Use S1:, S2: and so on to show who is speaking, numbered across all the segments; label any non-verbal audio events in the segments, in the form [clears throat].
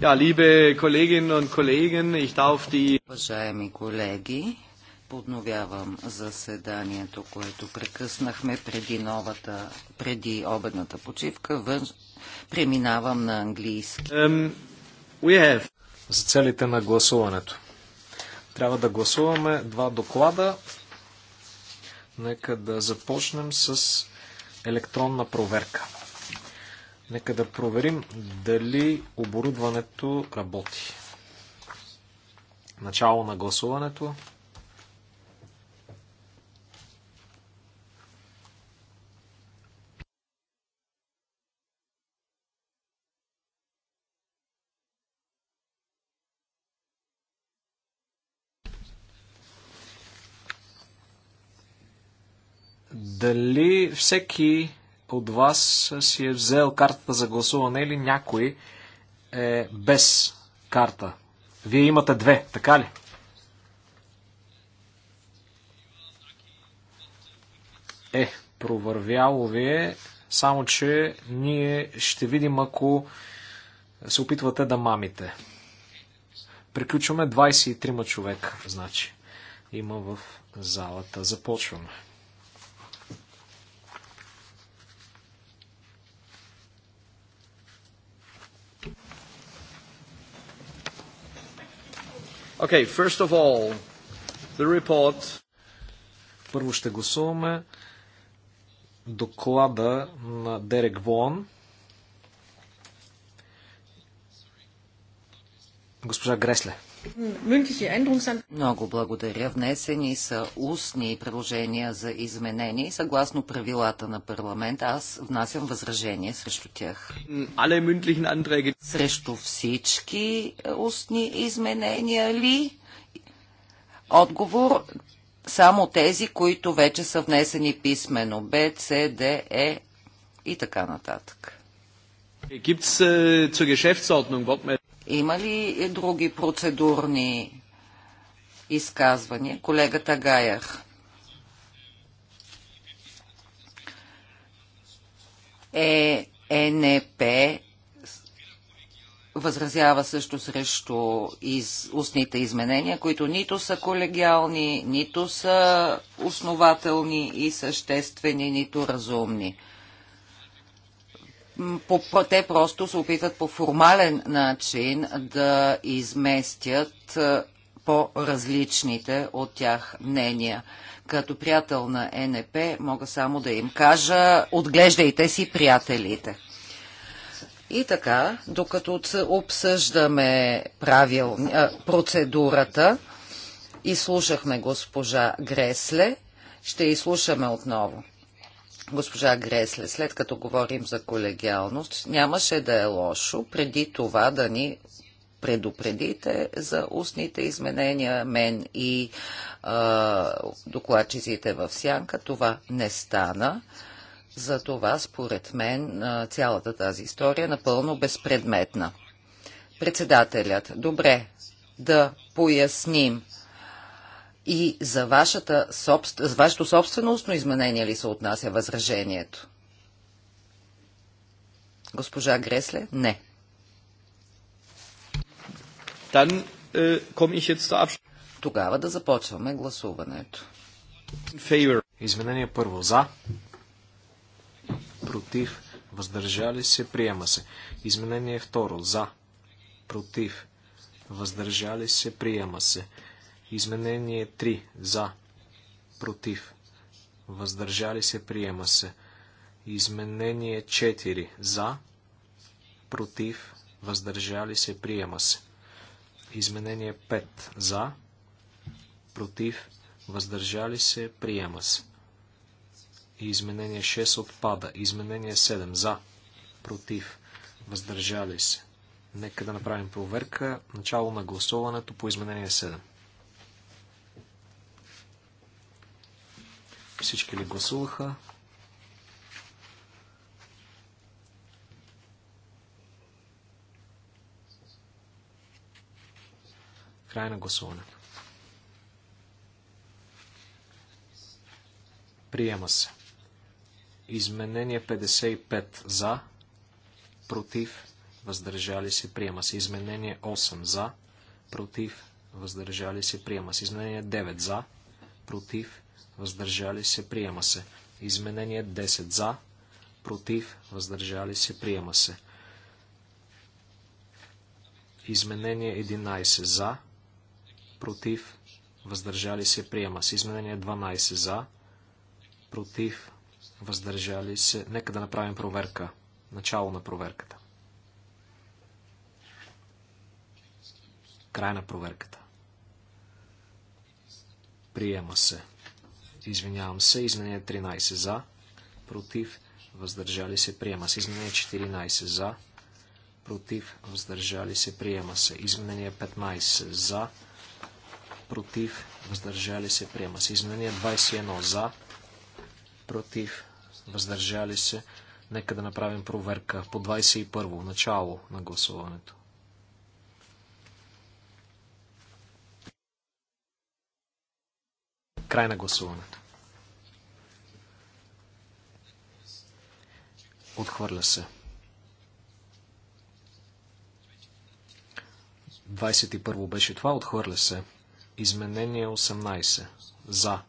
S1: Ja, liebe Kolleginnen und Kollegen, ich darf die... Уважаеми колеги, подновявам заседанието, което прекъснахме преди, новата, преди обедната почивка. Вън... Преминавам на английски.
S2: Um, we have... За целите на гласуването. Трябва да гласуваме два доклада. Нека да започнем с електронна проверка. Нека да проверим дали оборудването работи. Начало на гласуването. Дали всеки от вас си е взел картата за гласуване или някой е без карта. Вие имате две, така ли? Е, провървяло ви е, само че ние ще видим, ако се опитвате да мамите. Приключваме 23 човека, значи, има в залата. Започваме. Okay, first of all, the report. Първо ще гласуваме доклада на Дерек Вон. Госпожа Гресле.
S1: Много благодаря. Внесени са устни предложения за изменения и съгласно правилата на парламента аз внасям възражение срещу тях. Срещу всички е, устни изменения ли? Отговор само тези, които вече са внесени писменно. Б, С, Д, Е и така нататък. Gibt's äh, zur Geschäftsordnung Wortmeldungen? Има ли други процедурни изказвания? Колегата Гаях. Е, ЕНП възразява също срещу из, устните изменения, които нито са колегиални, нито са основателни и съществени, нито разумни те просто се опитват по формален начин да изместят е, по-различните от тях мнения. Като приятел на НП мога само да им кажа отглеждайте си приятелите. И така, докато обсъждаме правил, е, процедурата, изслушахме госпожа Гресле, ще изслушаме отново госпожа Гресле, след като говорим за колегиалност, нямаше да е лошо преди това да ни предупредите за устните изменения, мен и а, докладчиците в Сянка. Това не стана. За това, според мен, цялата тази история е напълно безпредметна. Председателят, добре, да поясним и за, вашата, за вашето собствено устно изменение ли се отнася възражението? Госпожа Гресле? Не. Dann, äh, Тогава да започваме гласуването.
S2: Изменение първо за, против, въздържали се, приема се. Изменение второ за, против, въздържали се, приема се. Изменение 3. За. Против. Въздържали се. Приема се. Изменение 4. За. Против. Въздържали се. Приема се. Изменение 5. За. Против. Въздържали се. Приема се. Изменение 6 отпада. Изменение 7. За. Против. Въздържали се. Нека да направим проверка. Начало на гласуването по изменение 7. Всички ли гласуваха? Край на гласуването. Приема се. Изменение 55 за, против, въздържали се, приема се. Изменение 8 за, против, въздържали се, приема се. Изменение 9 за, против, въздържали се, приема се. Изменение 10 за, против, въздържали се, приема се. Изменение 11 за, против, въздържали се, приема се. Изменение 12 за, против, въздържали се. Нека да направим проверка. Начало на проверката. Край на проверката. Приема се. Извинявам се. Изменение 13 за. Против. Въздържали се. Приема се. Изменение 14 за. Против. Въздържали се. Приема се. Изменение 15 за. Против. Въздържали се. Приема се. Изменение 21 за. Против. Въздържали се. Нека да направим проверка по 21 начало на гласуването. Край на гласуването. Отхвърля се. 21 беше това, отхвърля се. Изменение 18. За.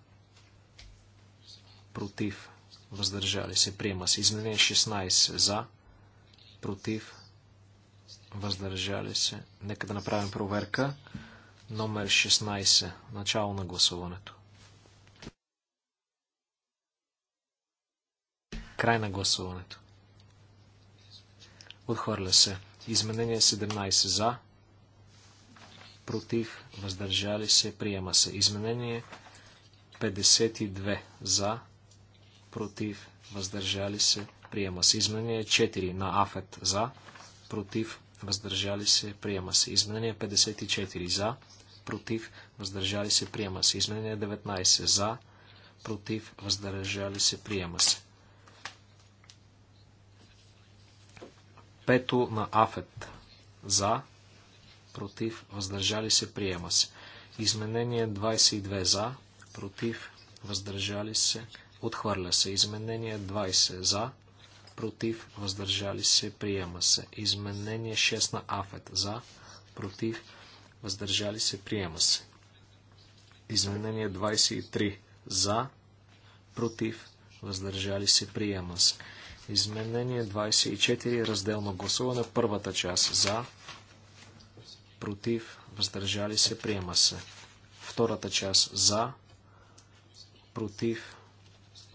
S2: Против. Въздържали се. Приема се. Изменение 16. За. Против. Въздържали се. Нека да направим проверка. Номер 16. Начало на гласуването. Край на гласуването. Отхвърля се. Изменение 17 за. Против. Въздържали се. Приема се. Изменение 52 за. Против. Въздържали се. Приема се. Изменение 4 на Афет за. Против. Въздържали се. Приема се. Изменение 54 за. Против. Въздържали се. Приема се. Изменение 19 за. Против. Въздържали се. Приема се. Пето на Афет. За. Против. Въздържали се. Приема се. Изменение 22 за. Против. Въздържали се. Отхвърля се. Изменение 20 за. Против. Въздържали се. Приема се. Изменение 6 на Афет. За. Против. Въздържали се. Приема се. Изменение 23 за. Против. Въздържали се. Приема се. Изменение 24, разделно гласуване, първата част за, против, въздържали се, приема се. Втората част за, против,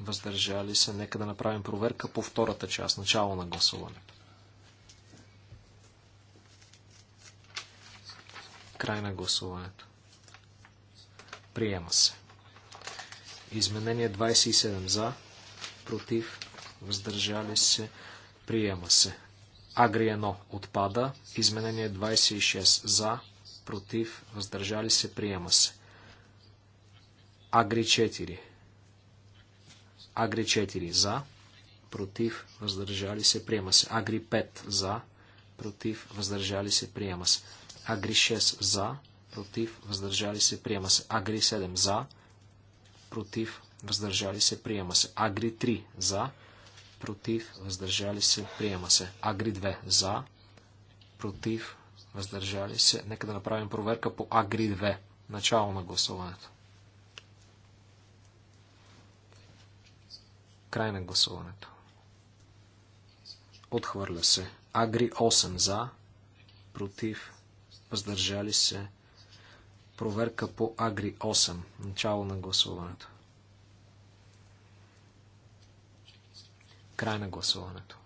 S2: въздържали се. Нека да направим проверка по втората част, начало на гласуването. Край на гласуването. Приема се. Изменение 27 за, против, въздържали се, приема се. Агри 1 отпада, изменение 26 за, против, въздържали се, приема се. Агри 4. Агри 4 за, против, въздържали се, приема се. Агри 5 за, против, въздържали се, приема се. Агри 6 за, против, въздържали се, приема се. Агри 7 за, против, въздържали се, приема се. Агри 3 за, против, въздържали се, приема се. Агри 2 за, против, въздържали се. Нека да направим проверка по Агри 2. Начало на гласуването. Край на гласуването. Отхвърля се. Агри 8 за, против, въздържали се. Проверка по Агри 8. Начало на гласуването. Край на гласуването.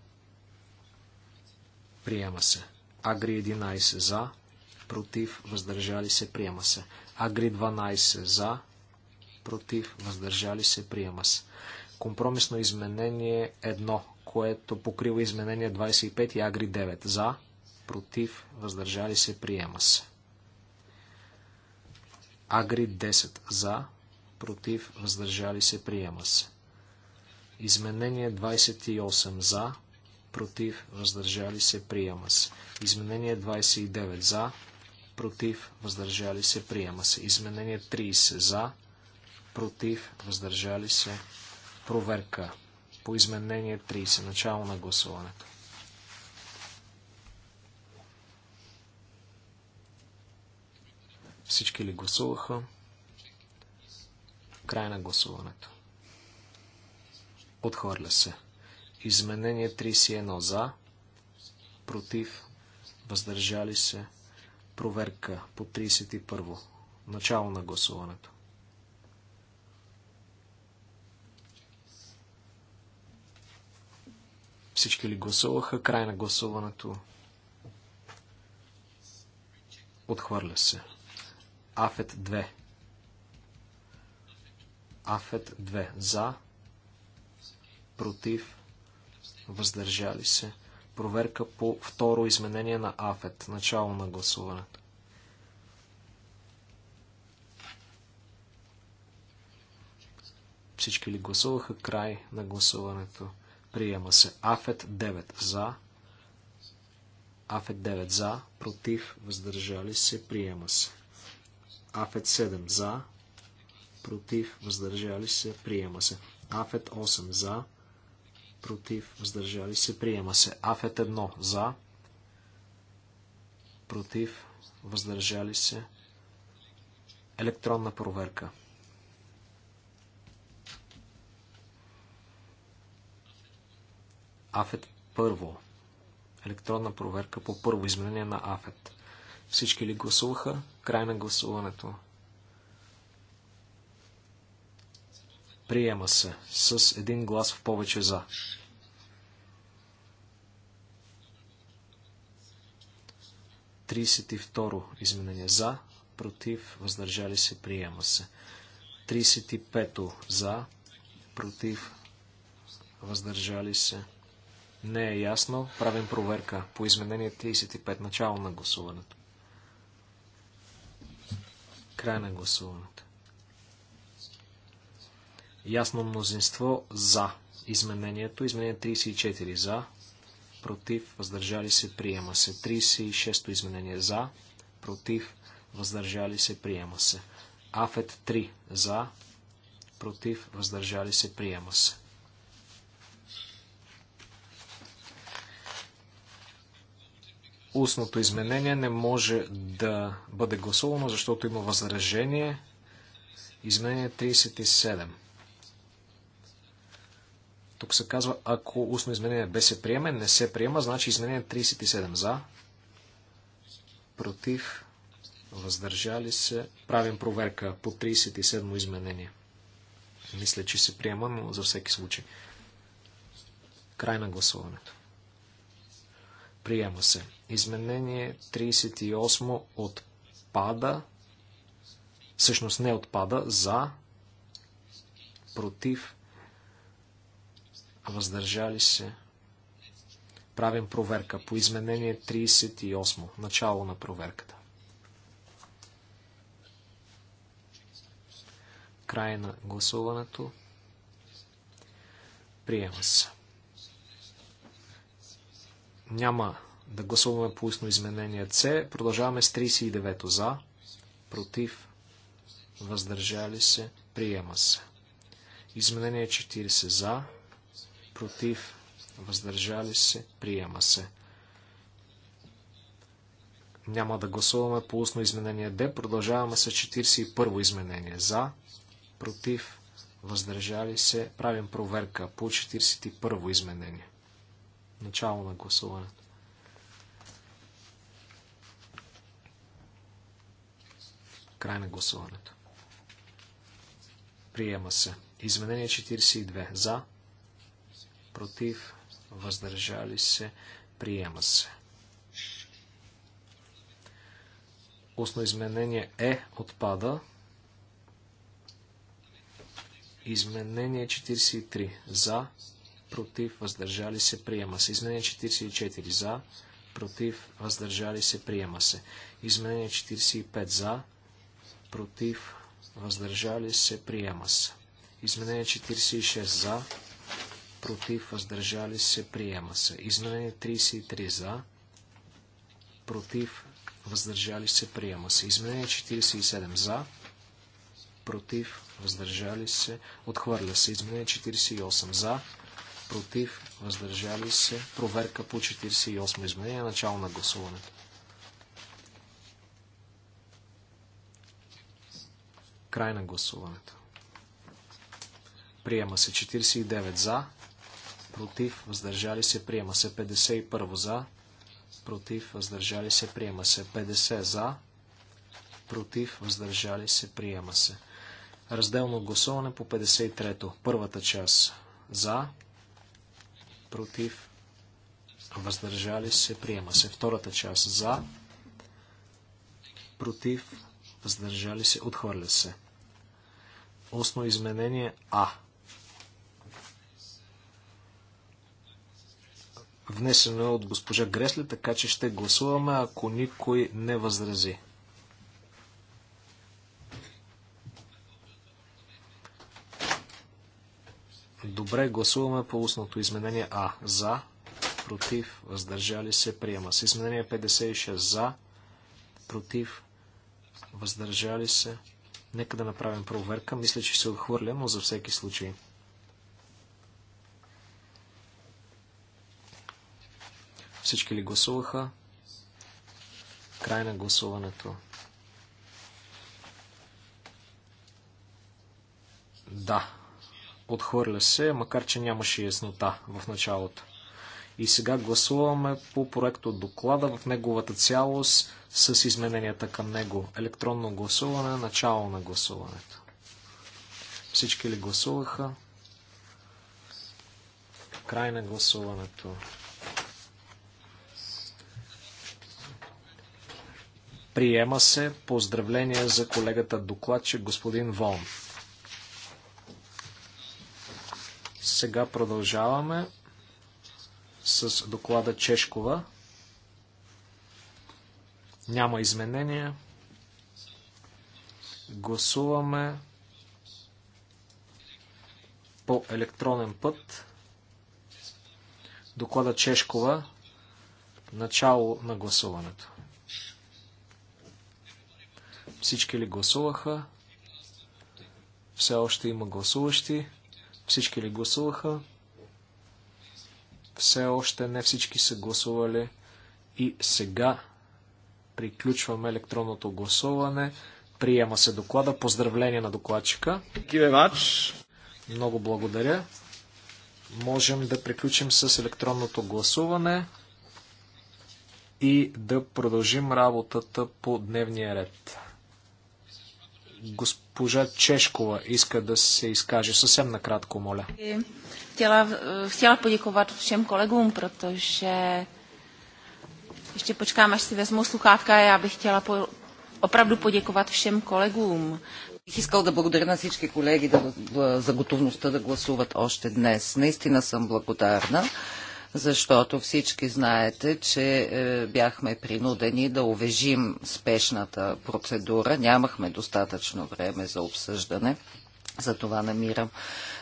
S2: Приема се. Агри 11 за, против, въздържали се, приема се. Агри 12 за, против, въздържали се, приема се. Компромисно изменение 1, което покрива изменение 25 и Агри 9 за, против, въздържали се, приема се. Агри 10 за, против, въздържали се, приема се. Изменение 28 за, против, въздържали се, приема се. Изменение 29 за, против, въздържали се, приема се. Изменение 30 за, против, въздържали се, проверка по изменение 30, начало на гласуването. Всички ли гласуваха? Край на гласуването. Отхвърля се. Изменение 31 за. Против. Въздържали се. Проверка по 31. Начало на гласуването. Всички ли гласуваха? Край на гласуването. Отхвърля се. Афет 2. Афет 2. За против, въздържали се. Проверка по второ изменение на АФЕТ. Начало на гласуването. Всички ли гласуваха? Край на гласуването. Приема се. АФЕТ 9 за. АФЕТ 9 за. Против. Въздържали се. Приема се. АФЕТ 7 за. Против. Въздържали се. Приема се. АФЕТ 8 за против, въздържали се, приема се. Афет 1 за, против, въздържали се, електронна проверка. Афет първо. Електронна проверка по първо изменение на Афет. Всички ли гласуваха? Край на гласуването. Приема се с един глас в повече за. Тридесет и второ изменение за, против, въздържали се, приема се. 35 за, против, въздържали се. Не е ясно. Правим проверка по изменение 35. Начало на гласуването. Край на гласуването. Ясно мнозинство за изменението. Изменение 34 за. Против. Въздържали се. Приема се. 36-то изменение за. Против. Въздържали се. Приема се. Афет 3 за. Против. Въздържали се. Приема се. устното изменение не може да бъде гласувано, защото има възражение. Изменение 37. Тук се казва, ако устно изменение бе се приеме, не се приема, значи изменение 37 за, против, въздържали се. Правим проверка по 37 изменение. Мисля, че се приема, но за всеки случай. Край на гласуването. Приема се. Изменение 38 отпада. Всъщност не отпада. За. Против въздържали се. Правим проверка по изменение 38. Начало на проверката. Край на гласуването. Приема се. Няма да гласуваме по устно изменение С. Продължаваме с 39 за, против, въздържали се, приема се. Изменение 40 за, против, въздържали се, приема се. Няма да гласуваме по устно изменение Д. Продължаваме с 41 изменение. За, против, въздържали се. Правим проверка по 41 изменение. Начало на гласуването. Край на гласуването. Приема се. Изменение 42. За, против, въздържали се, приема се. Устно изменение Е отпада. Изменение 43. За, против, въздържали се, приема се. Изменение 44. За, против, въздържали се, приема се. Изменение 45. За, против, въздържали се, приема се. Изменение 46. За, против, въздържали се, приема се. Изменение 33 за, против, въздържали се, приема се. Изменение 47 за, против, въздържали се, отхвърля се. Изменение 48 за, против, въздържали се, проверка по 48 изменение, начало на гласуването. Край на гласуването. Приема се 49 за, против, въздържали се, приема се. 51 за, против, въздържали се, приема се. 50 за, против, въздържали се, приема се. Разделно гласуване по 53-то. Първата част. За, против, въздържали се, приема се. Втората част. За, против, въздържали се, отхвърля се. Осно изменение А. внесено от госпожа Гресле, така че ще гласуваме, ако никой не възрази. Добре, гласуваме по устното изменение А. За, против, въздържали се, приема. С изменение 56 за, против, въздържали се. Нека да направим проверка. Мисля, че се отхвърля, но за всеки случай. Всички ли гласуваха? Край на гласуването. Да. Отхвърля се, макар че нямаше яснота в началото. И сега гласуваме по проект от доклада в неговата цялост с измененията към него. Електронно гласуване, начало на гласуването. Всички ли гласуваха? Край на гласуването. Приема се. Поздравление за колегата докладчик господин Вон. Сега продължаваме с доклада Чешкова. Няма изменения. Гласуваме по електронен път. Доклада Чешкова. Начало на гласуването. Всички ли гласуваха? Все още има гласуващи. Всички ли гласуваха? Все още не всички са гласували. И сега приключваме електронното гласуване. Приема се доклада. Поздравление на докладчика. Много благодаря. Можем да приключим с електронното гласуване и да продължим работата по дневния ред. Госпожа Чешкова иска да се изкаже. Съвсем накратко, моля.
S1: Chtěla, chtěla poděkovat všem kolegům, protože ještě počkám, až si vezmu sluchátka. Já bych chtěla po, opravdu poděkovat všem kolegům. Бих искал да благодаря на всички колеги да, за готовността да гласуват още днес. Наистина съм благодарна защото всички знаете, че е, бяхме принудени да увежим спешната процедура. Нямахме достатъчно време за обсъждане. Затова намирам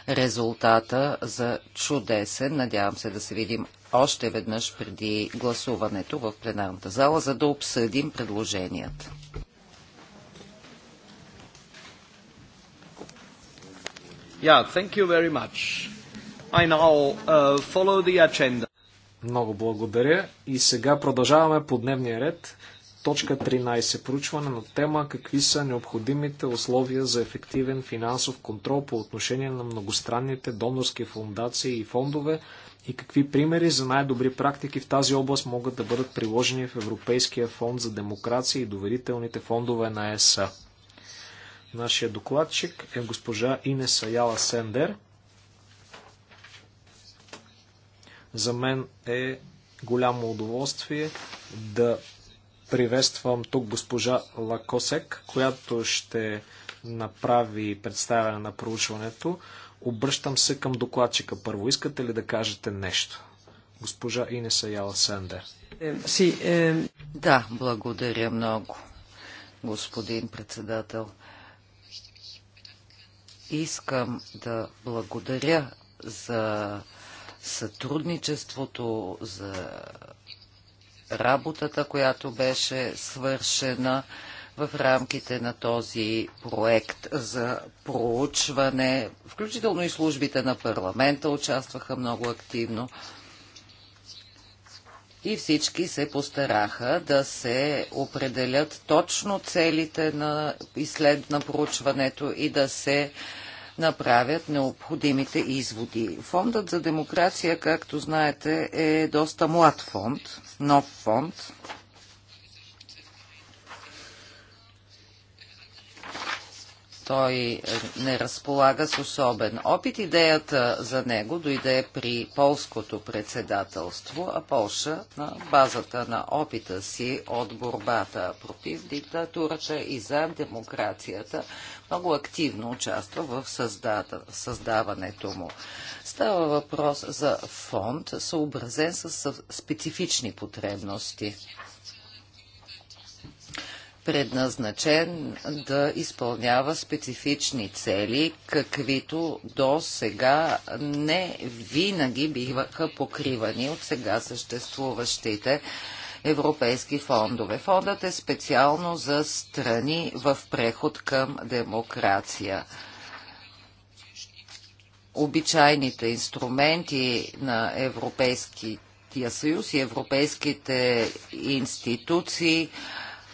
S1: резултата за чудесен. Надявам се да се видим още веднъж преди гласуването в пленарната зала, за да обсъдим предложенията. Yeah,
S3: thank you very much.
S2: Е, follow the agenda. Много благодаря. И сега продължаваме по дневния ред. Точка 13. Проучване на тема какви са необходимите условия за ефективен финансов контрол по отношение на многостранните донорски фундации и фондове и какви примери за най-добри практики в тази област могат да бъдат приложени в Европейския фонд за демокрация и доверителните фондове на ЕСА. Нашия докладчик е госпожа Инеса Яла Сендер – За мен е голямо удоволствие да приветствам тук госпожа Лакосек, която ще направи представяне на проучването. Обръщам се към докладчика първо. Искате ли да кажете нещо? Госпожа Инеса Яла Сендер.
S4: Е,
S1: е, да, благодаря много, господин председател. Искам да благодаря за сътрудничеството, за работата, която беше свършена в рамките на този проект за проучване. Включително и службите на парламента участваха много активно. И всички се постараха да се определят точно целите на, изслед... на проучването и да се направят необходимите изводи. Фондът за демокрация, както знаете, е доста млад фонд, нов фонд. Той е, не разполага с особен опит. Идеята е, за него дойде при полското председателство, а Полша на базата на опита си от борбата против диктатурата и за демокрацията много активно участва в създата, създаването му. Става въпрос за фонд, съобразен с специфични потребности предназначен да изпълнява специфични цели, каквито до сега не винаги биваха покривани от сега съществуващите европейски фондове. Фондът е специално за страни в преход към демокрация обичайните инструменти на Европейския съюз и европейските институции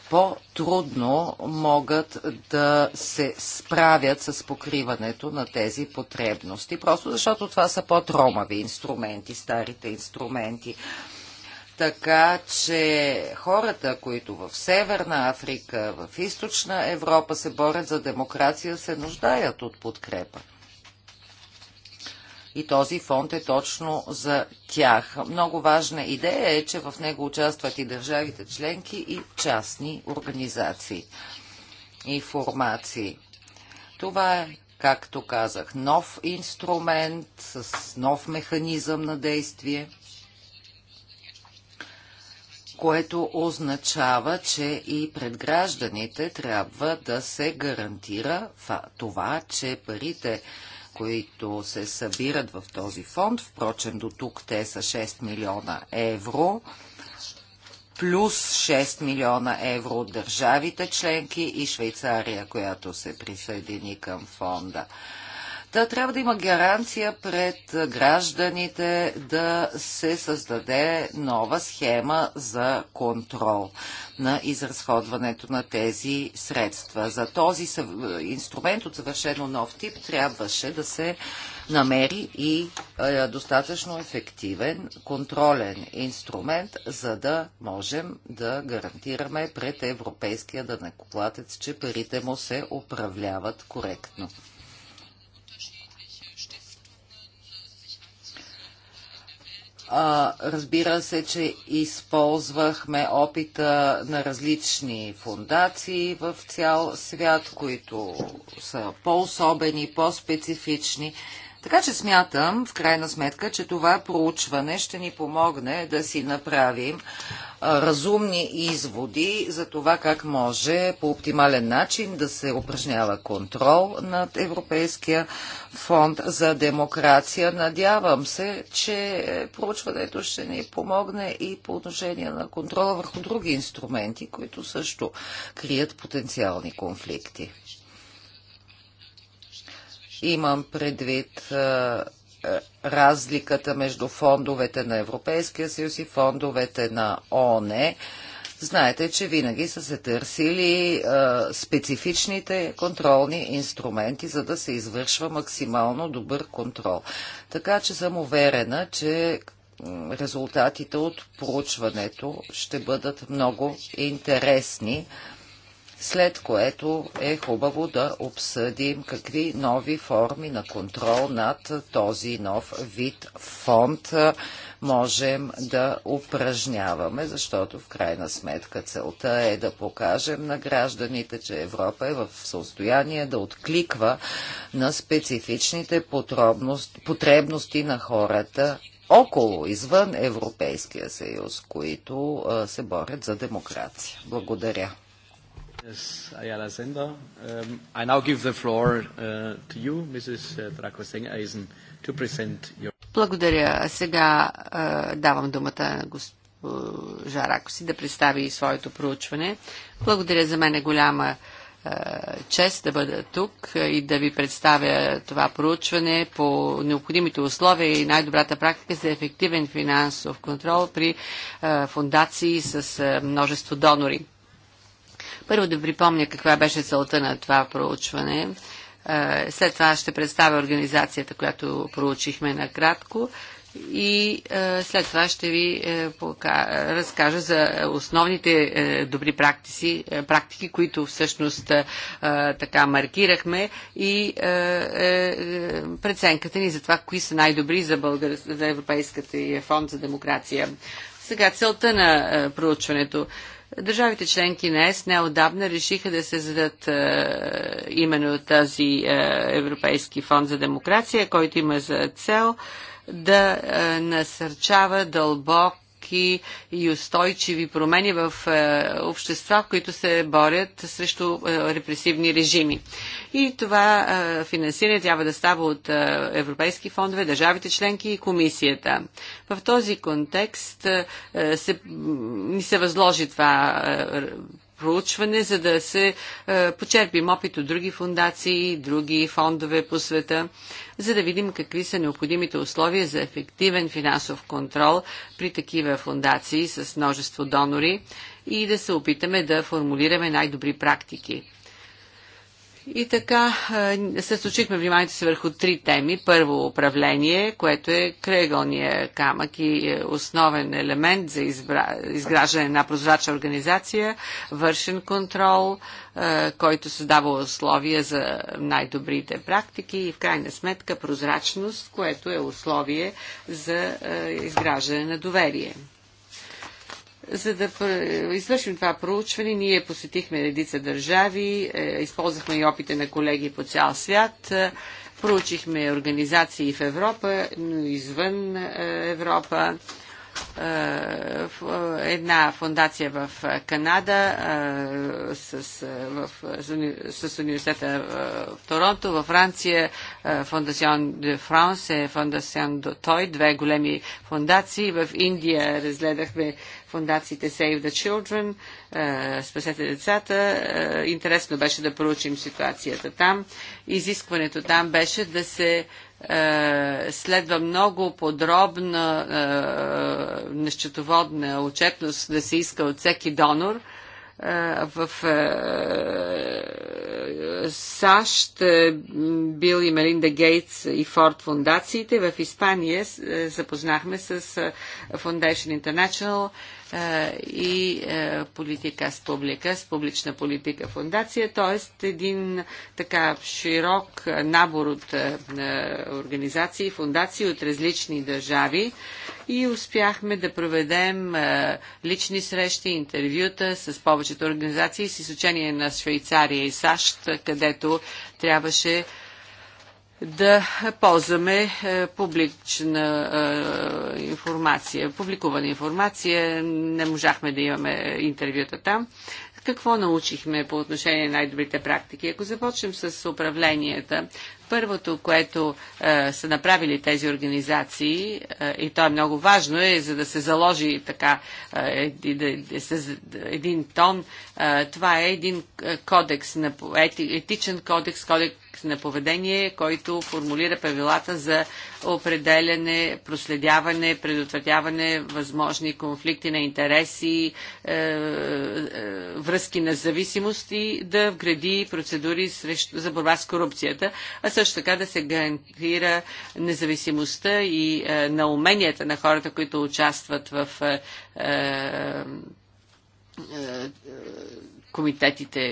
S1: по-трудно могат да се справят с покриването на тези потребности, просто защото това са по-тромави инструменти, старите инструменти. Така че хората, които в Северна Африка, в Източна Европа се борят за демокрация, се нуждаят от подкрепа и този фонд е точно за тях. Много важна идея е, че в него участват и държавите членки и частни организации и формации. Това е, както казах, нов инструмент с нов механизъм на действие което означава, че и пред гражданите трябва да се гарантира това, че парите които се събират в този фонд. Впрочем, до тук те са 6 милиона евро плюс 6 милиона евро от държавите членки и Швейцария, която се присъедини към фонда. Та трябва да има гаранция пред гражданите да се създаде нова схема за контрол на изразходването на тези средства. За този инструмент от съвършено нов тип трябваше да се намери и достатъчно ефективен контролен инструмент, за да можем да гарантираме пред европейския данекоплатец, че парите му се управляват коректно. А, разбира се, че използвахме опита на различни фундации в цял свят, които са по-особени, по-специфични. Така че смятам, в крайна сметка, че това проучване ще ни помогне да си направим разумни изводи за това как може по оптимален начин да се упражнява контрол над Европейския фонд за демокрация. Надявам се, че е, проучването ще ни помогне и по отношение на контрола върху други инструменти, които също крият потенциални конфликти. Имам предвид разликата между фондовете на Европейския съюз и фондовете на ОНЕ. Знаете, че винаги са се търсили специфичните контролни инструменти, за да се извършва максимално добър контрол. Така че съм уверена, че резултатите от проучването ще бъдат много интересни след което е хубаво да обсъдим какви нови форми на контрол над този нов вид фонд можем да упражняваме, защото в крайна сметка целта е да покажем на гражданите, че Европа е в състояние да откликва на специфичните потребности на хората около, извън Европейския съюз, които се борят за демокрация. Благодаря.
S3: Yes, Ayala Sender. Um, I now give the floor uh, to you, Mrs. Uh, Draco Sengheisen, to present your...
S5: Благодаря. Сега uh, давам думата на госпожа Ракоси да представи своето проучване. Благодаря за мен е голяма чест да бъда тук и да ви представя това проучване по необходимите условия и най-добрата практика за ефективен финансов контрол при фундации с множество донори. Първо да припомня каква беше целта на това проучване. Е, след това ще представя организацията, която проучихме накратко и е, след това ще ви е, разкажа за основните добри практики, практики, които всъщност така маркирахме и преценката ни за това, кои са най-добри за, българ... за Европейската фонд за демокрация. Сега целта на проучването. Държавите членки на ЕС неодавна решиха да се зададат е, именно тази е, Европейски фонд за демокрация, който има за цел да е, насърчава дълбок дълбоки и устойчиви промени в е, общества, в които се борят срещу е, репресивни режими. И това е, финансиране трябва да става от европейски фондове, държавите членки и комисията. В този контекст се, ни се възложи това проучване, за да се е, почерпим опит от други фундации, други фондове по света, за да видим какви са необходимите условия за ефективен финансов контрол при такива фундации с множество донори и да се опитаме да формулираме най-добри практики и така, се случихме вниманието си върху три теми. Първо управление, което е кръгълния камък и е, основен елемент за избра... изграждане на прозрачна организация, вършен контрол, който създава условия за най-добрите практики и в крайна сметка прозрачност, което е условие за изграждане на доверие. За да извършим това проучване, ние посетихме редица държави, е, използвахме и опите на колеги по цял свят, е, проучихме организации в Европа, но извън е, Европа една фундация в Канада с, в, с университета в Торонто, във Франция Фондацион де Франс е Фондацион до Той, две големи фундации. В Индия разгледахме фундациите Save the Children, е, Спасете децата. Е, интересно беше да проучим ситуацията там. Изискването там беше да се е, следва много подробна нещетоводна отчетност да се иска от всеки донор в САЩ бил и Мелинда Гейтс и Форд фундациите. В Испания запознахме с Foundation International е, и е, политика с публика, с публична политика фундация, т.е. един така широк набор от е, организации, фундации от различни държави и успяхме да проведем лични срещи, интервюта с повечето организации, с изучение на Швейцария и САЩ, където трябваше да ползваме е, публична е, информация, публикувана информация. Не можахме да имаме интервюта там. Какво научихме по отношение на най-добрите практики? Ако започнем с управленията, първото, което е, са направили тези организации, е, и то е много важно, е за да се заложи така е, е, е, е, един тон, е, това е един е, кодекс, на, ети, етичен кодекс, кодекс на поведение, който формулира правилата за определяне, проследяване, предотвратяване възможни конфликти на интереси, е, е, връзки на зависимост и да вгради процедури срещу, за борба с корупцията, а също така да се гарантира независимостта и е, на уменията на хората, които участват в е, е, е комитетите,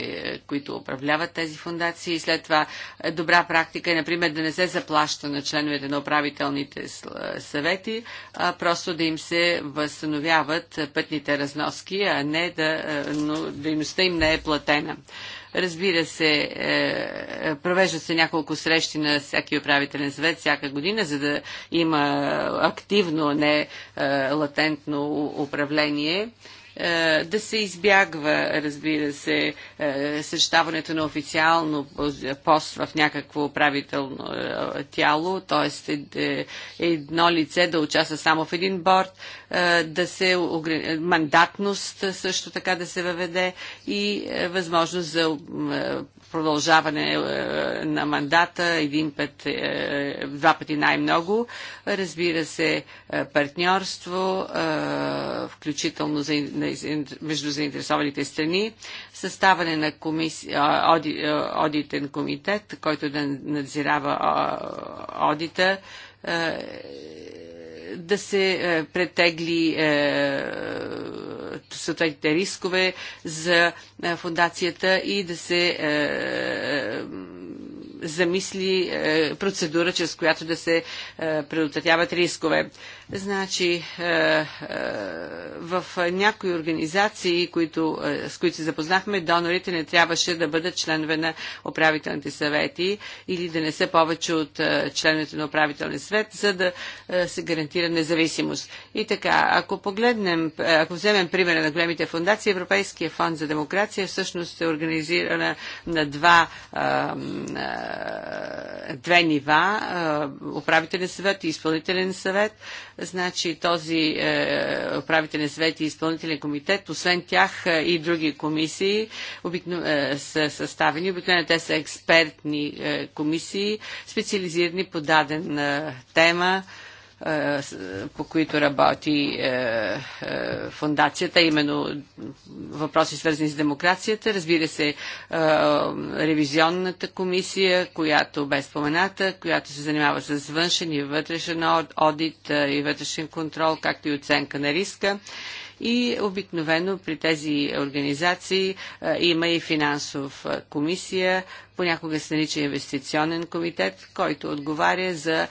S5: които управляват тези фундации. След това е, добра практика е, например, да не се заплаща на членовете на управителните е, съвети, а просто да им се възстановяват пътните разноски, а не да, е, но дейността им не е платена. Разбира се, провеждат се няколко срещи на всяки управителен съвет всяка година, за да има активно, не латентно управление е, да се избягва, разбира се, е, същаването на официално пост в някакво правително е, тяло, т.е. едно лице да участва само в един борт, да се мандатност също така да се въведе и възможност за продължаване е, на мандата един път, е, два пъти най-много. Разбира се, е, партньорство, включително между заинтересованите страни, съставане на комиси, оди, одитен комитет, който да надзирава одита, да се е, претегли е, съответните рискове за е, фундацията и да се замисли процедура, чрез която да се предотвратяват рискове. Значи, е, е, в някои организации, които, е, с които се запознахме, донорите не трябваше да бъдат членове на управителните съвети или да не са повече от членовете на управителния съвет, за да се гарантира независимост. И така, ако погледнем, ако вземем примера на големите фундации, Европейския фонд за демокрация всъщност е организирана на два, две нива, управителен съвет и изпълнителен съвет Значи този е, управителен съвет и изпълнителен комитет, освен тях е, и други комисии обикно, е, са съставени. Обикновено те са експертни комисии, специализирани по даден тема е, по които работи е, е, фундацията, именно въпроси свързани с демокрацията. Разбира се, ревизионната комисия, която бе спомената, която се занимава с външен и вътрешен одит и вътрешен контрол, както и оценка на риска и обикновено при тези организации има и финансов комисия, понякога се нарича инвестиционен комитет, който отговаря за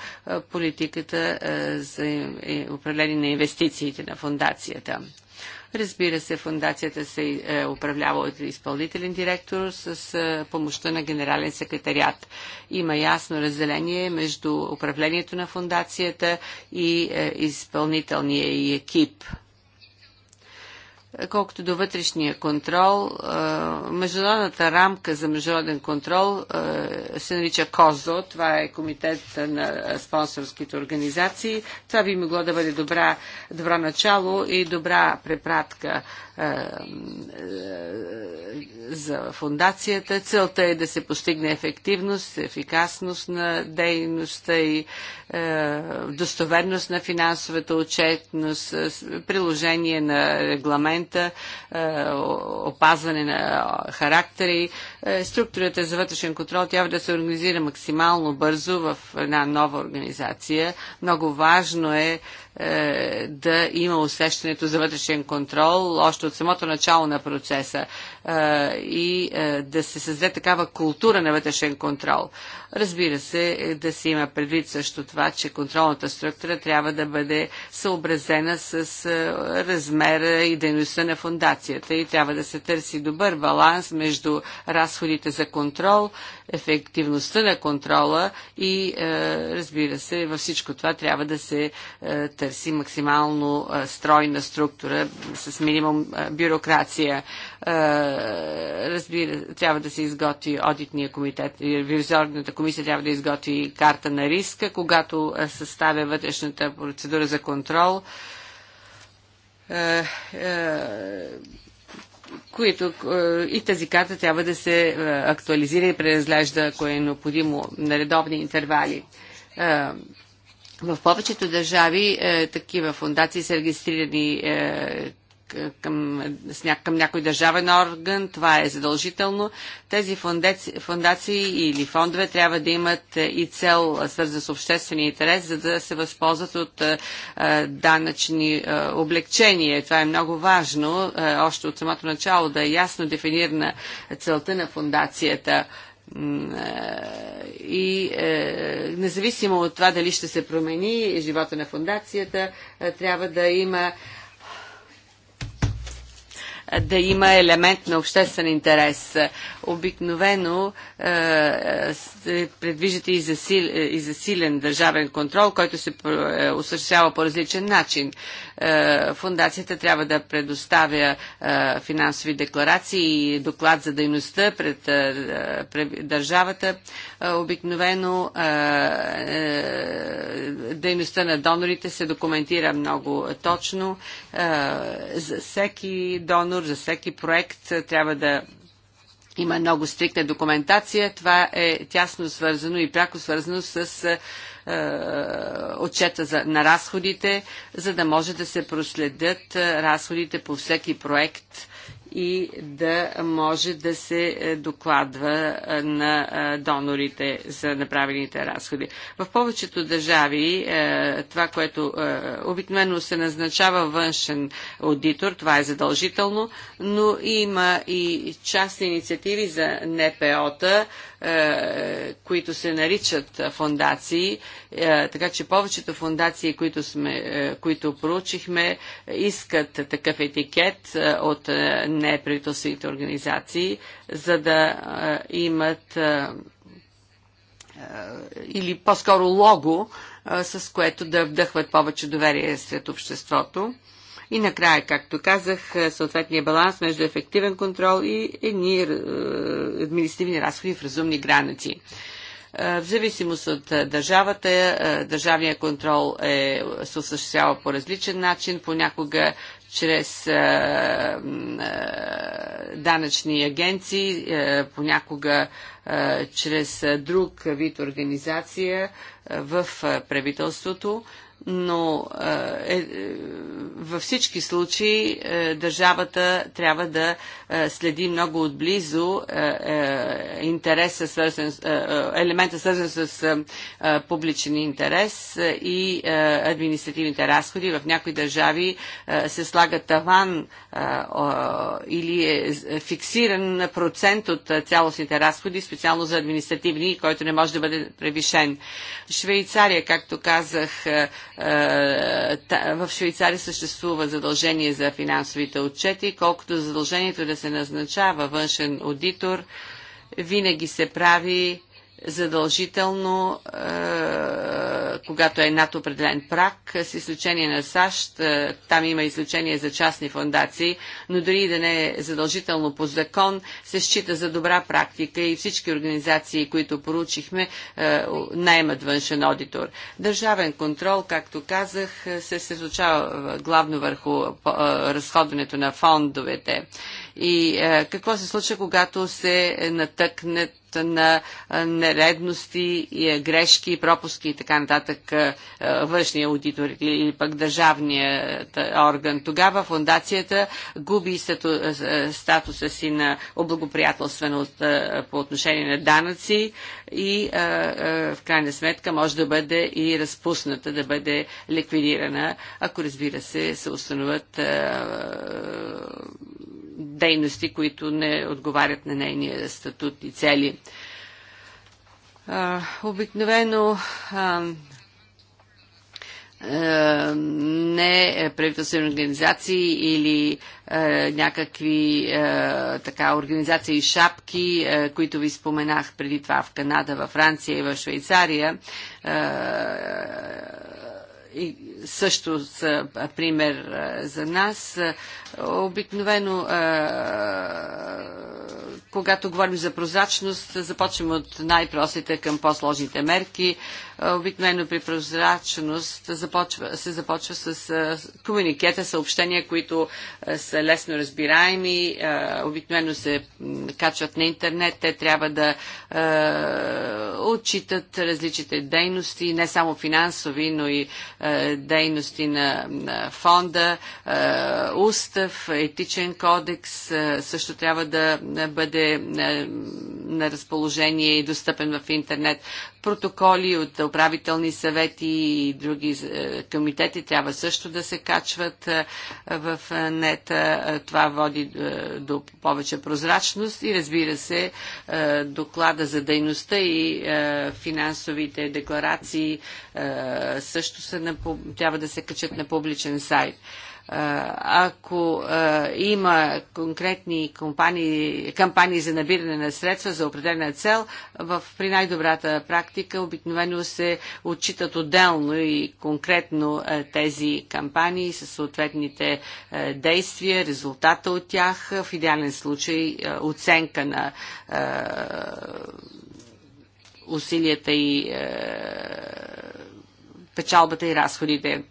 S5: политиката за е, управление на инвестициите на фундацията. Разбира се, фундацията се е, управлява от изпълнителен директор с помощта на генерален секретариат Има ясно разделение между управлението на фундацията и е, изпълнителния екип. Колкото до вътрешния контрол, международната рамка за международен контрол се нарича КОЗО, това е комитет на спонсорските организации. Това би могло да бъде добра, добро начало и добра препратка е, е, за фундацията. Целта е да се постигне ефективност, ефикасност на дейността и е, достоверност на финансовата отчетност, приложение на регламента, опазване на характери. Структурата за вътрешен контрол трябва да се организира максимално бързо в една нова организация. Много важно е е, да има усещането за вътрешен контрол още от самото начало на процеса и да се създаде такава култура на вътрешен контрол. Разбира се, е, да се има предвид също това, че контролната структура трябва да бъде съобразена с размера и дейността на фундацията и трябва да се търси добър баланс между разходите за контрол, ефективността на контрола и разбира се, във всичко това трябва да се търси максимално стройна структура с минимум бюрокрация. Е, разбира, трябва да се изготви одитния комитет, ревизорната комисия трябва да изготви карта на риска, когато е, съставя вътрешната процедура за контрол е, които и тази карта трябва да се актуализира и преразглежда, ако е необходимо, на редовни интервали. В повечето държави такива фундации са регистрирани към, към някой държавен орган, това е задължително. Тези фундаци, фундации или фондове трябва да имат и цел свързан с обществения интерес, за да се възползват от данъчни облегчения. Това е много важно, още от самото начало да е ясно дефинирана целта на фундацията и е, независимо от това дали ще се промени живота на фундацията, е, трябва да има да има елемент на обществен интерес обикновено е, се предвиждате и, засил, е, и засилен държавен контрол, който се е, осъществява по различен начин. Фундацията трябва да предоставя финансови декларации и доклад за дейността пред, пред държавата. Обикновено дейността на донорите се документира много точно. За всеки донор, за всеки проект трябва да има много стрикна документация. Това е тясно свързано и пряко свързано с е, е, отчета за, на разходите, за да може да се проследят е, разходите по всеки проект и да може да се е, докладва е, на е, донорите за направените разходи. В повечето държави това, което обикновено се назначава външен аудитор, това е задължително, но има и частни инициативи за НПО-та, които се наричат фондации е, така че повечето фундации, които, сме, е, които проучихме, искат такъв етикет е, от неправителствените организации, за да имат или по-скоро лого, с което да вдъхват повече доверие сред обществото. И накрая, както казах, съответния баланс между ефективен контрол и едни административни разходи в разумни граници. Е, в зависимост от е, държавата, е, държавният контрол е, се осъществява по различен начин, понякога чрез е, е, данъчни агенции, е, понякога е, чрез друг вид организация е, в правителството. Е, но е, е, във всички случаи е, държавата трябва да е, следи много отблизо е, е, интереса, свързан, е, е, елемента свързан с е, е, публичен интерес и е, административните разходи. В някои държави е, се слага таван е, е, или е фиксиран процент от е, цялостните разходи, специално за административни, който не може да бъде превишен. Швейцария, както казах, е, е, в Швейцария съществува задължение за финансовите отчети, колкото задължението да се назначава външен аудитор, винаги се прави задължително, е, когато е над определен прак, с изключение на САЩ, е, там има изключение за частни фундации, но дори да не е задължително по закон, се счита за добра практика и всички организации, които поручихме, е, наемат външен аудитор. Държавен контрол, както казах, е, се съсочава е, главно върху е, разходването на фондовете и е, какво се случва, когато се натъкнат на е, нередности, е, грешки, пропуски и така нататък външния аудитор или пък държавния орган. Тогава фундацията губи статуса си на облагоприятелственост по отношение на данъци и в крайна сметка може да бъде и разпусната, да бъде ликвидирана, ако разбира се се установят дейности, които не отговарят на нейния статут и цели. Обикновено не правителствени организации или е, някакви е, така организации шапки, е, които ви споменах преди това в Канада, във Франция и в Швейцария. Е, и, също са пример за нас. Обикновено, когато говорим за прозрачност, започваме от най-простите към по-сложните мерки. Обикновено при прозрачност се започва с комуникета, съобщения, които са лесно разбираеми. Обикновено се качват на интернет. Те трябва да отчитат различните дейности, не само финансови, но и дейности на, на фонда, е, устав, етичен кодекс е, също трябва да бъде е, на разположение и достъпен в интернет. Протоколи от управителни съвети и други комитети трябва също да се качват в нета. Това води до повече прозрачност и разбира се доклада за дейността и финансовите декларации също са на, трябва да се качат на публичен сайт ако има конкретни компании, кампании за набиране на средства за определена цел, в, при най-добрата практика обикновено се отчитат отделно и конкретно тези кампании с съответните действия, резултата от тях, в идеален случай оценка на усилията и печалбата и разходите. Е,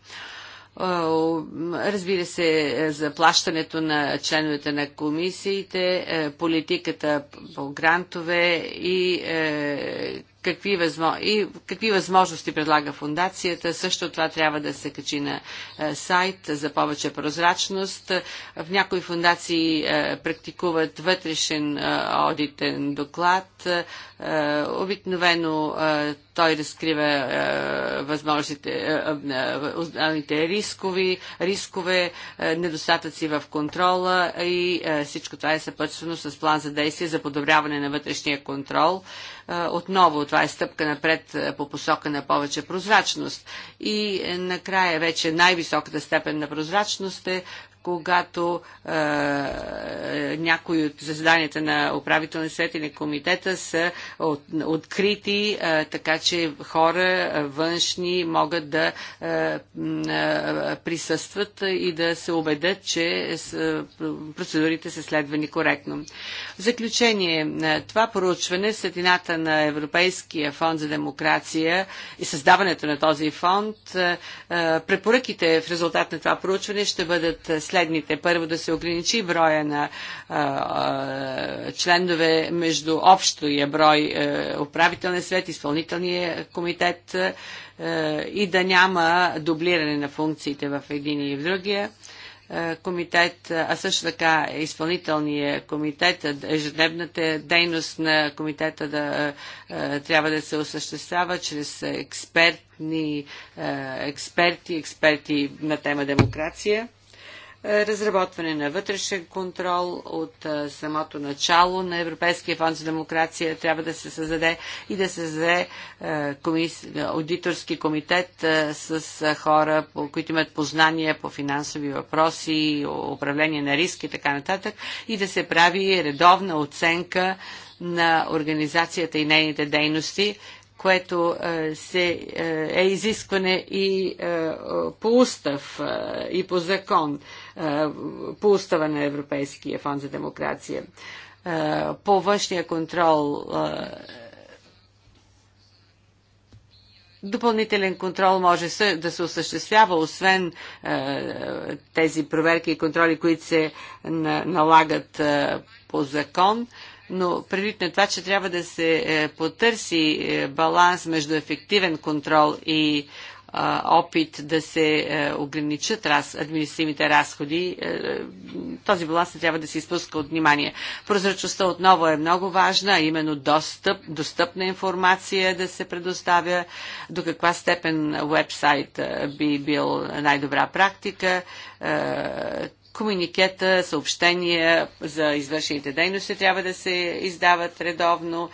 S5: разбира се, заплащането на членовете на комисиите, е, политиката по грантове и е, какви, възмо... и какви възможности предлага фундацията. Също това трябва да се качи на е, сайт за повече прозрачност. В някои фундации е, практикуват вътрешен е, одитен доклад. Обикновено той разкрива възможностите, рискови, рискове, недостатъци в контрола и всичко това е съпътствено с план за действие за подобряване на вътрешния контрол. Отново това е стъпка напред по посока на повече прозрачност. И е, накрая вече най-високата степен на прозрачност е когато е, някои от заседанията на управителни съвет на комитета са от, открити, е, така че хора външни могат да е, е присъстват и да се убедят, че е, процедурите са следвани коректно. В заключение, е, това проучване, Светината на Европейския фонд за демокрация и създаването на този фонд, препоръките в резултат на това проучване ще бъдат следвани следните. Първо да се ограничи броя на а, членове между общия брой е, управителния свет, изпълнителния комитет а, е, и да няма дублиране на функциите в един и в другия е, комитет, а също така изпълнителния комитет, ежедневната дейност на комитета да, трябва да се осъществява чрез експертни, експерти, експерти на тема демокрация. Е, разработване на вътрешен контрол от е, самото начало на Европейския фонд за демокрация трябва да се създаде и да се създаде е, аудиторски комитет с хора, които имат познания по финансови въпроси, управление на риски и така нататък и да се прави редовна оценка на организацията и нейните дейности, което е, се, е, е изискване и е, по устав и по закон, по устава на Европейския фонд за демокрация. По външния контрол Допълнителен контрол може да се осъществява, освен тези проверки и контроли, които се налагат по закон но предвид на това, че трябва да се е, потърси е, баланс между ефективен контрол и опит да се е, ограничат раз, административните разходи, този баланс не трябва да се изпуска от внимание. Прозрачността отново е много важна, именно достъп, достъпна информация да се предоставя, до каква степен вебсайт би бил най-добра практика, комуникета, съобщения за извършените дейности трябва да се издават редовно,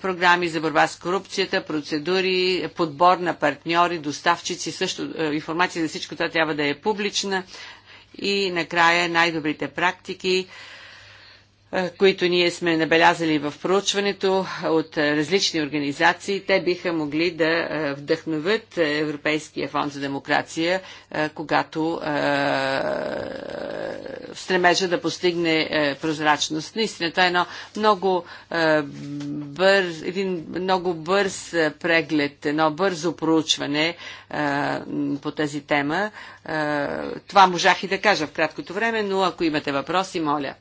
S5: програми за борба с корупцията, процедури, подбор на партньори, доставчици, също информация за всичко това трябва да е публична и накрая най-добрите практики които ние сме набелязали в проучването от различни организации, те биха могли да вдъхновят Европейския фонд за демокрация, когато стремежа да постигне прозрачност. Наистина, това е едно много бърз, един много бърз преглед, едно бързо проучване по тази тема. Това можах и да кажа в краткото време, но ако имате въпроси, моля.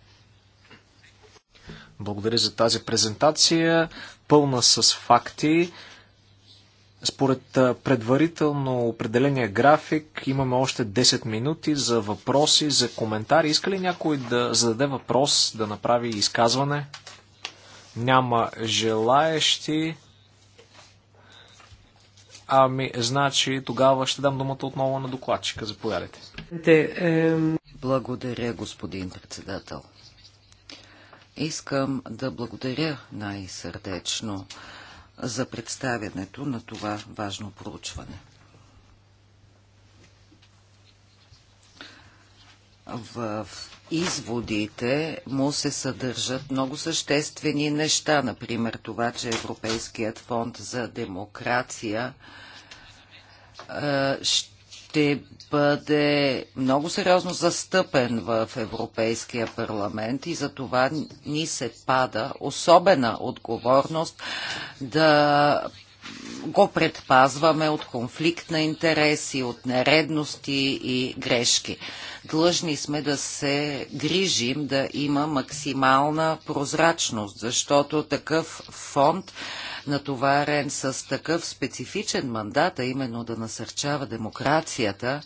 S2: Благодаря за тази презентация, пълна с факти. Според предварително определения график имаме още 10 минути за въпроси, за коментари. Иска ли някой да зададе въпрос, да направи изказване? Няма желаещи. Ами, значи тогава ще дам думата
S1: отново на докладчика. Заповядайте. Е, Благодаря, господин председател. Искам да благодаря най-сърдечно за представянето на това важно проучване. В изводите му се съдържат много съществени неща, например това, че Европейският фонд за демокрация ще ще бъде много сериозно застъпен в Европейския парламент и за това ни се пада особена отговорност да го предпазваме от конфликт на интереси, от нередности и грешки. Длъжни сме да се грижим да има максимална прозрачност, защото такъв фонд натоварен с такъв специфичен мандат, а именно да насърчава демокрацията,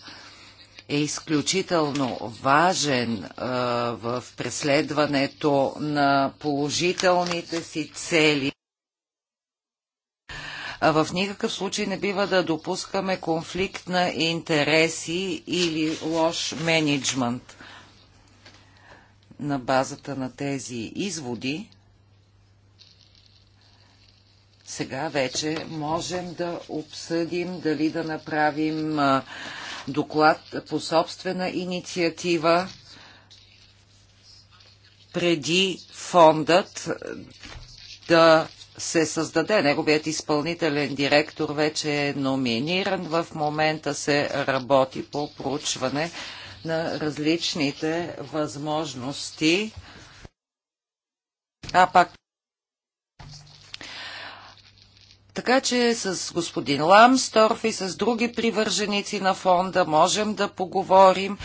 S1: е изключително важен а, в преследването на положителните си цели. А в никакъв случай не бива да допускаме конфликт на интереси или лош менеджмент. На базата на тези изводи сега вече можем да обсъдим дали да направим доклад по собствена инициатива преди фондът да се създаде. Неговият изпълнителен директор вече е номиниран. В момента се работи по проучване на различните възможности. А пак Така че с господин Ламсторф и с други привърженици на фонда можем да поговорим.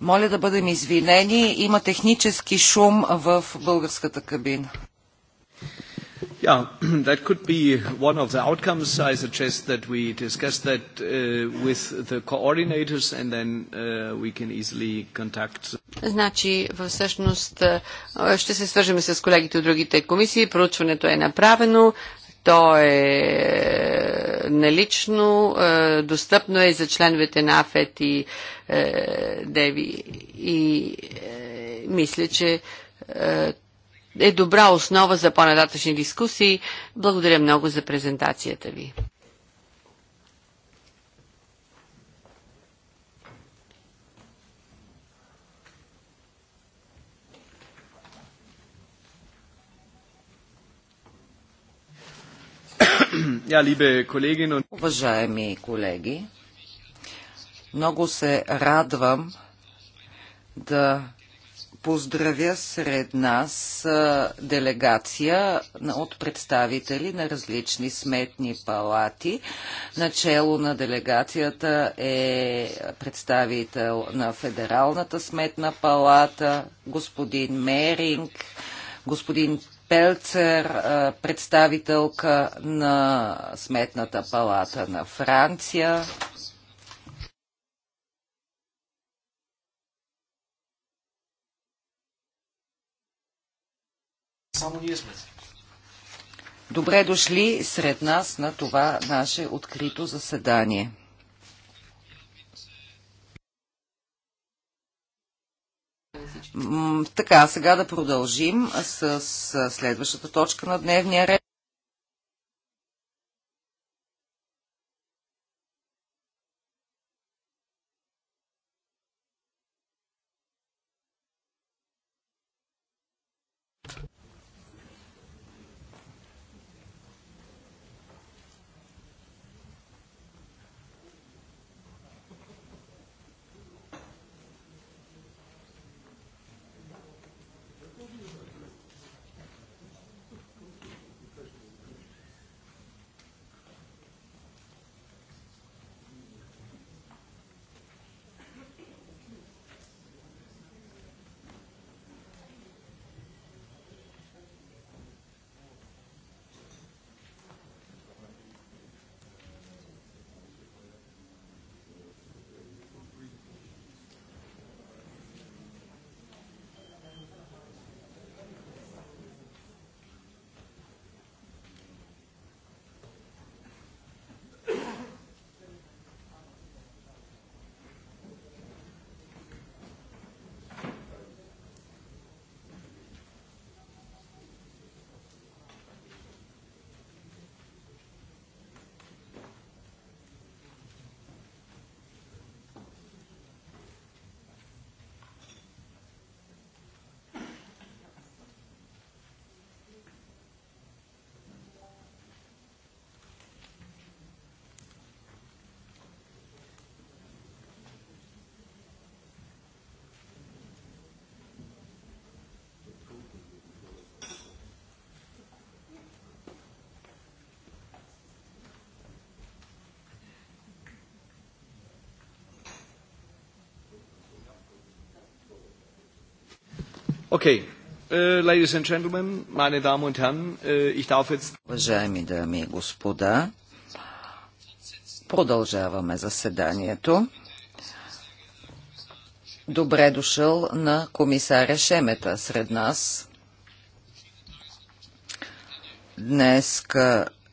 S1: Моля да бъдем извинени, има технически шум в българската кабина.
S3: Yeah, [clears throat] that could be one of the outcomes. I suggest that we discuss that uh, with the coordinators, and then uh, we can easily contact.
S5: Значи, всъщност, ще се свържем с колегите от другите комисии. Проучването е направено. То е, е налично, е, достъпно е за членовете на АФЕТ и е, Деви. И мисля, че е добра основа за по-нататъчни дискусии. Благодаря много за презентацията ви.
S1: [coughs] Уважаеми колеги, много се радвам да поздравя сред нас делегация от представители на различни сметни палати. Начало на делегацията е представител на Федералната сметна палата, господин Меринг, господин Пелцер, представителка на Сметната палата на Франция, само ние сме. Добре дошли сред нас на това наше открито заседание. Така, сега да продължим с следващата точка на дневния ред. Okay.
S3: Uh, ladies and gentlemen, meine Damen und Herren, uh, ich darf jetzt...
S1: Уважаеми дами и господа, продължаваме заседанието. Добре дошъл на комисаря Шемета сред нас. Днес,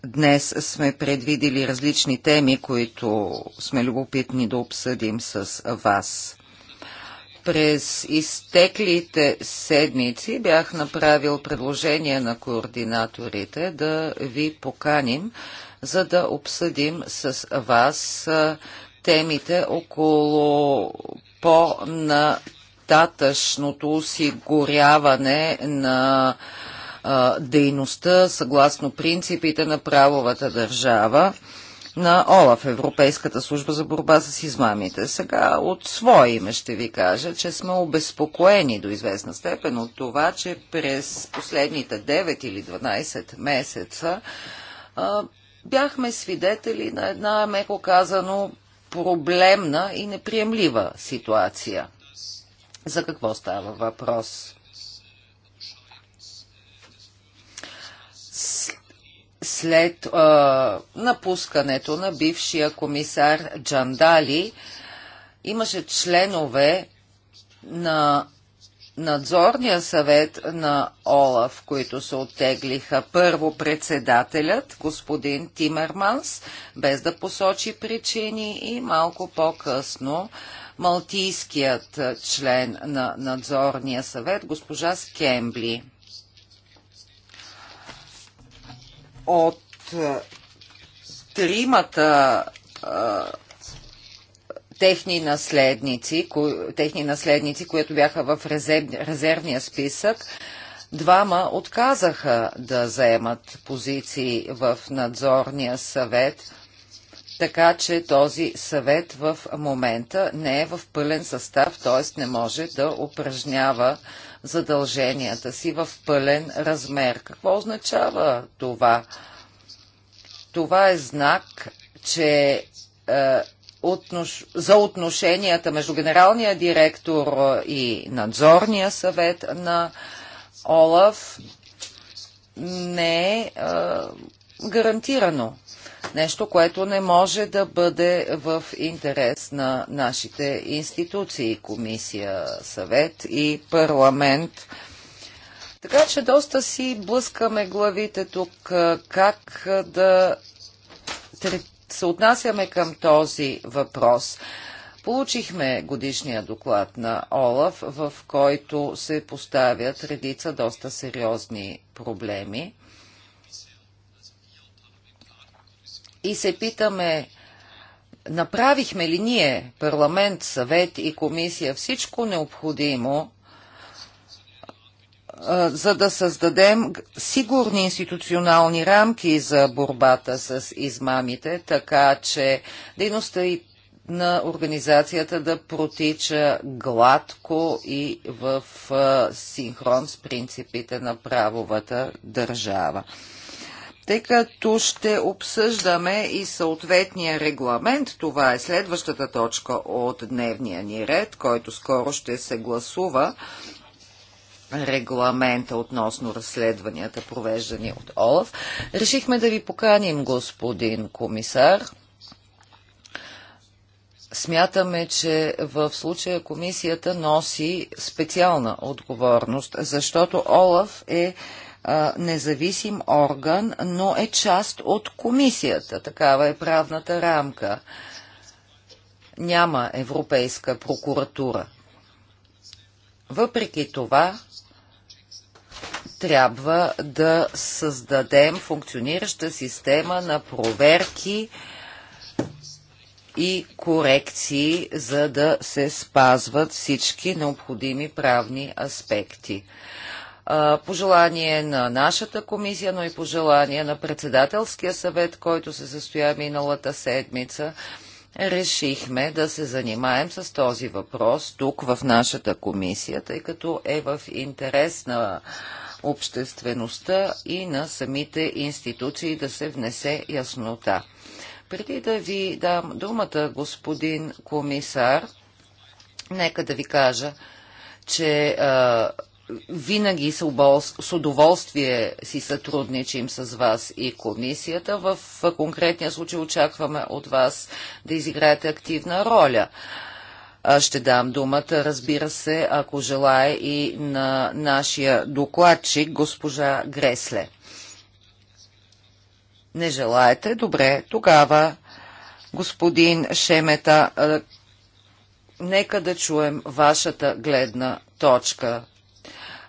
S1: днес сме предвидили различни теми, които сме любопитни да обсъдим с вас. През изтеклите седмици бях направил предложение на координаторите да ви поканим, за да обсъдим с вас темите около по-нататъчното осигуряване на дейността съгласно принципите на правовата държава на ОЛАФ, Европейската служба за борба с измамите. Сега от свое име ще ви кажа, че сме обезпокоени до известна степен от това, че през последните 9 или 12 месеца а, бяхме свидетели на една, меко казано, проблемна и неприемлива ситуация. За какво става въпрос? след а, напускането на бившия комисар Джандали имаше членове на надзорния съвет на ОЛАФ, които се оттеглиха. Първо председателят, господин Тимерманс, без да посочи причини и малко по-късно малтийският член на надзорния съвет, госпожа Скембли. от е, тримата е, техни наследници, техни наследници, които бяха в резерв, резервния списък, двама отказаха да заемат позиции в надзорния съвет, така че този съвет в момента не е в пълен състав, т.е. не може да упражнява задълженията си в пълен размер. Какво означава това? Това е знак, че е, отнош... за отношенията между генералния директор е, и надзорния съвет на Олаф не е, е гарантирано. Нещо, което не може да бъде в интерес на нашите институции, комисия, съвет и парламент. Така че доста си блъскаме главите тук как да се отнасяме към този въпрос. Получихме годишния доклад на ОЛАФ, в който се поставят редица доста сериозни проблеми. и се питаме, направихме ли ние, парламент, съвет и комисия, всичко необходимо, за да създадем сигурни институционални рамки за борбата с измамите, така че дейността и на организацията да протича гладко и в синхрон с принципите на правовата държава тъй като ще обсъждаме и съответния регламент. Това е следващата точка от дневния ни ред, който скоро ще се гласува регламента относно разследванията, провеждани от ОЛАФ. Решихме да ви поканим, господин комисар. Смятаме, че в случая комисията носи специална отговорност, защото ОЛАФ е а, независим орган, но е част от комисията. Такава е правната рамка. Няма Европейска прокуратура. Въпреки това, трябва да създадем функционираща система на проверки и корекции, за да се спазват всички необходими правни аспекти пожелание на нашата комисия, но и пожелание на председателския съвет, който се състоя миналата седмица, решихме да се занимаем с този въпрос тук в нашата комисия, тъй като е в интерес на обществеността и на самите институции да се внесе яснота. Преди да ви дам думата, господин комисар, нека да ви кажа, че а, винаги с удоволствие си сътрудничим с вас и комисията. В конкретния случай очакваме от вас да изиграете активна роля. Ще дам думата, разбира се, ако желая и на нашия докладчик, госпожа Гресле. Не желаете? Добре, тогава господин Шемета, нека да чуем вашата гледна точка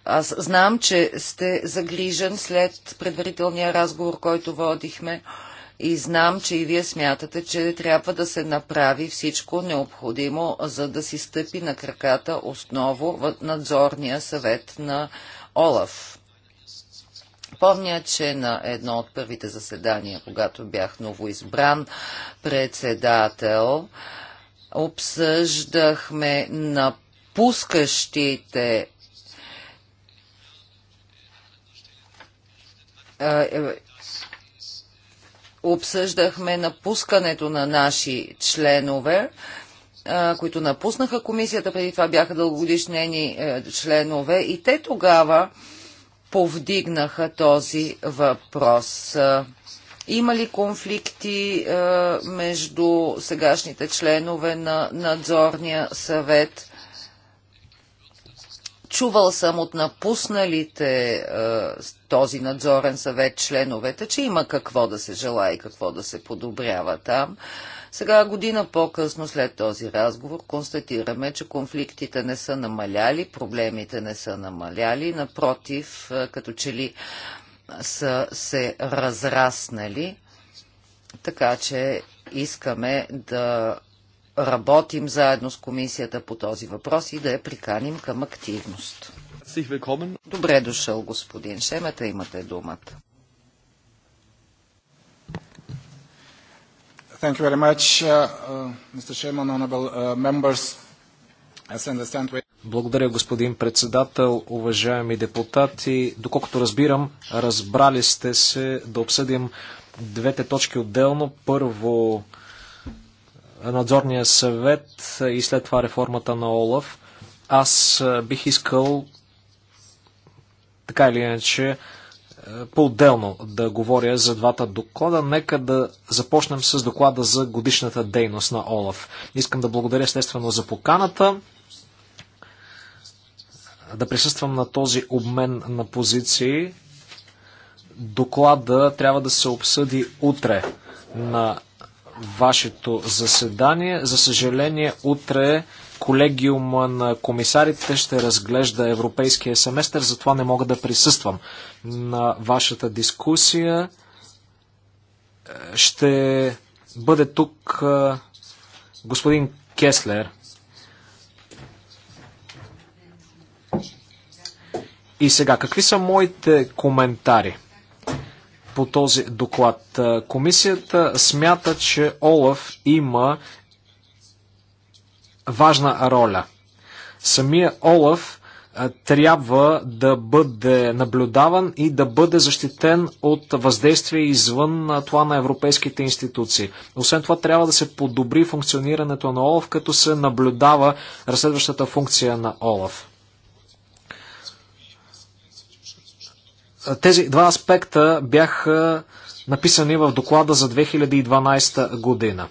S1: аз знам, че сте загрижен след предварителния разговор, който водихме и знам, че и вие смятате, че трябва да се направи всичко необходимо, за да си стъпи на краката осново в надзорния съвет на Олаф. Помня, че на едно от първите заседания, когато бях новоизбран председател, обсъждахме напускащите. Е, обсъждахме напускането на наши членове, които напуснаха комисията, преди това бяха дългогодишнени е, членове и те тогава повдигнаха този въпрос. Има ли конфликти е, между сегашните членове на надзорния съвет? Чувал съм от напусналите е, този надзорен съвет членовете, че има какво да се желая и какво да се подобрява там. Сега, година по-късно след този разговор, констатираме, че конфликтите не са намаляли, проблемите не са намаляли, напротив, е, като че ли са се разраснали. Така че искаме да работим заедно с комисията по този въпрос и да я приканим към активност. Добре дошъл, господин Шемета, имате думата.
S6: Thank you very much, uh, uh, Mr. honorable uh, members. As understand, we...
S2: Благодаря, господин председател, уважаеми депутати. Доколкото разбирам, разбрали сте се да обсъдим двете точки отделно. Първо, надзорния съвет и след това реформата на Олаф, аз бих искал така или иначе по-отделно да говоря за двата доклада. Нека да започнем с доклада за годишната дейност на Олаф. Искам да благодаря естествено за поканата да присъствам на този обмен на позиции. Доклада трябва да се обсъди утре на вашето заседание. За съжаление, утре колегиума на комисарите ще разглежда европейския семестър, затова не мога да присъствам на вашата дискусия. Е, ще бъде тук е, господин Кеслер. И сега, какви са моите коментари? по този доклад. Комисията смята, че Олаф има важна роля. Самия Олаф трябва да бъде наблюдаван и да бъде защитен от въздействие извън това на европейските институции. Освен това трябва да се подобри функционирането на ОЛАФ, като се наблюдава разследващата функция на ОЛАФ. тези два аспекта бяха написани в доклада за 2012 година.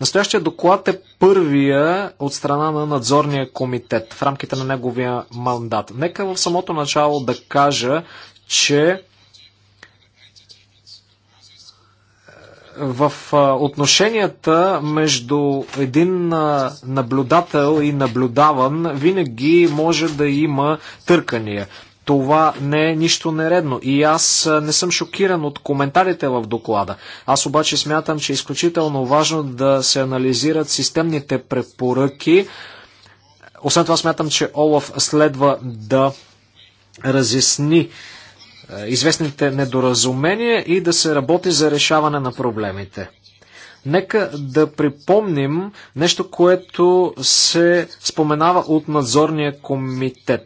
S2: Настоящия доклад е първия от страна на надзорния комитет в рамките на неговия мандат. Нека в самото начало да кажа, че е, в е, отношенията между един е, наблюдател и наблюдаван винаги може да има търкания това не е нищо нередно. И аз не съм шокиран от коментарите в доклада. Аз обаче смятам, че е изключително важно да се анализират системните препоръки. Освен това смятам, че Олаф следва да разясни е, известните недоразумения и да се работи за решаване на проблемите. Нека да припомним нещо, което се споменава от надзорния комитет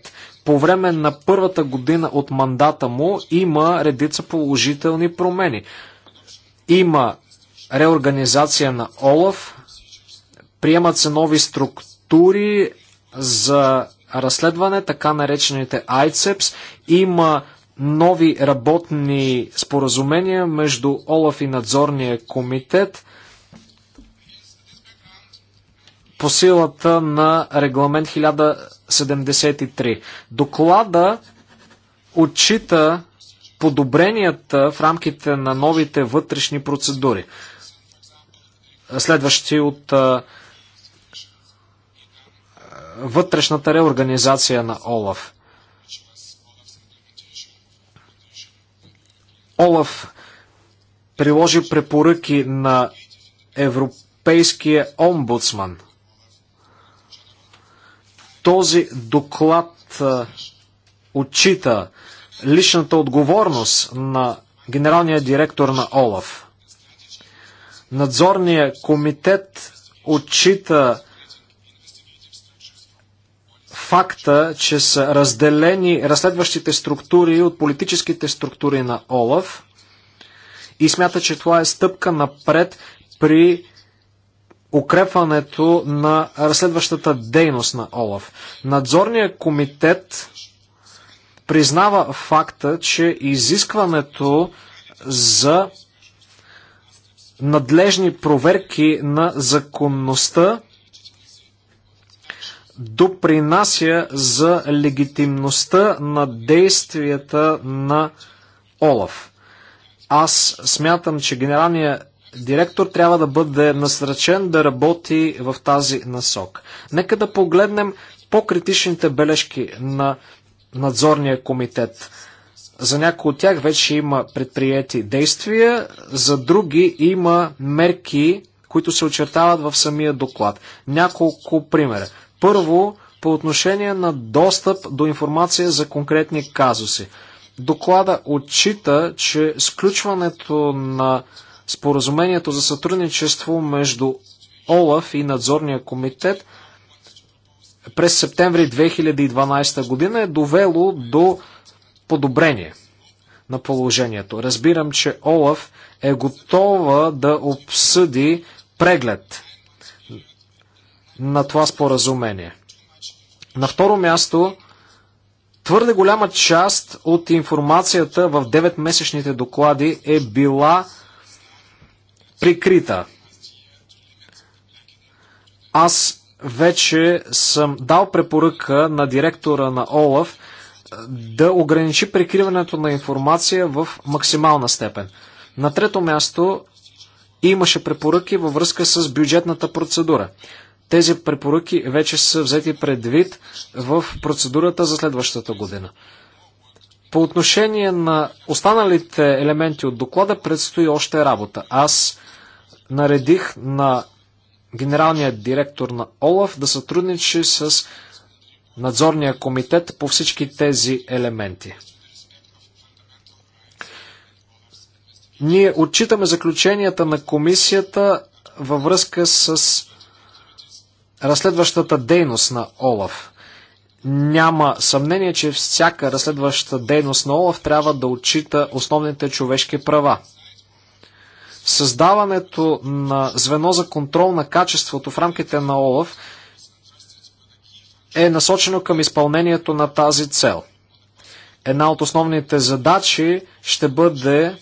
S2: по време на първата година от мандата му има редица положителни промени. Има реорганизация на ОЛАФ, приемат се нови структури за разследване, така наречените ICEPS, има нови работни споразумения между ОЛАФ и надзорния комитет по силата на регламент 73. Доклада отчита подобренията в рамките на новите вътрешни процедури. Следващи от вътрешната реорганизация на ОЛАФ. ОЛАФ приложи препоръки на Европейския омбудсман – този доклад отчита личната отговорност на генералния директор на ОЛАФ. Надзорният комитет отчита факта, че са разделени разследващите структури от политическите структури на ОЛАФ и смята, че това е стъпка напред при укрепването на разследващата дейност на ОЛАФ. Надзорният комитет признава факта, че изискването за надлежни проверки на законността допринася за легитимността на действията на Олаф. Аз смятам, че генералният директор трябва да бъде насръчен да работи в тази насок. Нека да погледнем по-критичните бележки на надзорния комитет. За някои от тях вече има предприяти действия, за други има мерки, които се очертават в самия доклад. Няколко примера. Първо, по отношение на достъп до информация за конкретни казуси. Доклада отчита, че сключването на Споразумението за сътрудничество между ОЛАФ и надзорния комитет през септември 2012 година е довело до подобрение на положението. Разбирам, че ОЛАФ е готова да обсъди преглед на това споразумение. На второ място, твърде голяма част от информацията в 9-месечните доклади е била прикрита. Аз вече съм дал препоръка на директора на ОЛАФ е, да ограничи прикриването на информация в максимална степен. На трето място имаше препоръки във връзка с бюджетната процедура. Тези препоръки вече са взети предвид в процедурата за следващата година. По отношение на останалите елементи от доклада предстои още работа. Аз наредих на генералния директор на ОЛАФ да сътрудничи с надзорния комитет по всички тези елементи. Ние отчитаме заключенията на комисията във връзка с разследващата дейност на ОЛАФ. Няма съмнение, че всяка разследваща дейност на ОЛАФ трябва да отчита основните човешки права създаването на звено за контрол на качеството в рамките на ОЛАФ е насочено към изпълнението на тази цел. Една от основните задачи ще бъде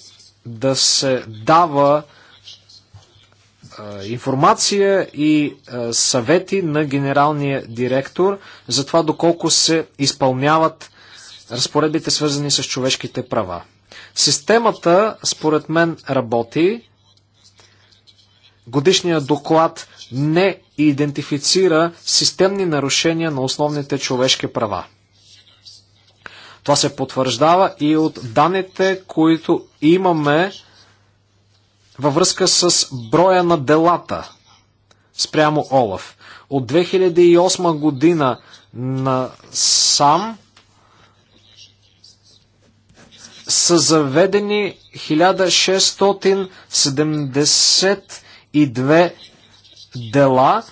S2: да се дава е, информация и е, съвети на генералния директор за това доколко се изпълняват разпоредбите свързани с човешките права. Системата, според мен, работи. Годишният доклад не идентифицира системни нарушения на основните човешки права. Това се потвърждава и от данните, които имаме във връзка с броя на делата спрямо Олаф. От 2008 година на сам са заведени 1670 две дела.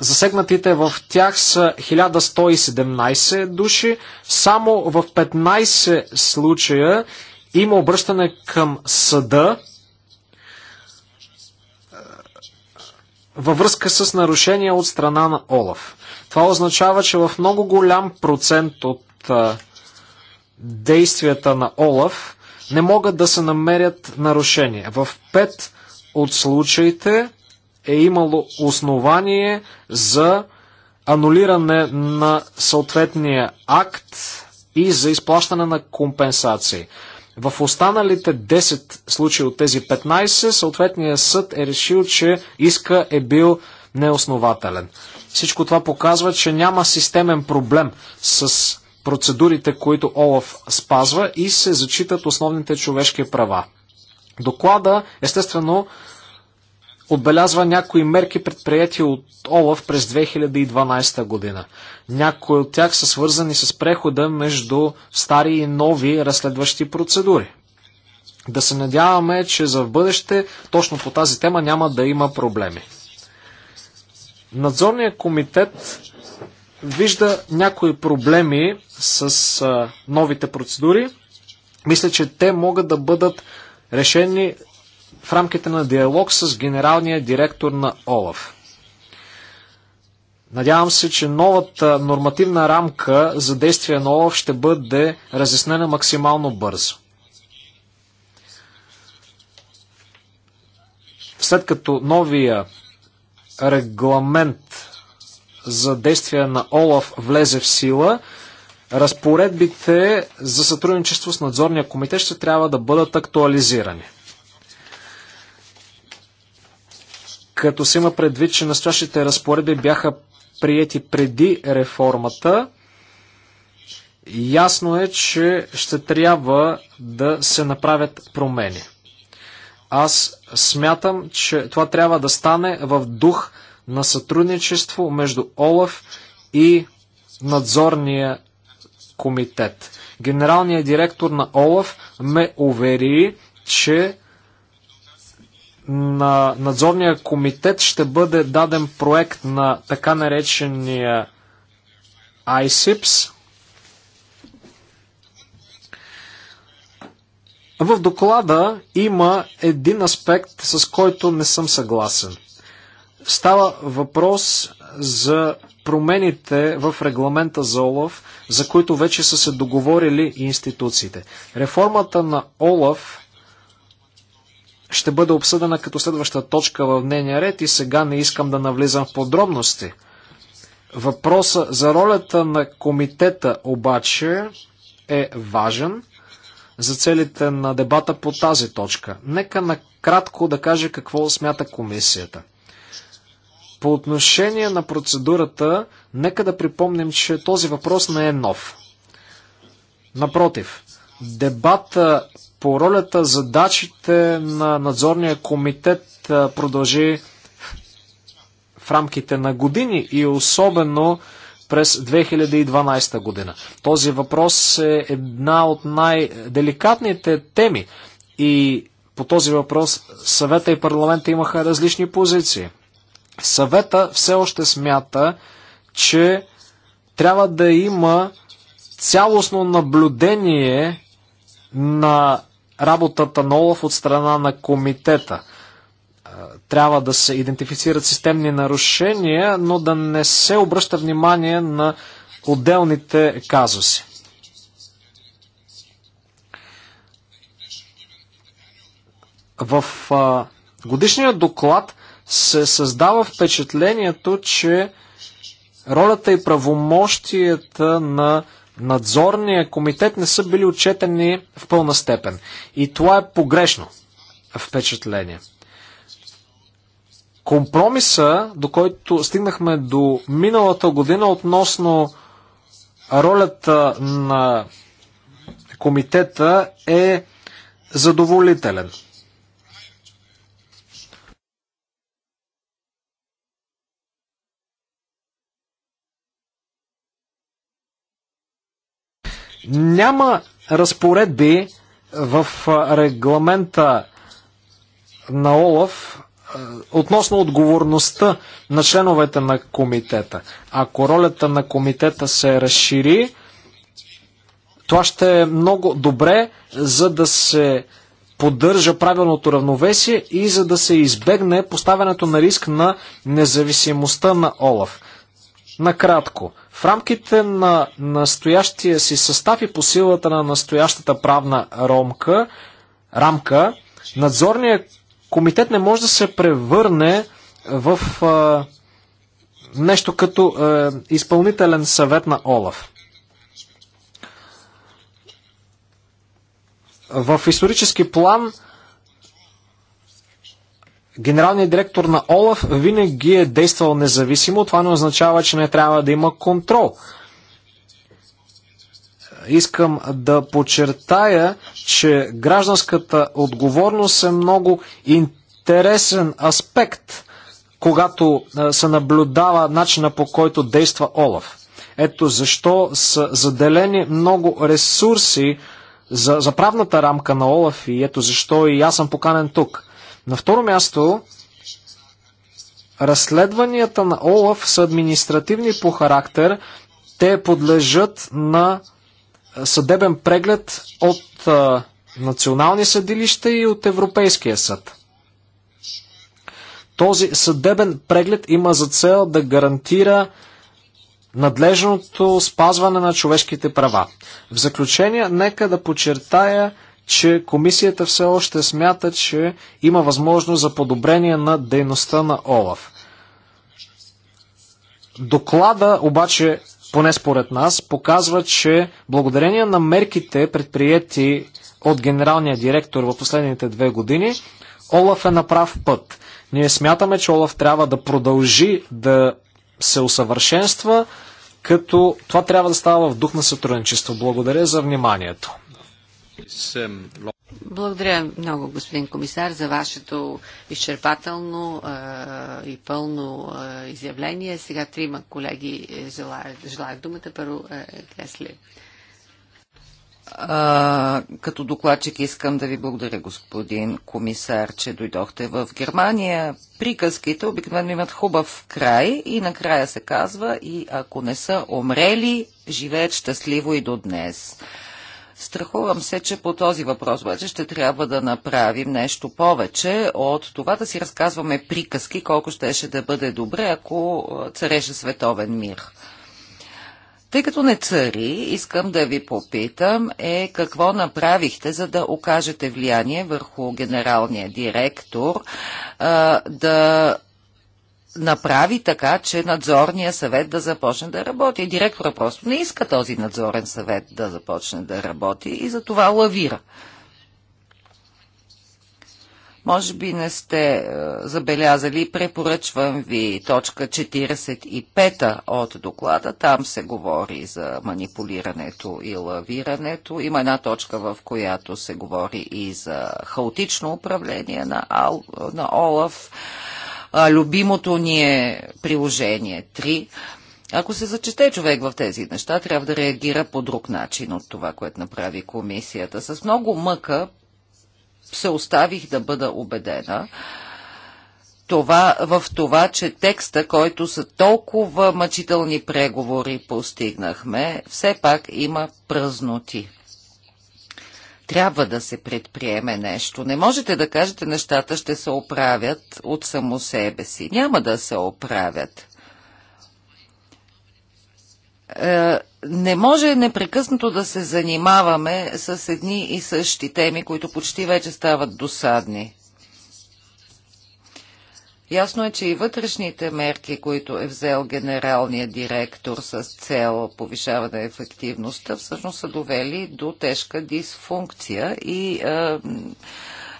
S2: Засегнатите в тях са 1117 души. Само в 15 случая има обръщане към съда във връзка с нарушения от страна на Олаф. Това означава, че в много голям процент от действията на Олаф не могат да се намерят нарушения. В пет от случаите е имало основание за анулиране на съответния акт и за изплащане на компенсации. В останалите 10 случаи от тези 15 съответният съд е решил, че иска е бил неоснователен. Всичко това показва, че няма системен проблем с процедурите, които ОЛАФ спазва и се зачитат основните човешки права. Доклада, естествено, отбелязва някои мерки предприяти от ОЛАФ през 2012 година. Някои от тях са свързани с прехода между стари и нови разследващи процедури. Да се надяваме, че за бъдеще точно по тази тема няма да има проблеми. Надзорният комитет вижда някои проблеми с а, новите процедури. Мисля, че те могат да бъдат решени в рамките на диалог с генералния директор на ОЛАФ. Надявам се, че новата нормативна рамка за действие на ОЛАФ ще бъде разяснена максимално бързо. След като новия регламент за действия на ОЛАФ влезе в сила, разпоредбите за сътрудничество с надзорния комитет ще трябва да бъдат актуализирани. Като се има предвид, че настоящите разпоредби бяха приети преди реформата, ясно е, че ще трябва да се направят промени. Аз смятам, че това трябва да стане в дух на сътрудничество между ОЛАФ и надзорния комитет. Генералният директор на ОЛАФ ме увери, че на надзорния комитет ще бъде даден проект на така наречения ISIPS. В доклада има един аспект, с който не съм съгласен – Става въпрос за промените в регламента за ОЛАФ, за които вече са се договорили институциите. Реформата на ОЛАФ ще бъде обсъдена като следваща точка в дневния ред и сега не искам да навлизам в подробности. Въпроса за ролята на комитета обаче е важен за целите на дебата по тази точка. Нека накратко да кажа какво смята комисията. По отношение на процедурата, нека да припомним, че този въпрос не е нов. Напротив, дебата по ролята, задачите на надзорния комитет продължи в рамките на години и особено през 2012 година. Този въпрос е една от най-деликатните теми и по този въпрос съвета и парламента имаха различни позиции. Съвета все още смята, че трябва да има цялостно наблюдение на работата на ОЛАФ от страна на комитета. Е, трябва да се идентифицират системни нарушения, но да не се обръща внимание на отделните казуси. В годишния доклад се създава впечатлението, че ролята и правомощията на надзорния комитет не са били отчетени в пълна степен. И това е погрешно впечатление. Компромиса, до който стигнахме до миналата година относно ролята на комитета е задоволителен. Няма разпоредби в регламента на Олаф относно отговорността на членовете на комитета. Ако ролята на комитета се разшири, това ще е много добре, за да се поддържа правилното равновесие и за да се избегне поставянето на риск на независимостта на Олаф. Накратко, в рамките на настоящия си състав и по силата на настоящата правна ромка, рамка, надзорният комитет не може да се превърне в а, нещо като а, изпълнителен съвет на Олаф. В исторически план а, Генералният директор на Олаф винаги е действал независимо. Това не означава, че не трябва да има контрол. Искам да подчертая, че гражданската отговорност е много интересен аспект, когато се наблюдава начина по който действа Олаф. Ето защо са заделени много ресурси за, за правната рамка на Олаф и ето защо и аз съм поканен тук. На второ място, разследванията на ОЛАФ са административни по характер. Те подлежат на съдебен преглед от а, национални съдилища и от Европейския съд. Този съдебен преглед има за цел да гарантира надлежното спазване на човешките права. В заключение, нека да подчертая, че комисията все още смята, че има възможност за подобрение на дейността на ОЛАФ. Доклада обаче, поне според нас, показва, че благодарение на мерките, предприяти от генералния директор в последните две години, Олаф е на прав път. Ние смятаме, че Олаф трябва да продължи да се усъвършенства, като това трябва да става в дух на сътрудничество. Благодаря за вниманието.
S5: Благодаря много, господин комисар, за вашето изчерпателно е, и пълно е, изявление. Сега трима колеги е, желаят, желаят думата. Първо, Кесли. Е,
S1: като докладчик искам да ви благодаря, господин комисар, че дойдохте в Германия. Приказките обикновено имат хубав край и накрая се казва и ако не са умрели, живеят щастливо и до днес. Страхувам се, че по този въпрос вече ще трябва да направим нещо повече от това да си разказваме приказки, колко щеше да бъде добре, ако цареше световен мир. Тъй като не цари, искам да ви попитам е какво направихте, за да окажете влияние върху генералния директор, да направи така, че надзорния съвет да започне да работи. Директора просто не иска този надзорен съвет да започне да работи и за това лавира. Може би не сте е, забелязали, препоръчвам ви точка 45 от доклада. Там се говори за манипулирането и лавирането. Има една точка, в която се говори и за хаотично управление на, Ал... на Олаф любимото ни е приложение 3. Ако се зачете човек в тези неща, трябва да реагира по друг начин от това, което направи комисията. С много мъка се оставих да бъда убедена, това, в това, че текста, който са толкова мъчителни преговори постигнахме, все пак има празноти трябва да се предприеме нещо. Не можете да кажете нещата ще се оправят от само себе си. Няма да се оправят. Е, не може непрекъснато да се занимаваме с едни и същи теми, които почти вече стават досадни. Ясно е, че и вътрешните мерки, които е взел генералният директор с цел повишаване на ефективността, всъщност са довели до тежка дисфункция и е,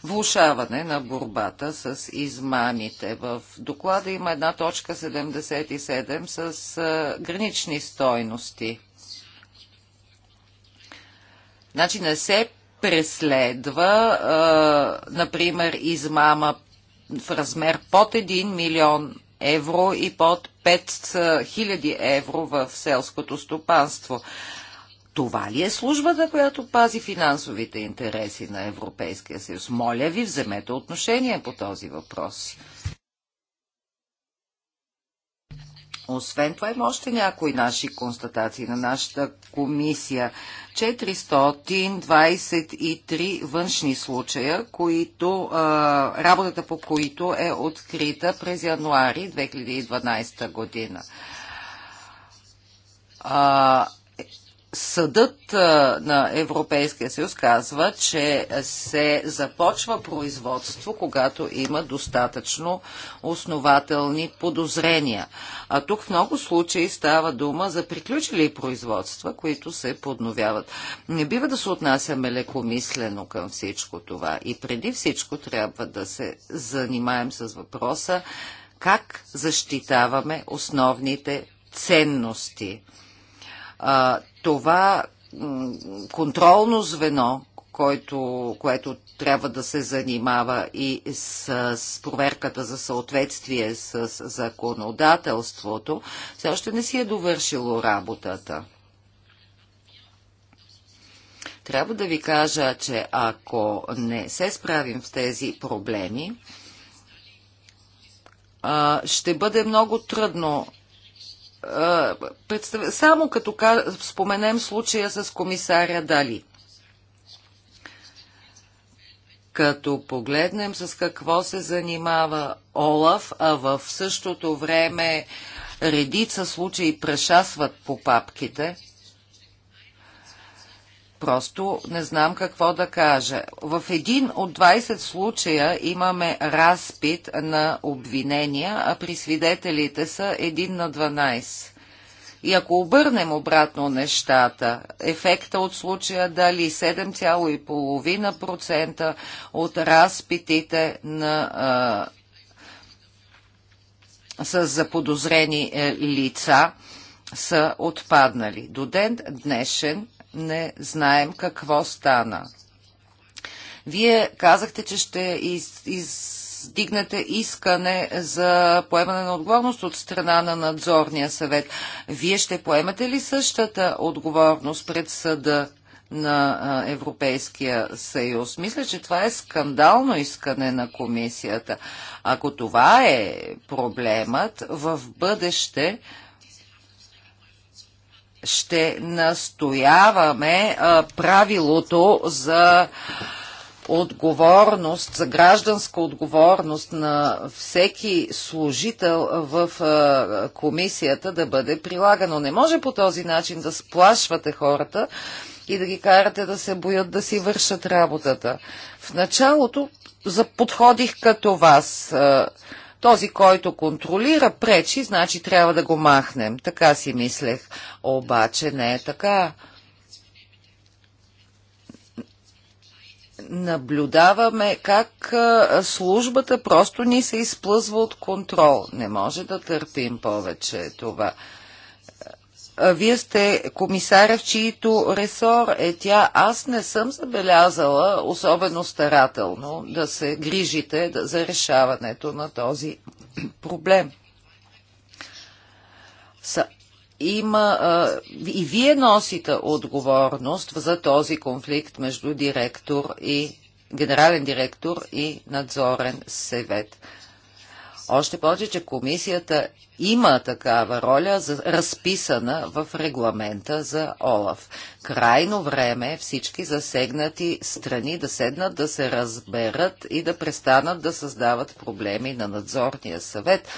S1: влушаване на борбата с измамите. В доклада има една точка 77 с е, гранични стойности. Значи не се преследва, е, например, измама в размер под 1 милион евро и под 5 хиляди евро в селското стопанство. Това ли е службата, която пази финансовите интереси на Европейския съюз? Моля ви, вземете отношение по този въпрос. Освен това има още някои наши констатации на нашата комисия. 423 външни случая, които, работата по които е открита през януари 2012 година. Съдът на Европейския съюз казва, че се започва производство, когато има достатъчно основателни подозрения. А тук в много случаи става дума за приключили производства, които се подновяват. Не бива да се отнасяме лекомислено към всичко това. И преди всичко трябва да се занимаем с въпроса как защитаваме основните ценности – а, това контролно звено, който, което трябва да се занимава и с, с проверката за съответствие с законодателството, все още не си е довършило работата. Трябва да ви кажа, че ако не се справим в тези проблеми, ще бъде много трудно само като споменем случая с комисаря Дали. Като погледнем с какво се занимава Олаф, а в същото време редица случаи прешасват по папките – Просто не знам какво да кажа. В един от 20 случая имаме разпит на обвинения, а при свидетелите са 1 на 12. И ако обърнем обратно нещата, ефекта от случая дали 7,5% от разпитите на а, с заподозрени е, лица са отпаднали. До ден днешен не знаем какво стана. Вие казахте, че ще из, издигнете искане за поемане на отговорност от страна на надзорния съвет. Вие ще поемете ли същата отговорност пред съда на Европейския съюз. Мисля, че това е скандално искане на комисията. Ако това е проблемът, в бъдеще ще настояваме а, правилото за отговорност, за гражданска отговорност на всеки служител в а, комисията да бъде прилагано. Не може по този начин да сплашвате хората и да ги карате да се боят да си вършат работата. В началото подходих като вас. А, този, който контролира, пречи, значи трябва да го махнем. Така си мислех. Обаче не е така. наблюдаваме как службата просто ни се изплъзва от контрол. Не може да търпим повече това. Вие сте комисаря, в чието ресор е тя. Аз не съм забелязала особено старателно да се грижите за решаването на този [clears throat] проблем. Има, и вие носите отговорност за този конфликт между директор и генерален директор и надзорен съвет. Още повече, че комисията има такава роля, разписана в регламента за ОЛАФ. Крайно време е всички засегнати страни да седнат, да се разберат и да престанат да създават проблеми на надзорния съвет,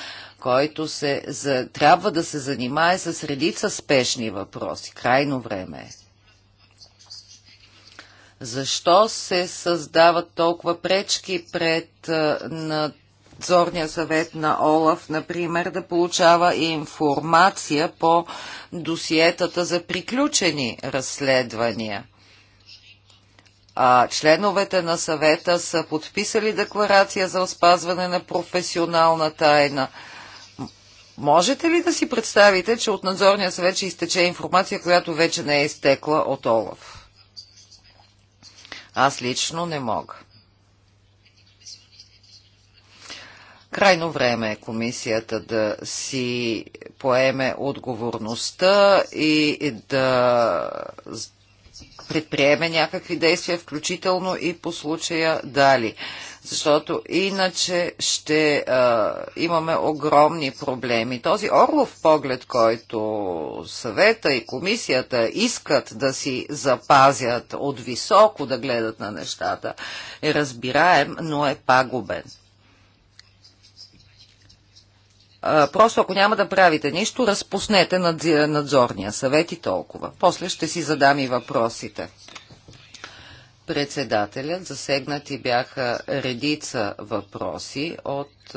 S1: който се, за, трябва да се занимае с редица спешни въпроси. Крайно време е. Защо се създават толкова пречки пред над надзорния съвет на ОЛАФ, например, да получава информация по досиетата за приключени разследвания. А членовете на съвета са подписали декларация за спазване на професионална тайна. Можете ли да си представите, че от надзорния съвет ще изтече информация, която вече не е изтекла от ОЛАФ? Аз лично не мога. Крайно време е комисията да си поеме отговорността и да предприеме някакви действия, включително и по случая Дали. Защото иначе ще а, имаме огромни проблеми. Този орлов поглед, който съвета и комисията искат да си запазят от високо да гледат на нещата, е разбираем, но е пагубен. Просто ако няма да правите нищо, разпуснете надзорния съвет и толкова. После ще си задам и въпросите. Председателят засегнати бяха редица въпроси от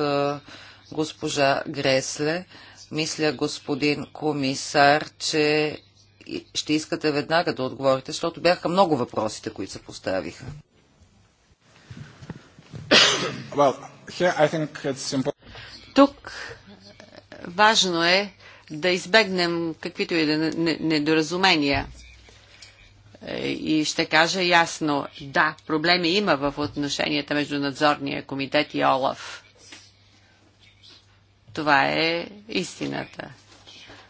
S1: госпожа Гресле. Мисля, господин комисар, че ще искате веднага да отговорите, защото бяха много въпросите, които се поставиха.
S6: Well, Тук
S5: Важно е да избегнем каквито и да недоразумения. Е, и ще кажа ясно, да, проблеми има в отношенията между надзорния комитет и ОЛАФ. Това е истината.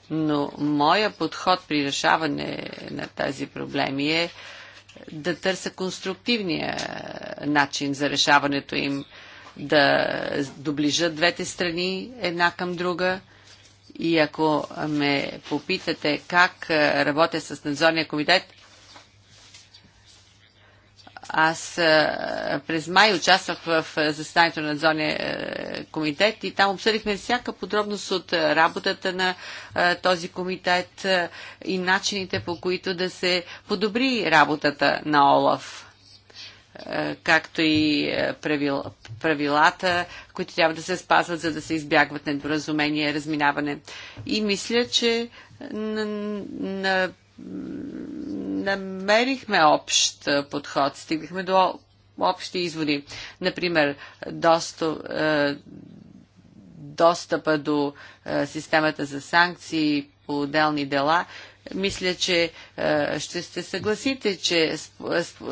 S5: Но моя подход при решаване на тези проблеми е да търся конструктивния начин за решаването им да доближат двете страни една към друга. И ако ме попитате как работя с надзорния комитет, аз през май участвах в заседанието на надзорния комитет и там обсъдихме всяка подробност от работата на този комитет и начините по които да се подобри работата на ОЛАФ е, както и е, правил, правилата, които трябва да се спазват, за да се избягват недоразумения разминаване. И мисля, че на намерихме общ е, подход, стигнахме до общи изводи. Например, доста, достъпа до системата за санкции по отделни дела. Мисля, че е, ще се съгласите, че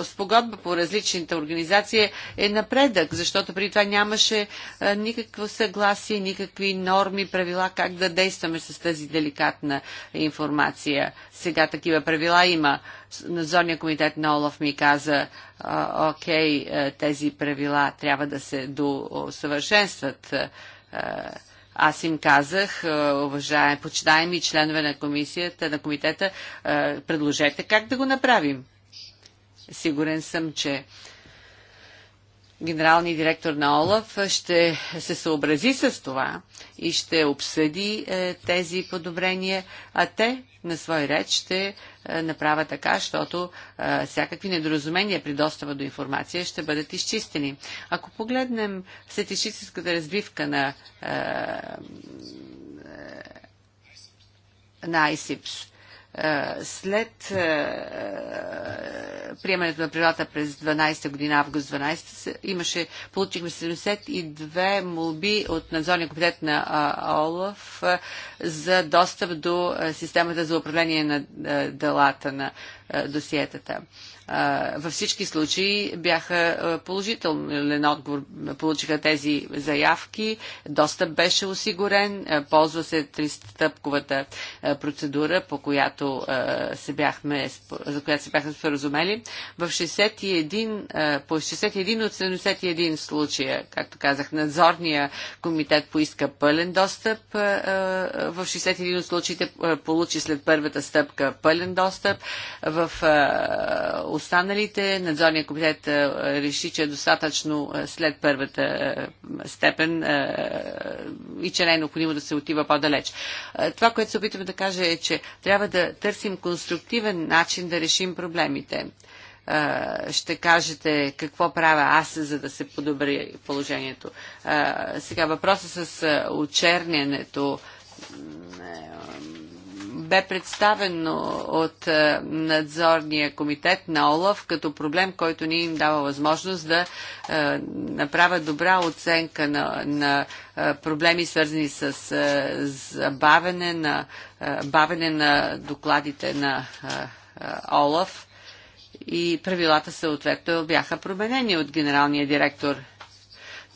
S5: спогодба по различните организации е напредък, защото при това нямаше е, никакво съгласие, никакви норми, правила как да действаме с тази деликатна информация. Сега такива правила има. Надзорният комитет на Олаф ми каза, е, окей, тези правила трябва да се досъвършенстват. Аз им казах, е, уважаеми, почитаеми членове на комисията, на комитета, е, предложете как да го направим. Сигурен съм, че генералният директор на ОЛАФ ще се съобрази с това и ще обсъди е, тези подобрения, а те на свой ред ще е, направят така, защото е, всякакви недоразумения при достава до информация ще бъдат изчистени. Ако погледнем статистическата разбивка на е, е, на ISIPS, е, след е, приемането на правилата през 12-та година, август 12 имаше, получихме 72 молби от надзорния комитет на ОЛАФ е, за достъп до системата за управление на делата на досиетата. Във всички случаи бяха положителен отговор, получиха тези заявки, достъп беше осигурен, ползва се тристъпковата процедура, по която се бяхме, за която се бяхме споразумели. В 61, по 61 от 71 случая, както казах, надзорния комитет поиска пълен достъп. В 61 от случаите получи след първата стъпка пълен достъп. В останалите. Надзорният комитет реши, че е достатъчно след първата степен и че не е необходимо да се отива по-далеч. Това, което се опитваме да кажа е, че трябва да търсим конструктивен начин да решим проблемите ще кажете какво правя аз, за да се подобри положението. Сега въпросът с очернянето бе представено от е, надзорния комитет на ОЛАФ като проблем, който ни им дава възможност да е, направят добра оценка на, на е, проблеми, свързани с забавене на, бавене на докладите на ОЛАФ и правилата съответно бяха променени от генералния директор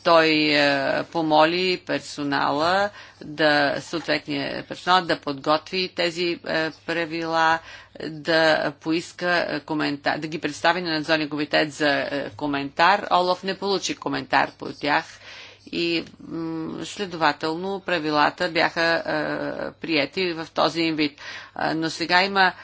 S5: той е, помоли персонала да, съответния персонал да подготви тези е, правила, да поиска е, коментар, да ги представи на надзорния комитет за коментар. Олаф не получи коментар по тях и следователно правилата бяха е, приети в този им вид. Но сега има е,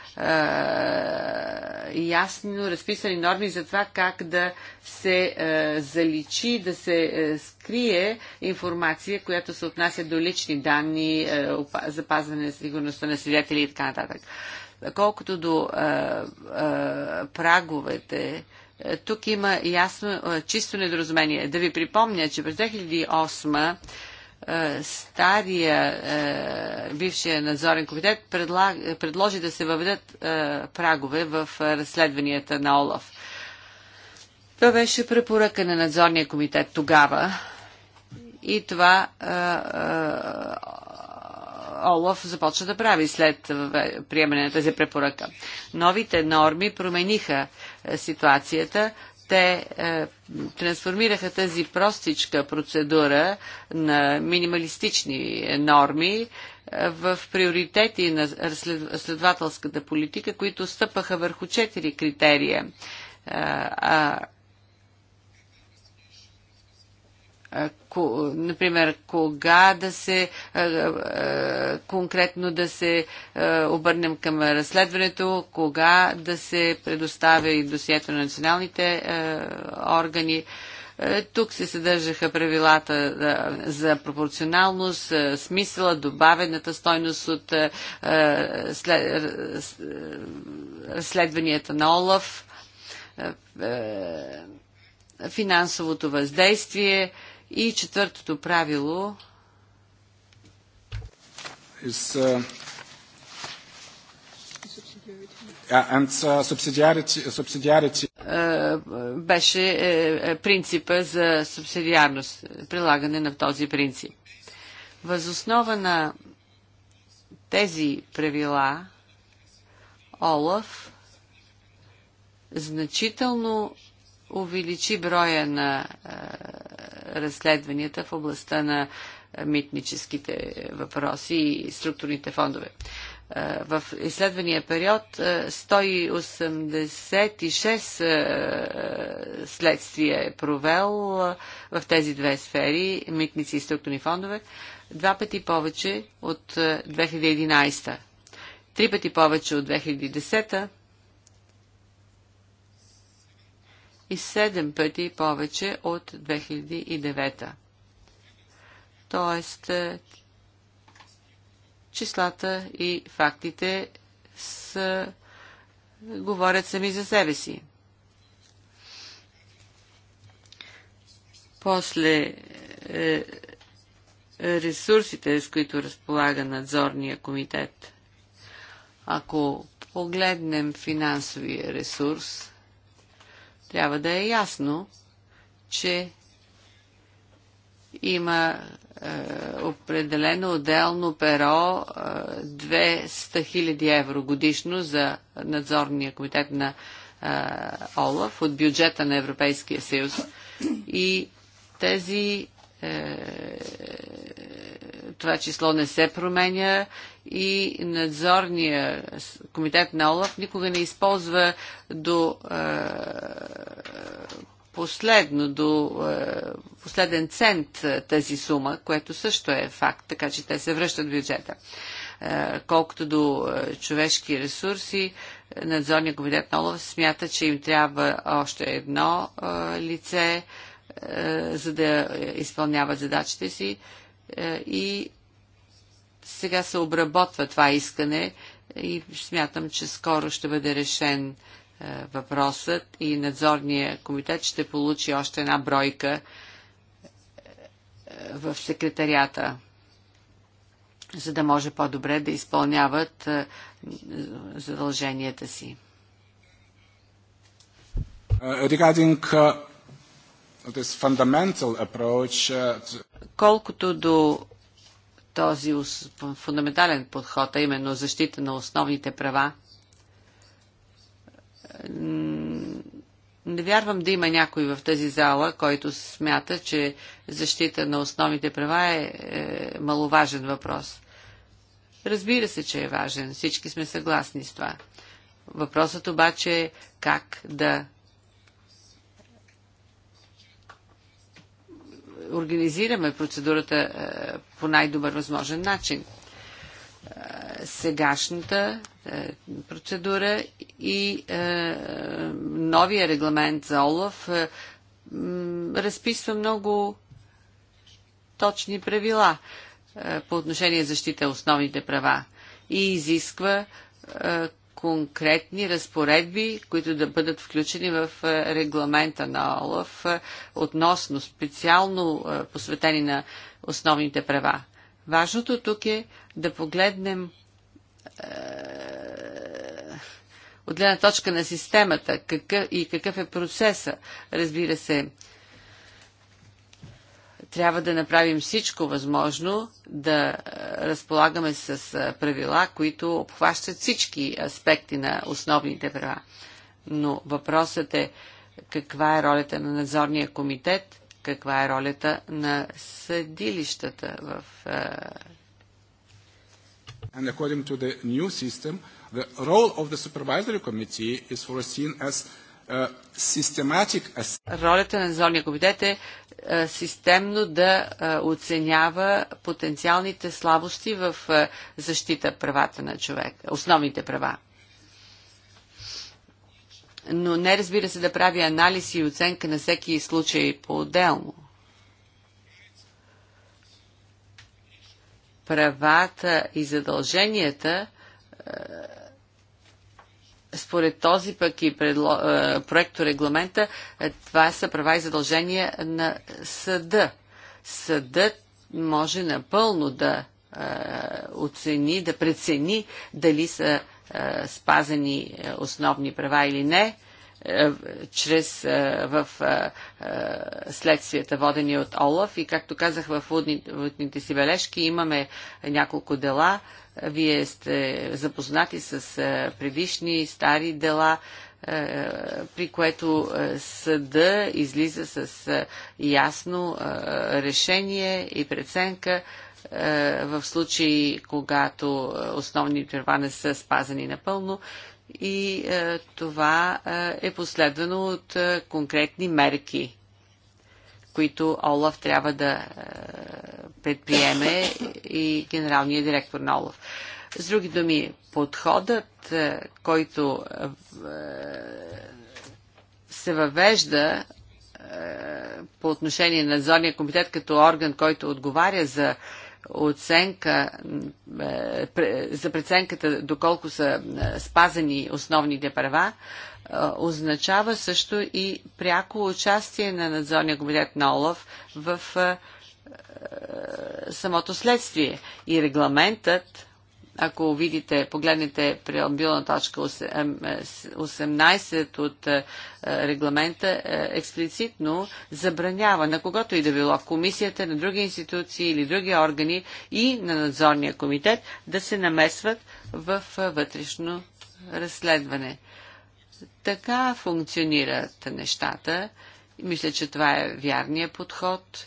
S5: ясно разписани норми за това как да се е, заличи, да се е, скрие информация, която се отнася до лични данни, е, запазване на сигурността на свидетели и така нататък. Колкото до е, е, праговете, е, тук има ясно, чисто недоразумение. Да ви припомня, че през 2008 стария бившия надзорен комитет предложи да се въведат прагове в разследванията на Олаф. Това беше препоръка на надзорния комитет тогава и това Олаф започна да прави след приемане на тази препоръка. Новите норми промениха ситуацията. Те е, трансформираха тази простичка процедура на минималистични норми е, в приоритети на следователската политика, които стъпаха върху четири критерия. Е, а, а, ко, например, кога да се а, а, конкретно да се а, обърнем към разследването, кога да се предоставя и досието на националните а, органи. Тук се съдържаха правилата за пропорционалност, смисъла, добавената стойност от разследванията на ОЛАФ, финансовото въздействие, и четвъртото правило
S6: is uh, Uh, е,
S5: беше uh, принципа за субсидиарност, прилагане на този принцип. Възоснова на тези правила Олаф значително увеличи броя на е, разследванията в областта на е, митническите въпроси и структурните фондове. Е, в изследвания период 186 следствия е провел в тези две сфери, митници и структурни фондове, два пъти повече от 2011, три пъти повече от 2010 и 7 пъти повече от 2009. Тоест, е, числата и фактите са, говорят сами за себе си. После е, ресурсите, с които разполага надзорния комитет. Ако погледнем финансовия ресурс, трябва да е ясно, че има е, определено отделно перо е, 200 000 евро годишно за надзорния комитет на е, ОЛАФ от бюджета на Европейския съюз. И тези е, това число не се променя и надзорния комитет на ОЛАФ никога не използва до е, последно, до е, последен цент е, тази сума, което също е факт, така че те се връщат в бюджета. Е, колкото до е, човешки ресурси, е, надзорния комитет на ОЛАФ смята, че им трябва още едно е, лице, е, за да изпълняват задачите си. Е, и сега се обработва това искане и смятам, че скоро ще бъде решен е, въпросът и надзорния комитет ще получи още една бройка е, в секретарията, за да може по-добре да изпълняват задълженията си.
S6: Regarding Uh, Колкото до
S5: този фундаментален подход, а именно защита на основните права, не вярвам да има някой в тази зала, който смята, че защита на основните права е, е маловажен въпрос. Разбира се, че е важен. Всички сме съгласни с това. Въпросът обаче е как да организираме процедурата е, по най-добър възможен начин. Е, сегашната е, процедура и новия регламент за ОЛАФ разписва много точни правила по отношение защита основните права и изисква конкретни разпоредби, които да бъдат включени в е, регламента на ОЛАФ е, относно специално е, посветени на основните права. Важното тук е да погледнем е, от гледна точка на системата какъв, и какъв е процеса. Разбира се, трябва да направим всичко възможно да е, разполагаме с е, правила, които обхващат всички аспекти на основните права. Но въпросът е каква е ролята на надзорния комитет, каква е ролята на съдилищата
S6: в. Е, And according to the new system, the role of the supervisory committee is foreseen as е, е,
S5: Ролята на надзорния комитет е, е системно да оценява потенциалните слабости в защита правата на човек, основните права. Но не разбира се да прави анализ и оценка на всеки случай по-отделно. Правата и задълженията според този пък и предло... Е, проекто регламента, е, това са права и задължения на съда. Съдът може напълно да е, оцени, да прецени дали са спазени основни права или не е, чрез е, в е, следствията, водени от Олаф. И както казах в водните си бележки, имаме няколко дела. Вие сте запознати с предишни стари дела, при което съда излиза с ясно решение и преценка в случаи, когато основни права не са спазани напълно и е, това е, е последвано от е, конкретни мерки, които Олаф трябва да е, предприеме и генералният директор на Олаф. С други думи, подходът, е, който е, се въвежда е, по отношение на надзорния комитет като орган, който отговаря за оценка е, за преценката доколко са е, спазени основните права, е, означава също и пряко участие на надзорния комитет на ОЛАВ в самото следствие. И регламентът ако видите, погледнете при отбилна точка 18 е, от е, регламента, е, експлицитно забранява на когото и да било комисията, на други институции или други органи и на надзорния комитет да се намесват в вътрешно разследване. Така функционират нещата. Мисля, че това е вярният подход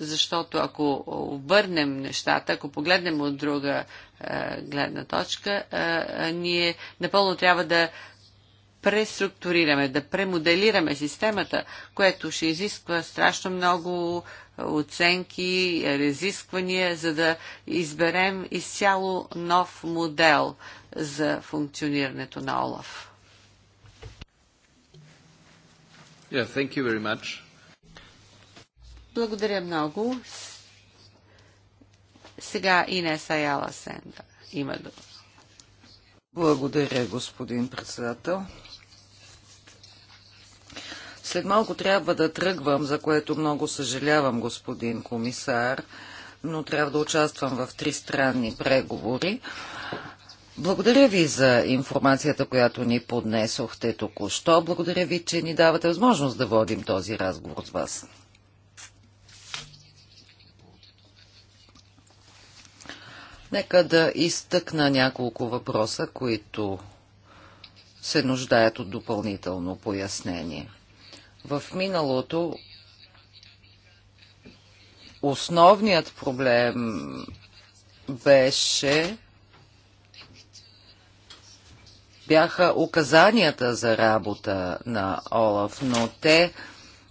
S5: защото ако обърнем нещата, ако погледнем от друга е, гледна точка, е, е, ние напълно трябва да преструктурираме, да премоделираме системата, което ще изисква страшно много е, оценки, е, разисквания, за да изберем изцяло нов модел за функционирането на ОЛАФ.
S4: Yeah, thank you
S3: very much.
S5: Благодаря много. Сега Инес Аяла Сенда има дума.
S1: Благодаря, господин председател. След малко трябва да тръгвам, за което много съжалявам, господин комисар, но трябва да участвам в три странни преговори. Благодаря ви за информацията, която ни поднесохте току-що. Благодаря ви, че ни давате възможност да водим този разговор с вас. Нека да изтъкна няколко въпроса, които се нуждаят от допълнително пояснение. В миналото основният проблем беше бяха указанията за работа на Олаф, но те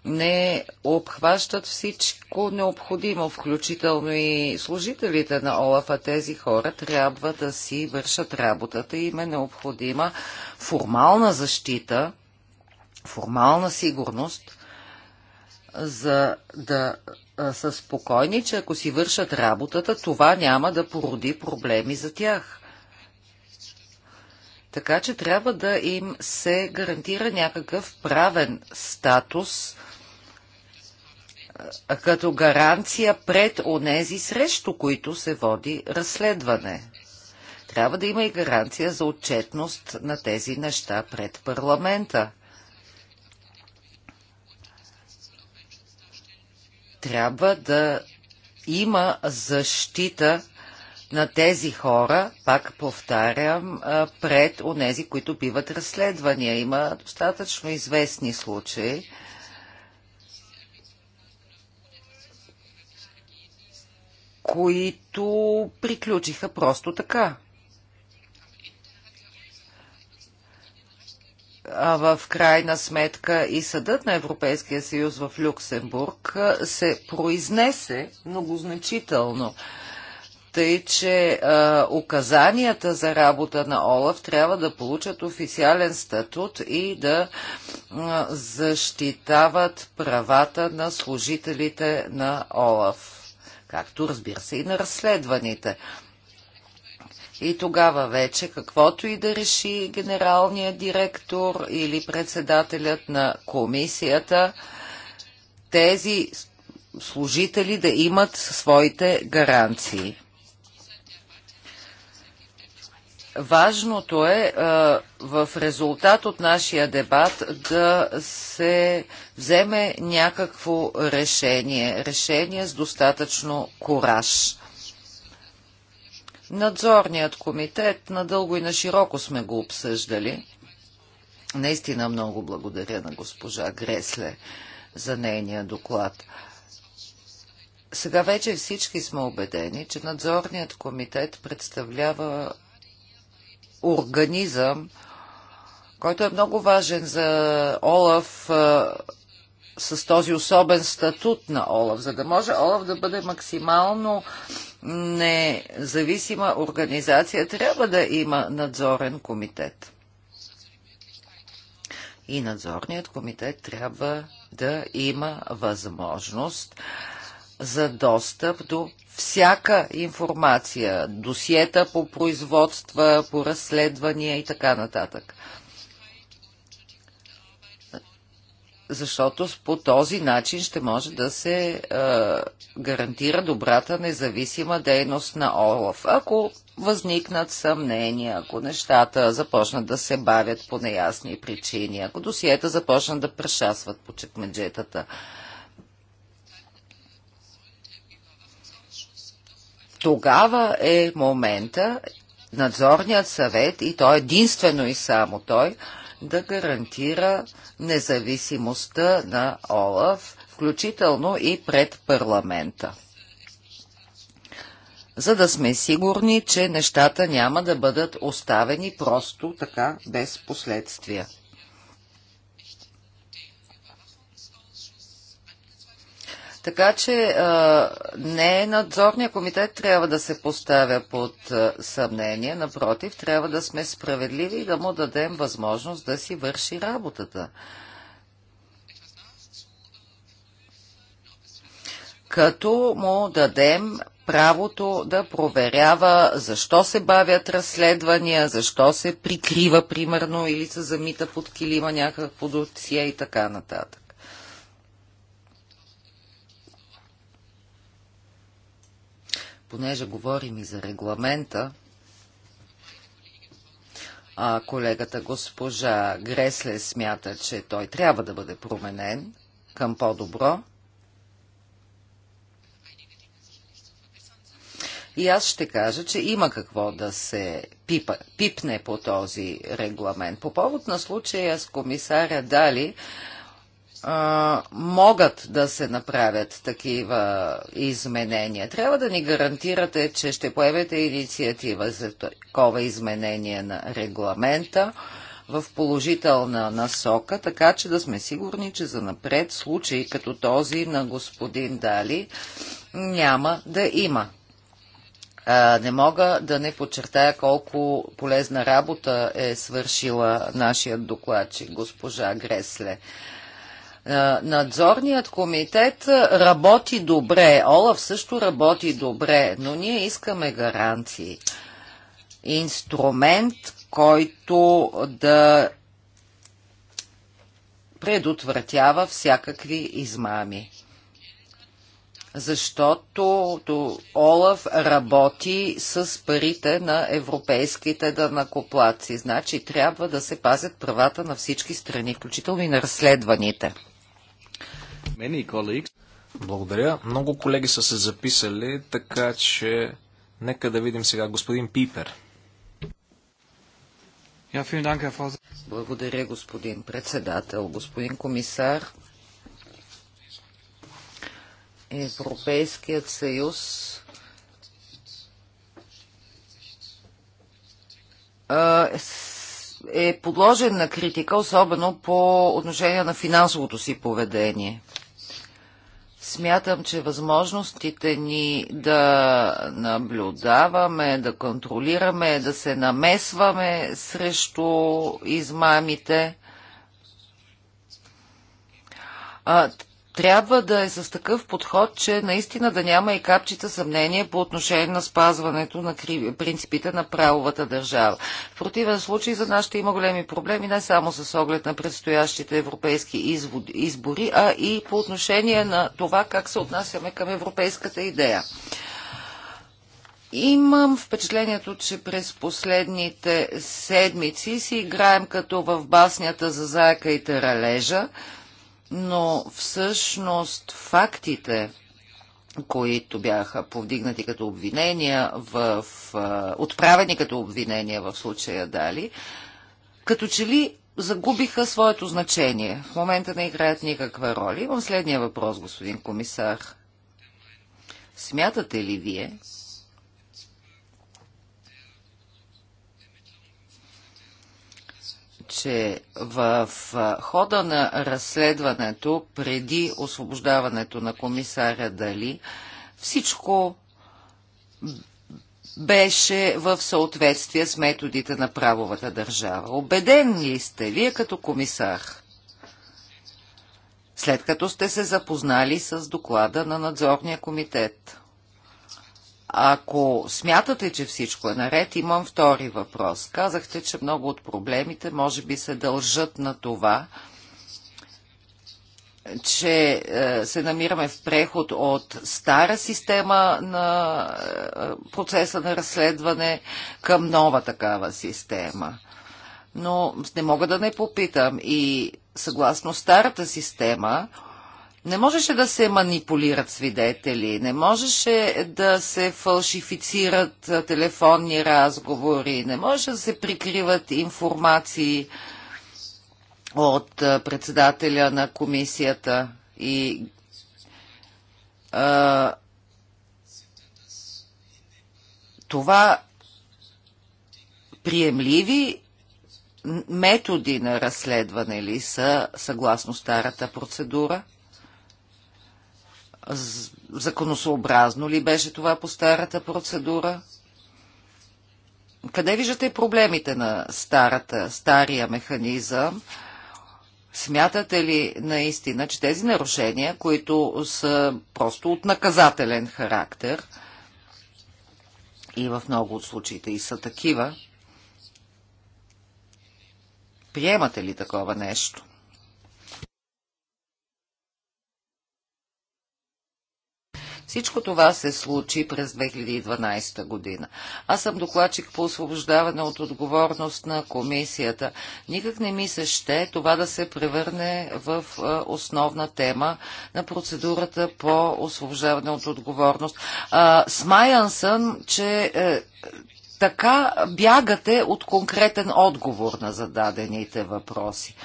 S1: не обхващат всичко необходимо, включително и служителите на ОЛАФа. тези хора трябва да си вършат работата и им е необходима формална защита, формална сигурност, за да са спокойни, че ако си вършат работата, това няма да породи проблеми за тях. Така че трябва да им се гарантира някакъв правен статус – като гаранция пред онези, срещу които се води разследване. Трябва да има и гаранция за отчетност на тези неща пред парламента. Трябва да има защита на тези хора, пак повтарям, пред онези, които биват разследвания. Има достатъчно известни случаи които приключиха просто така. А в крайна сметка и съдът на Европейския съюз в Люксембург се произнесе многозначително тъй че а, указанията за работа на Олаф трябва да получат официален статут и да а, защитават правата на служителите на Олаф както разбира се и на разследваните. И тогава вече, каквото и да реши генералният директор или председателят на комисията, тези служители да имат своите гаранции. Важното е в резултат от нашия дебат да се вземе някакво решение. Решение с достатъчно кораж. Надзорният комитет надълго и на широко сме го обсъждали. Наистина много благодаря на госпожа Гресле за нейния доклад. Сега вече всички сме убедени, че надзорният комитет представлява организъм, който е много важен за Олаф с този особен статут на Олаф, за да може Олаф да бъде максимално независима организация, трябва да има надзорен комитет. И надзорният комитет трябва да има възможност за достъп до всяка информация, досиета по производства, по разследвания и така нататък. Защото по този начин ще може да се е, гарантира добрата независима дейност на ОЛАФ. Ако възникнат съмнения, ако нещата започнат да се бавят по неясни причини, ако досиета започнат да прешасват по чекмеджетата, е, Тогава е момента надзорният съвет, и той единствено и само той, да гарантира независимостта на ОЛАФ, включително и пред парламента. За да сме сигурни, че нещата няма да бъдат оставени просто така без последствия. Така че не е надзорният комитет трябва да се поставя под съмнение, напротив, трябва да сме справедливи и да му дадем възможност да си върши работата. Като му дадем правото да проверява защо се бавят разследвания, защо се прикрива, примерно, или се замита под килима някакво досие и така нататък. понеже говорим и за регламента, а колегата госпожа Гресле смята, че той трябва да бъде променен към по-добро. И аз ще кажа, че има какво да се пипа, пипне по този регламент. По повод на случая с комисаря Дали, могат да се направят такива изменения. Трябва да ни гарантирате, че ще появите инициатива за такова изменение на регламента в положителна насока, така че да сме сигурни, че за напред случаи като този на господин Дали няма да има. не мога да не подчертая колко полезна работа е свършила нашия докладчик госпожа Гресле. Е, надзорният комитет работи добре, Олаф също работи добре, но ние искаме гаранции. Инструмент, който да предотвратява всякакви измами. Защото Олаф работи с парите на европейските данакоплаци. Значи трябва да се пазят правата на всички страни, включително и на разследваните.
S2: Благодаря. Много колеги са се записали, така че нека да видим сега господин Пипер.
S1: Благодаря, господин председател. Господин комисар, Европейският съюз а, е подложен на критика, особено по отношение на финансовото си поведение. Смятам, че възможностите ни да наблюдаваме, да контролираме, да се намесваме срещу измамите – трябва да е с такъв подход, че наистина да няма и капчица съмнение по отношение на спазването на принципите на правовата държава. В противен случай за нас ще има големи проблеми не само с оглед на предстоящите европейски избори, а и по отношение на това как се отнасяме към европейската идея. Имам впечатлението, че през последните седмици си играем като в баснята за заека и таралежа но всъщност фактите, които бяха повдигнати като обвинения в, отправени като обвинения в случая Дали, като че ли загубиха своето значение. В момента не играят никаква роля. Имам следния въпрос, господин комисар. Смятате ли вие, че в хода на разследването преди освобождаването на комисаря Дали всичко беше в съответствие с методите на правовата държава. Обеден ли сте вие като комисар? След като сте се запознали с доклада на надзорния комитет. Ако смятате, че всичко е наред, имам втори въпрос. Казахте, че много от проблемите може би се дължат на това, че е, се намираме в преход от стара система на е, процеса на разследване към нова такава система. Но не мога да не попитам и съгласно старата система, не можеше да се манипулират свидетели, не можеше да се фалшифицират телефонни разговори, не можеше да се прикриват информации от председателя на комисията и а, това приемливи методи на разследване ли са съгласно старата процедура? Законосообразно ли беше това по старата процедура? Къде виждате проблемите на старата, стария механизъм? Смятате ли наистина, че тези нарушения, които са просто от наказателен характер и в много от случаите и са такива, приемате ли такова нещо? Всичко това се случи през 2012 година. Аз съм докладчик по освобождаване от отговорност на комисията. Никак не ми се ще това да се превърне в е, основна тема на процедурата по освобождаване от отговорност. Смаян съм, че е, така бягате от конкретен отговор на зададените въпроси.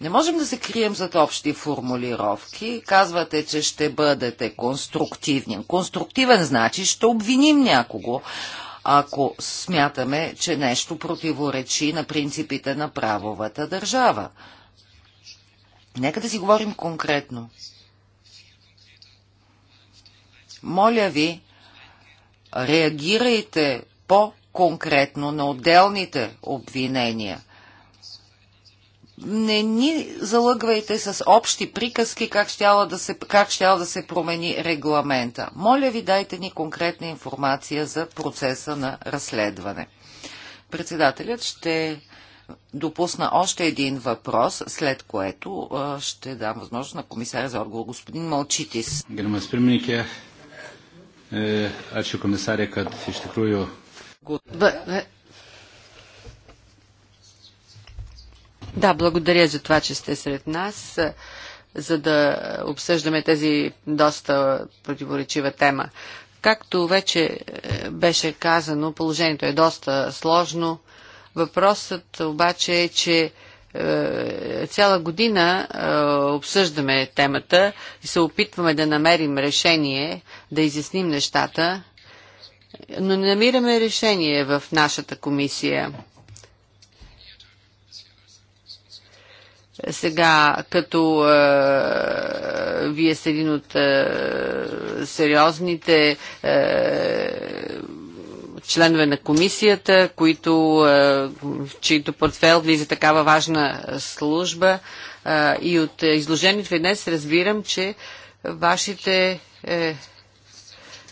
S1: Не можем да се крием зад общи формулировки. Казвате, че ще бъдете конструктивни. Конструктивен значи ще обвиним някого, ако смятаме, че нещо противоречи на принципите на правовата държава. Нека да си говорим конкретно. Моля ви, реагирайте по-конкретно на отделните обвинения не ни залъгвайте с общи приказки как щяла да се, как щяла да се промени регламента. Моля ви, дайте ни конкретна информация за процеса на разследване. Председателят ще допусна още един въпрос, след което ще дам възможност на комисаря за отговор, господин Малчитис.
S6: Гермас е, е, комисаря, като ще
S5: Да, благодаря за това, че сте сред нас, за да обсъждаме тази доста противоречива тема. Както вече е, беше казано, положението е доста сложно. Въпросът обаче е, че е, цяла година е, обсъждаме темата и се опитваме да намерим решение, да изясним нещата, но не намираме решение в нашата комисия. Сега, като е, вие сте един от е, сериозните е, членове на комисията, които, е, в чието портфел влиза такава важна служба. Е, и от изложението ви днес разбирам, че вашите е,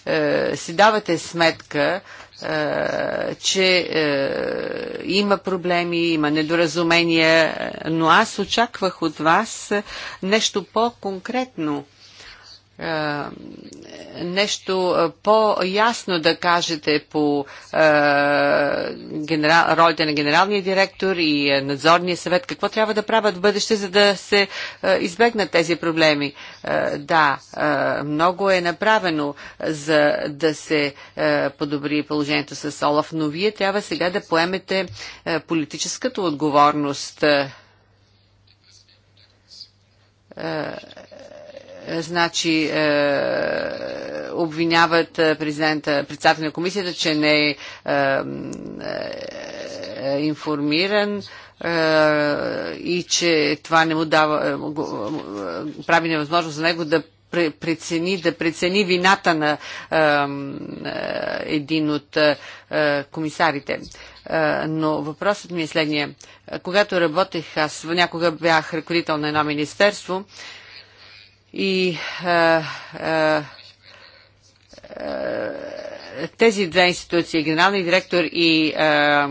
S5: е, си давате сметка е, че е, има проблеми, има недоразумения, е, но аз очаквах от вас нещо по-конкретно е, нещо е, по-ясно да кажете по е, ролите на генералния директор и надзорния съвет? Какво трябва да правят в бъдеще, за да се избегнат тези проблеми? да, много е направено за да се подобри положението с Олаф, но вие трябва сега да поемете политическата отговорност. Е, значи е, обвиняват е, президента, председател на комисията, че не е, е, е, е информиран и че това не му дава, прави невъзможно за него да прецени, да прецени вината на един от комисарите. Но въпросът ми е следния. Когато работех, аз някога бях ръководител на едно министерство, и а, а, а, тези две институции, генералния директор и е, е,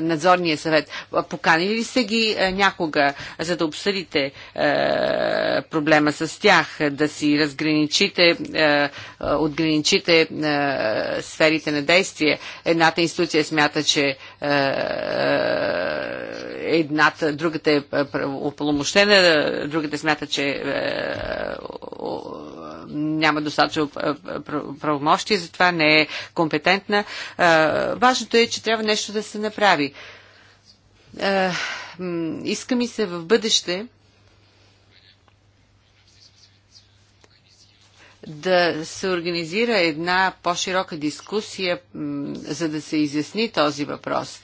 S5: надзорния съвет, поканили ли сте ги някога, за да обсъдите е, проблема с тях, да си разграничите, е, отграничите е, сферите на действие? Едната институция смята, че е, едната, другата е опломощена, другата смята, че е, няма достатъчно правомощи, затова не е компетентна. Важното е, че трябва нещо да се направи. Иска ми се в бъдеще да се организира една по-широка дискусия, за да се изясни този въпрос.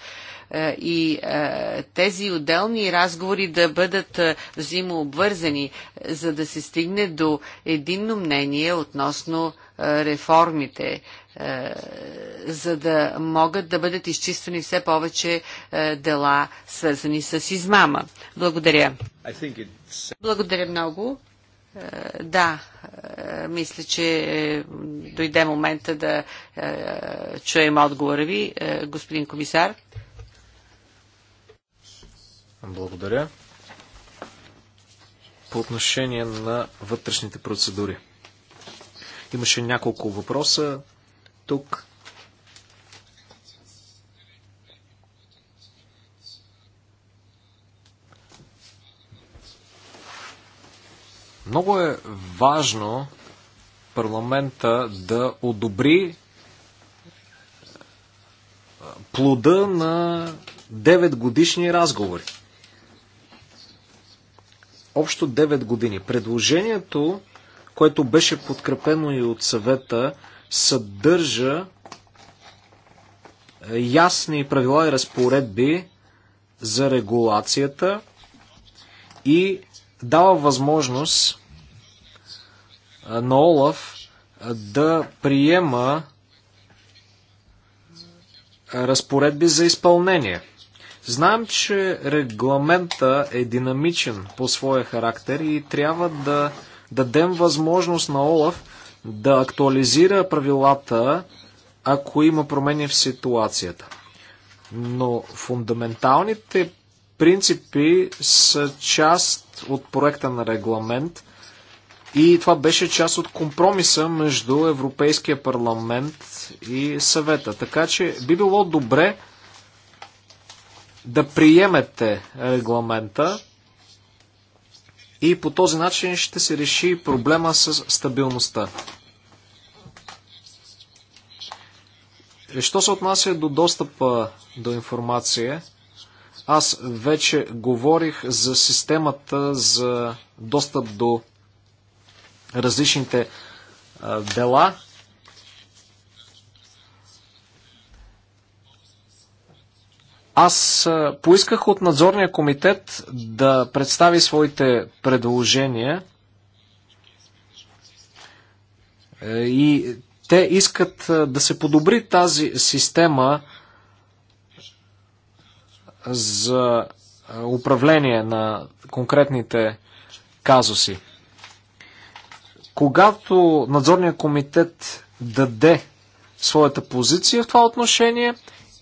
S5: Е, и е, тези отделни разговори да бъдат е, взаимообвързани, за да се стигне до единно мнение относно реформите, за да могат да бъдат изчистени все повече дела, свързани с измама. Благодаря. Благодаря много. Да, мисля, че дойде момента да чуем отговора ви, господин комисар.
S2: Благодаря. По отношение на вътрешните процедури. Имаше няколко въпроса тук. Много е важно парламента да одобри плода на 9 годишни разговори общо 9 години. Предложението, което беше подкрепено и от съвета, съдържа е, ясни правила и разпоредби за регулацията и дава възможност е, на Олаф е, да приема разпоредби за изпълнение – Знаем, че регламента е динамичен по своя характер и трябва да дадем възможност на Олаф да актуализира правилата, ако има промени в ситуацията. Но фундаменталните принципи са част от проекта на регламент и това беше част от компромиса между Европейския парламент и съвета. Така че би било добре да приемете регламента и по този начин ще се реши проблема с стабилността. Що се отнася до достъпа до информация, аз вече говорих за системата за достъп до различните дела. Аз поисках от надзорния комитет да представи своите предложения е, и те искат да се подобри тази система за управление на конкретните казуси. Когато надзорният комитет даде своята позиция в това отношение,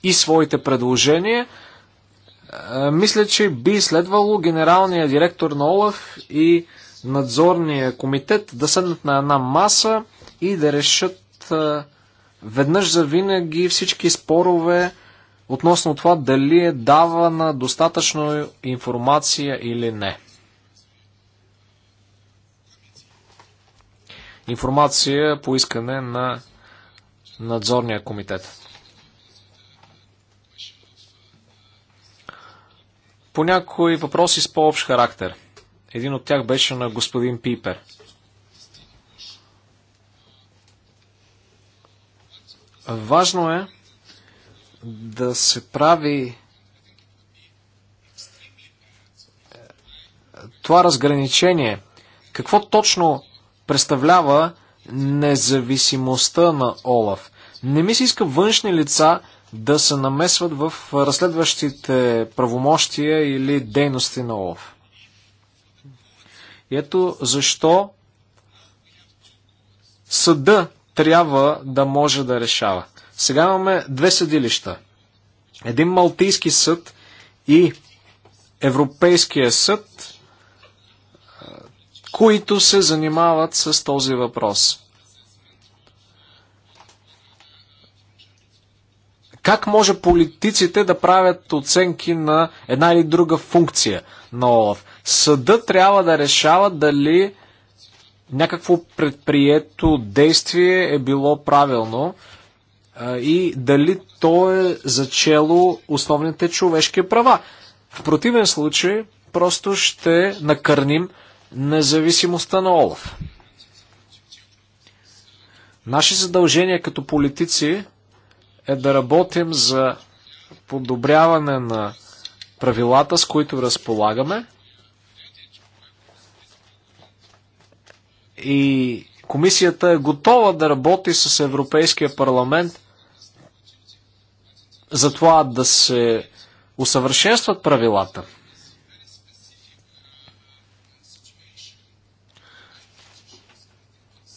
S2: и своите предложения. Е, мисля, че би следвало генералния директор на ОЛАФ и надзорния комитет да седнат на една маса и да решат е, веднъж за винаги всички спорове относно това дали е давана достатъчно информация или не. Информация по искане на надзорния комитет. по някои въпроси с по-общ характер. Един от тях беше на господин Пипер. Важно е да се прави е, това разграничение. Какво точно представлява независимостта на Олаф? Не ми се иска външни лица да се намесват в разследващите правомощия или дейности на ОЛАФ. Ето защо съда трябва да може да решава. Сега имаме две съдилища. Един Малтийски съд и Европейския съд, които се занимават с този въпрос. Как може политиците да правят оценки на една или друга функция на ОЛАФ? Съда трябва да решава дали някакво предприето действие е било правилно и дали то е зачело основните човешки права. В противен случай просто ще накърним независимостта на Олаф. Наши задължения като политици е да работим за подобряване на правилата, с които разполагаме. И комисията е готова да работи с Европейския парламент за това да се усъвършенстват правилата.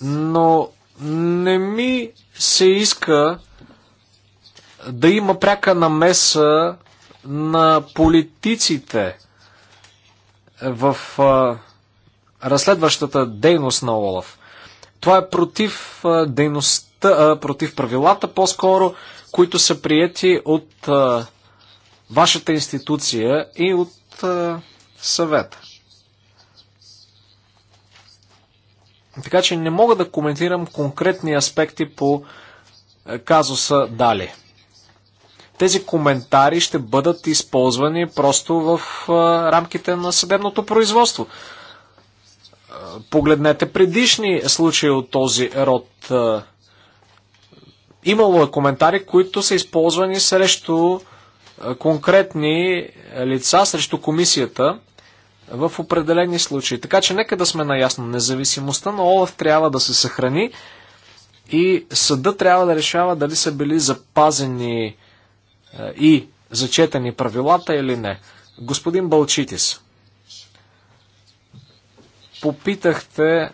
S2: Но не ми се иска да има пряка намеса на политиците в разследващата дейност на Олаф. Това е против дейността, против правилата, по-скоро, които са приети от вашата институция и от съвета. Така че не мога да коментирам конкретни аспекти по казуса Дали. Тези коментари ще бъдат използвани просто в рамките на съдебното производство. Погледнете предишни случаи от този род. Имало е коментари, които са използвани срещу конкретни лица, срещу комисията в определени случаи. Така че нека да сме наясно. Независимостта на Олаф трябва да се съхрани и съда трябва да решава дали са били запазени е, и зачетени правилата или не. Господин Балчитис, попитахте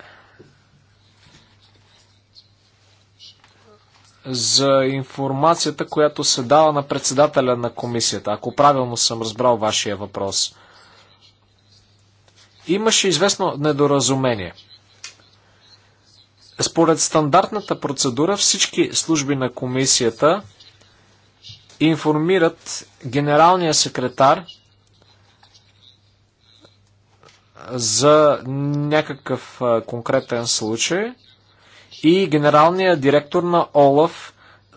S2: за информацията, която се дава на председателя на комисията, ако правилно съм разбрал вашия въпрос. Имаше известно недоразумение. Според стандартната процедура всички служби на комисията информират генералния секретар за някакъв конкретен случай и генералният директор на ОЛАФ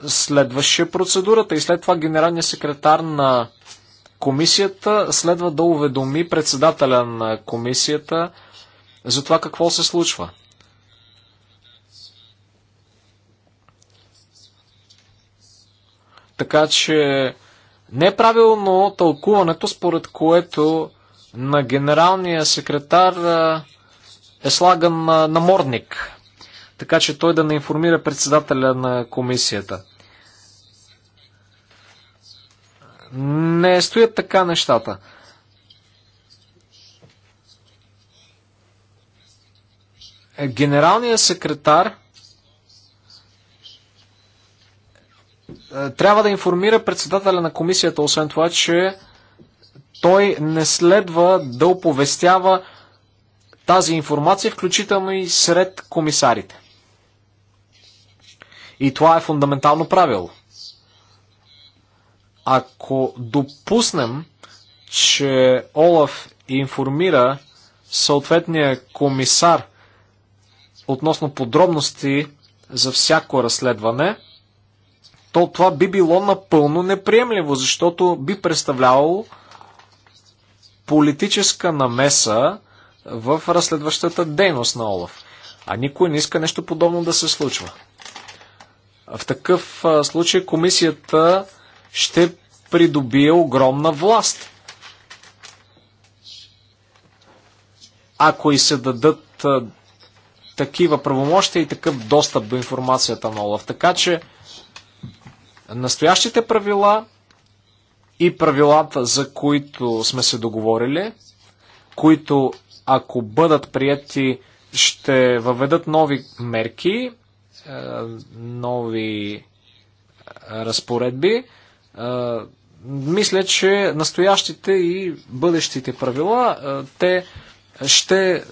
S2: следваше процедурата и след това генералният секретар на комисията следва да уведоми председателя на комисията за това какво се случва. Така че не е правилно тълкуването, според което на генералния секретар е слаган намордник, така че той да не информира председателя на комисията. Не стоят така нещата. Генералният секретар Е, трябва да информира председателя на комисията, освен това, че той не следва да оповестява тази информация, включително и сред комисарите. И това е фундаментално правило. Ако допуснем, че Олаф информира съответния комисар относно подробности за всяко разследване, то това би било напълно неприемливо, защото би представлявало политическа намеса в разследващата дейност на Олаф. А никой не иска нещо подобно да се случва. В такъв случай комисията ще придобие огромна власт. Ако и се дадат такива правомощия и такъв достъп до информацията на Олаф. Така че настоящите правила и правилата, за които сме се договорили, които ако бъдат прияти, ще въведат нови мерки, е, нови е, разпоредби. Е, мисля, че настоящите и бъдещите правила, те ще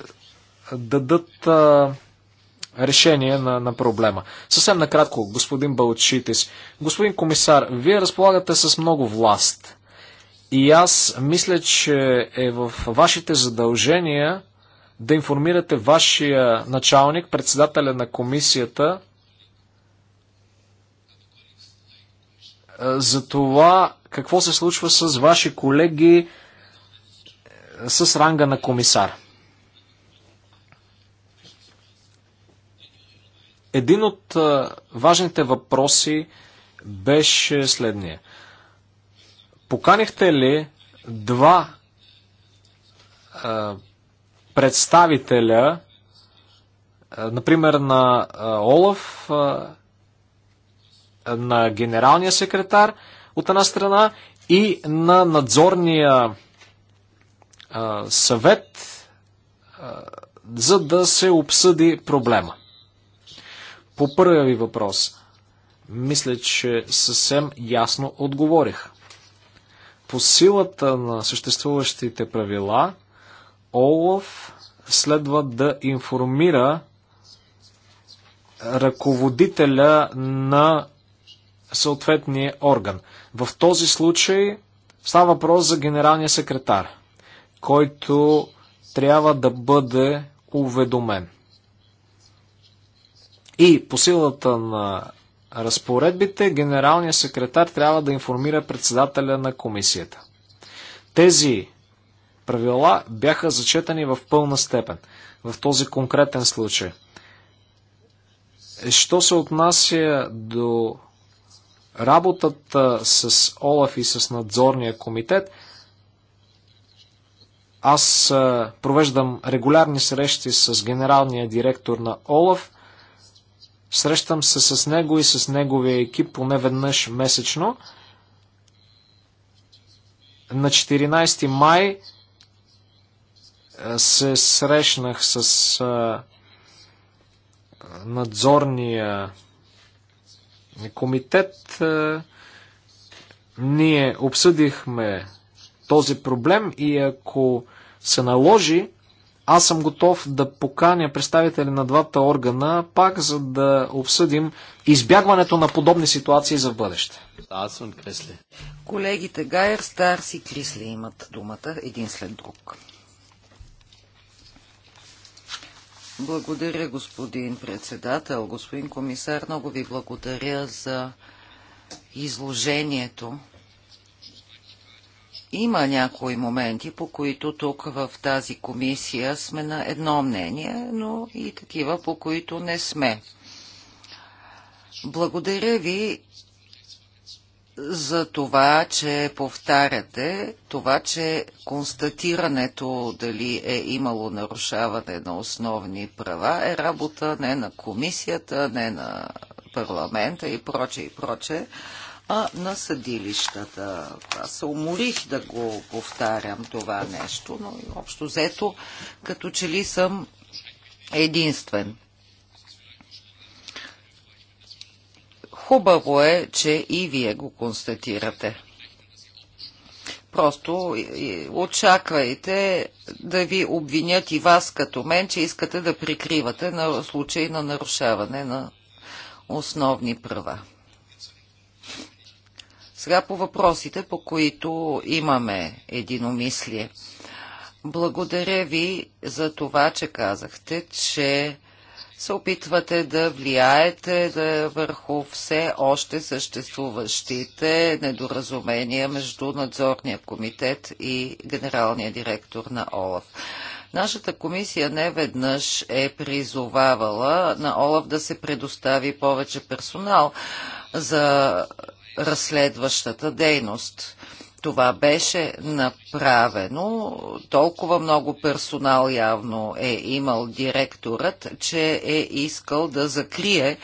S2: дадат решение на, на проблема. Съвсем накратко, господин Балчитис. Господин комисар, вие разполагате с много власт. И аз мисля, че е в вашите задължения да информирате вашия началник, председателя на комисията, за това какво се случва с ваши колеги с ранга на комисар. Един от важните въпроси беше следния. Поканихте ли два представителя, например на Олаф, на генералния секретар от една страна и на надзорния съвет, за да се обсъди проблема? По първия ви въпрос, мисля, че съвсем ясно отговорих. По силата на съществуващите правила, Олаф следва да информира ръководителя на съответния орган. В този случай става въпрос за генералния секретар, който трябва да бъде уведомен. И по силата на разпоредбите, генералният секретар трябва да информира председателя на комисията. Тези правила бяха зачетани в пълна степен в този конкретен случай. Що се отнася до работата с Олаф и с надзорния комитет, аз провеждам регулярни срещи с генералния директор на Олаф. Срещам се с него и с неговия екип поне веднъж месечно. На 14 май се срещнах с надзорния комитет. Ние обсъдихме този проблем и ако се наложи, аз съм готов да поканя представители на двата органа, пак за да обсъдим избягването на подобни ситуации
S1: за бъдеще. Аз съм Крисли. Колегите Гайер, Старс и Крисли имат думата един след друг. Благодаря, господин председател, господин комисар. Много ви благодаря за изложението. Има някои моменти, по които тук в тази комисия сме на едно мнение, но и такива, по които не сме. Благодаря ви за това, че повтаряте, това, че констатирането дали е имало нарушаване на основни права е работа не на комисията, не на парламента и проче и проче а на съдилищата. Аз се уморих да го повтарям това нещо, но и общо взето, като че ли съм единствен. Хубаво е, че и вие го констатирате. Просто очаквайте да ви обвинят и вас като мен, че искате да прикривате на случай на нарушаване на основни права. Сега по въпросите, по които имаме единомислие. Благодаря ви за това, че казахте, че се опитвате да влияете да върху все още съществуващите недоразумения между надзорния комитет и генералния директор на ОЛАФ. Нашата комисия не веднъж е призовавала на ОЛАФ да се предостави повече персонал за разследващата дейност. Това беше направено. Толкова много персонал явно е имал директорът, че е искал да закрие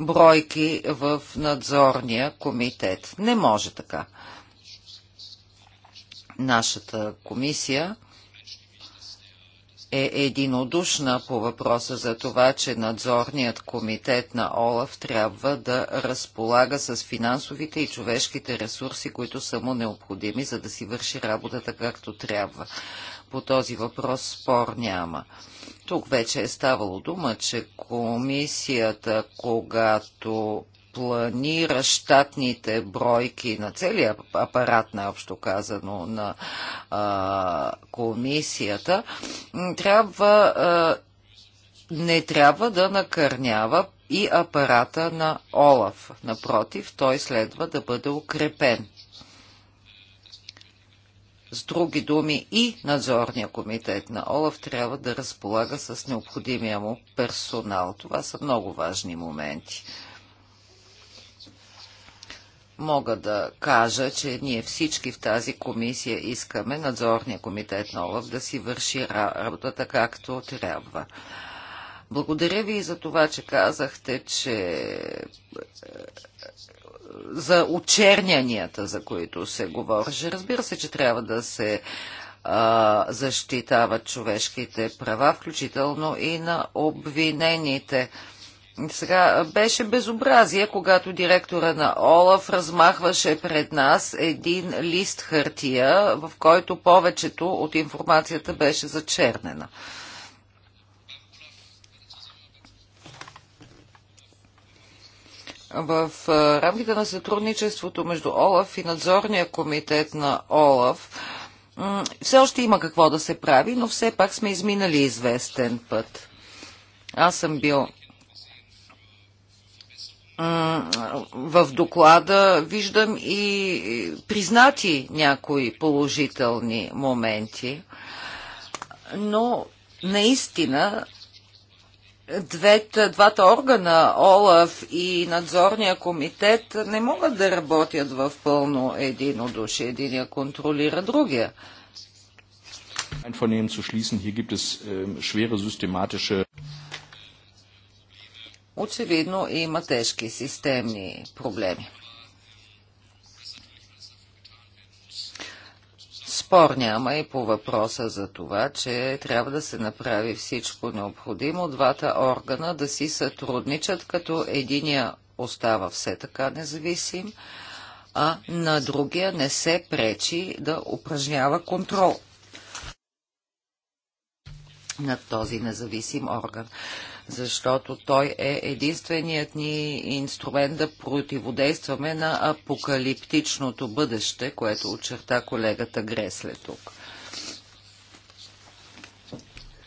S1: бройки в надзорния комитет. Не може така. Нашата комисия е единодушна по въпроса за това, че надзорният комитет на ОЛАФ трябва да разполага с финансовите и човешките ресурси, които са му необходими, за да си върши работата както трябва. По този въпрос спор няма. Тук вече е ставало дума, че комисията, когато планира щатните бройки на целия апарат, наобщо казано, на а, комисията, трябва, а, не трябва да накърнява и апарата на Олаф. Напротив, той следва да бъде укрепен. С други думи, и надзорния комитет на ОЛАФ трябва да разполага с необходимия му персонал. Това са много важни моменти мога да кажа, че ние всички в тази комисия искаме надзорния комитет на ОЛАФ да си върши работата както трябва. Благодаря ви и за това, че казахте, че е, за очернянията, за които се говореше. Разбира се, че трябва да се защитават човешките права, включително и на обвинените. права. Сега беше безобразие, когато директора на Олаф размахваше пред нас един лист хартия, в който повечето от информацията беше зачернена. В рамките на сътрудничеството между Олаф и надзорния комитет на Олаф все още има какво да се прави, но все пак сме изминали известен път. Аз съм бил в доклада виждам и признати някои положителни моменти, но наистина двете, двата органа, ОЛАФ и надзорния комитет, не могат да работят в пълно души. Единия контролира другия.
S3: Einvernehmen zu schließen. Hier gibt es äh, schwere systematische
S1: очевидно има тежки системни проблеми. Спор няма и по въпроса за това, че трябва да се направи всичко необходимо, двата органа да си сътрудничат, като единия остава все така независим, а на другия не се пречи да упражнява контрол на този независим орган защото той е единственият ни инструмент да противодействаме на апокалиптичното бъдеще, което очерта колегата Гресле тук.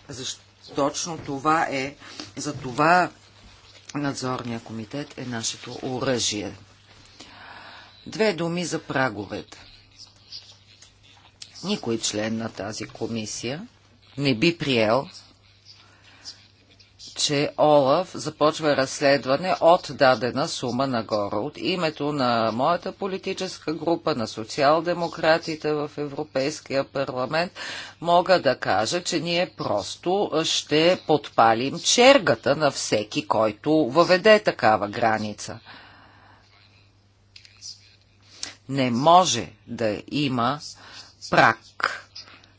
S1: Защо? Точно това е, за това надзорния комитет е нашето оръжие. Две думи за праговете. Никой член на тази комисия не би приел че Олаф започва разследване от дадена сума нагоре. От името на моята политическа група, на социал-демократите в Европейския парламент, мога да кажа, че ние просто ще подпалим чергата на всеки, който въведе такава граница. Не може да има прак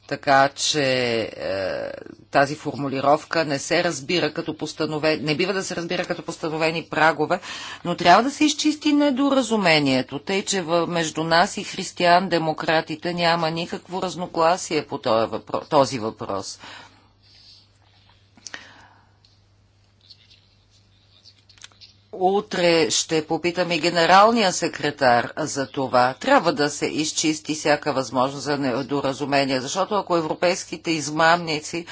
S1: така че е, тази формулировка не се разбира като постановени, не бива да се разбира като постановени прагове, но трябва да се изчисти недоразумението, тъй че в, между нас и християн-демократите няма никакво разногласие по този въпрос. Утре ще попитам и генералния секретар за това. Трябва да се изчисти всяка възможност за недоразумение, защото ако европейските измамници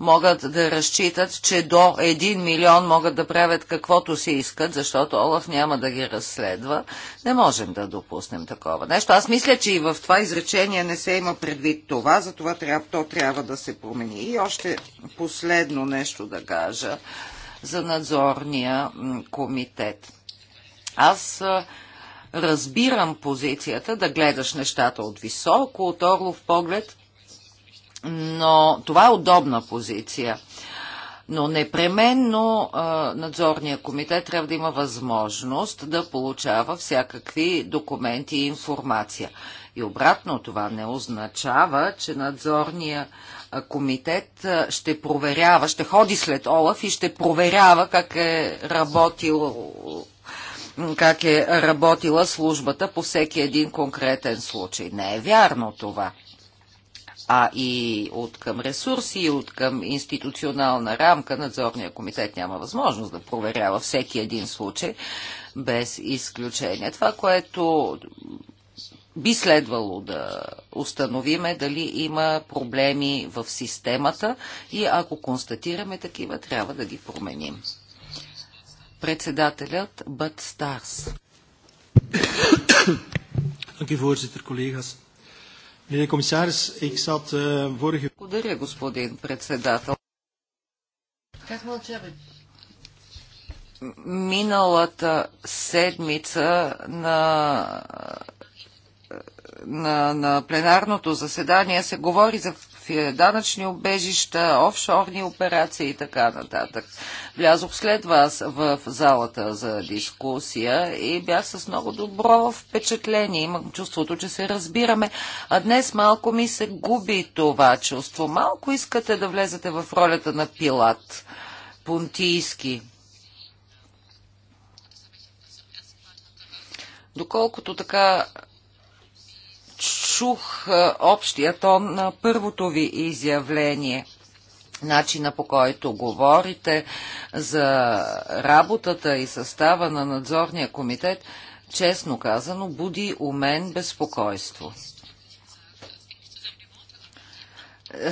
S1: могат да разчитат, че до 1 милион могат да правят каквото си искат, защото Олаф няма да ги разследва. Не можем да допуснем такова нещо. Аз мисля, че и в това изречение не се има предвид това, затова трябва, то трябва да се промени. И още последно нещо да кажа за надзорния комитет. Аз разбирам позицията да гледаш нещата от високо, от орлов поглед, но това е удобна позиция. Но непременно надзорния комитет трябва да има възможност да получава всякакви документи и информация. И обратно това не означава, че надзорния комитет ще проверява, ще ходи след Олаф и ще проверява как е работил как е работила службата по всеки един конкретен случай. Не е вярно това. А и от към ресурси, и от към институционална рамка надзорния комитет няма възможност да проверява всеки един случай без изключение. Това, което би следвало да установиме дали има проблеми в системата и ако констатираме такива, трябва да ги променим. Председателят Бът Старс. Eh, Благодаря, господин председател. Как миналата седмица на на, на пленарното заседание се говори за данъчни обежища, офшорни операции и така нататък. Влязох след вас в залата за дискусия и бях с много добро впечатление. Имам чувството, че се разбираме, а днес малко ми се губи това чувство. Малко искате да влезете в ролята на Пилат, понтийски. Доколкото така чух е, общия тон на първото ви изявление начина по който говорите за работата и състава на надзорния комитет, честно казано, буди у мен безпокойство.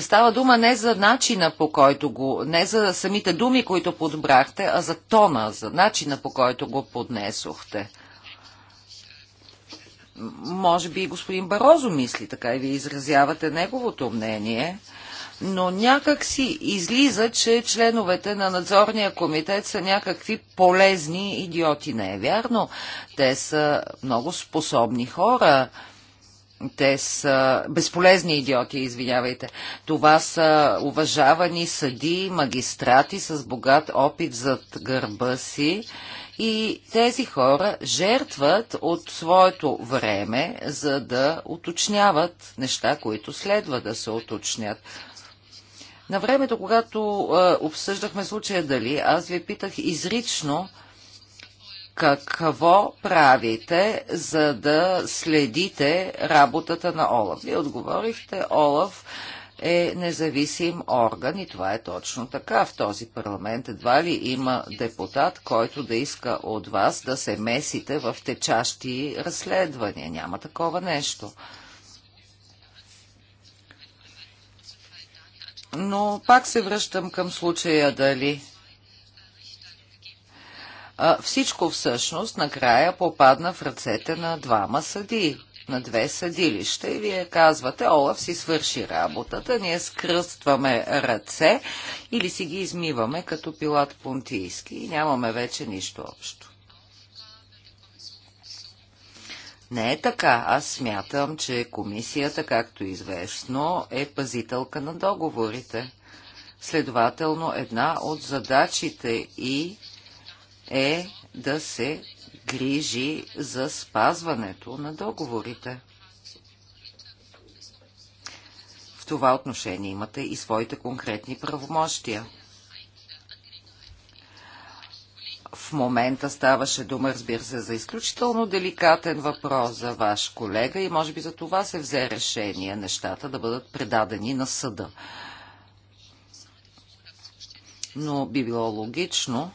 S1: Става дума не за начина по който го, не за самите думи, които подбрахте, а за тона, за начина по който го поднесохте. Може би и господин Барозо мисли така и ви изразявате неговото мнение но някак си излиза, че членовете на надзорния комитет са някакви полезни идиоти. Не е вярно. Те са много способни хора. Те са безполезни идиоти, извинявайте. Това са уважавани съди, магистрати с богат опит зад гърба си и тези хора жертват от своето време, за да уточняват неща, които следва да се уточнят. На времето, когато е, обсъждахме случая дали, аз ви питах изрично какво правите, за да следите работата на Олаф. Вие отговорихте, Олаф е независим орган и това е точно така. В този парламент едва ли има депутат, който да иска от вас да се месите в течащи разследвания. Няма такова нещо. Но пак се връщам към случая дали. всичко всъщност накрая попадна в ръцете на двама съдии на две съдилища и вие казвате, Олаф си свърши работата, ние скръстваме ръце или си ги измиваме като пилат понтийски и нямаме вече нищо общо. Не е така. Аз смятам, че комисията, както известно, е пазителка на договорите. Следователно, една от задачите и е да се грижи за спазването на договорите. В това отношение имате и своите конкретни правомощия. В момента ставаше дума, разбира се, за изключително деликатен въпрос за ваш колега и може би за това се взе решение нещата да бъдат предадени на съда. Но би било логично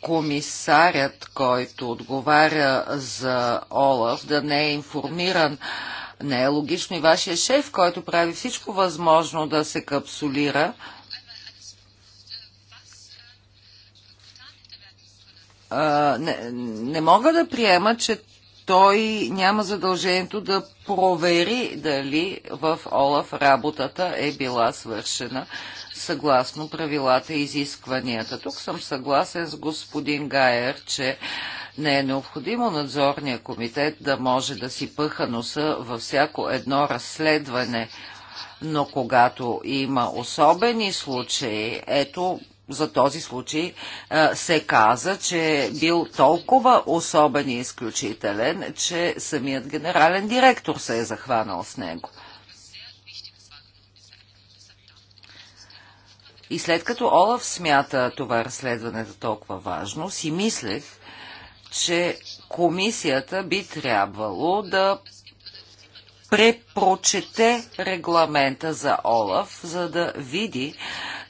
S1: комисарят, който отговаря за Олаф, да не е информиран. Не е логично и вашия шеф, който прави всичко възможно да се капсулира. А, не, не мога да приема, че той няма задължението да провери дали в Олаф работата е била свършена съгласно правилата и изискванията. Тук съм съгласен с господин Гайер, че не е необходимо надзорния комитет да може да си пъха носа във всяко едно разследване, но когато има особени случаи, ето за този случай се каза, че е бил толкова особен и изключителен, че самият генерален директор се е захванал с него. И след като Олаф смята това разследване за толкова важно, си мислех, че комисията би трябвало да препрочете регламента за Олаф, за да види,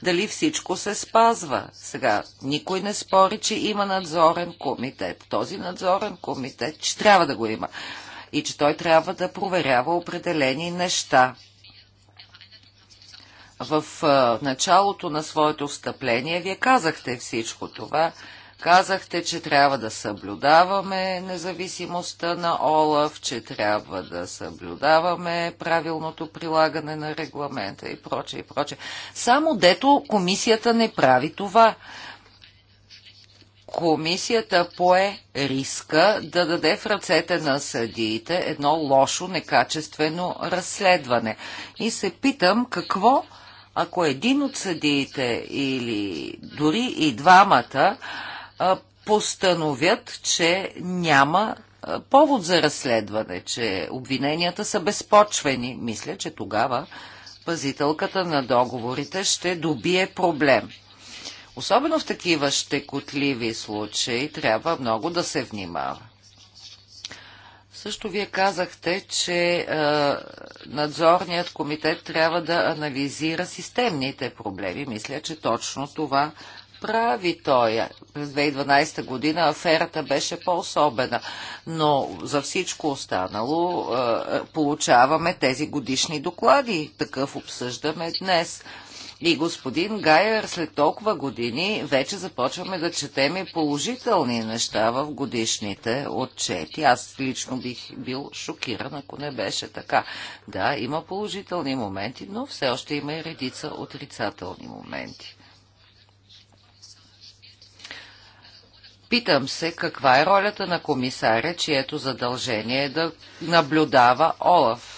S1: дали всичко се спазва. Сега, никой не спори, че има надзорен комитет. Този надзорен комитет, че трябва да го има и че той трябва да проверява определени неща. В началото на своето встъпление вие казахте всичко това Казахте, че трябва да съблюдаваме независимостта на ОЛАВ, че трябва да съблюдаваме правилното прилагане на регламента и проче, и проче. Само дето комисията не прави това. Комисията пое риска да даде в ръцете на съдиите едно лошо, некачествено разследване. И се питам какво ако един от съдиите или дори и двамата постановят, че няма повод за разследване, че обвиненията са безпочвени. Мисля, че тогава пазителката на договорите ще добие проблем. Особено в такива щекотливи случаи трябва много да се внимава. Също вие казахте, че е, надзорният комитет трябва да анализира системните проблеми. Мисля, че точно това е прави той. През 2012 година аферата беше по-особена, но за всичко останало е, получаваме тези годишни доклади. Такъв обсъждаме днес. И господин Гайер, след толкова години вече започваме да четем и положителни неща в годишните отчети. Аз лично бих бил шокиран, ако не беше така. Да, има положителни моменти, но все още има и редица отрицателни моменти. Питам се каква е ролята на комисаря, чието задължение е да наблюдава Олаф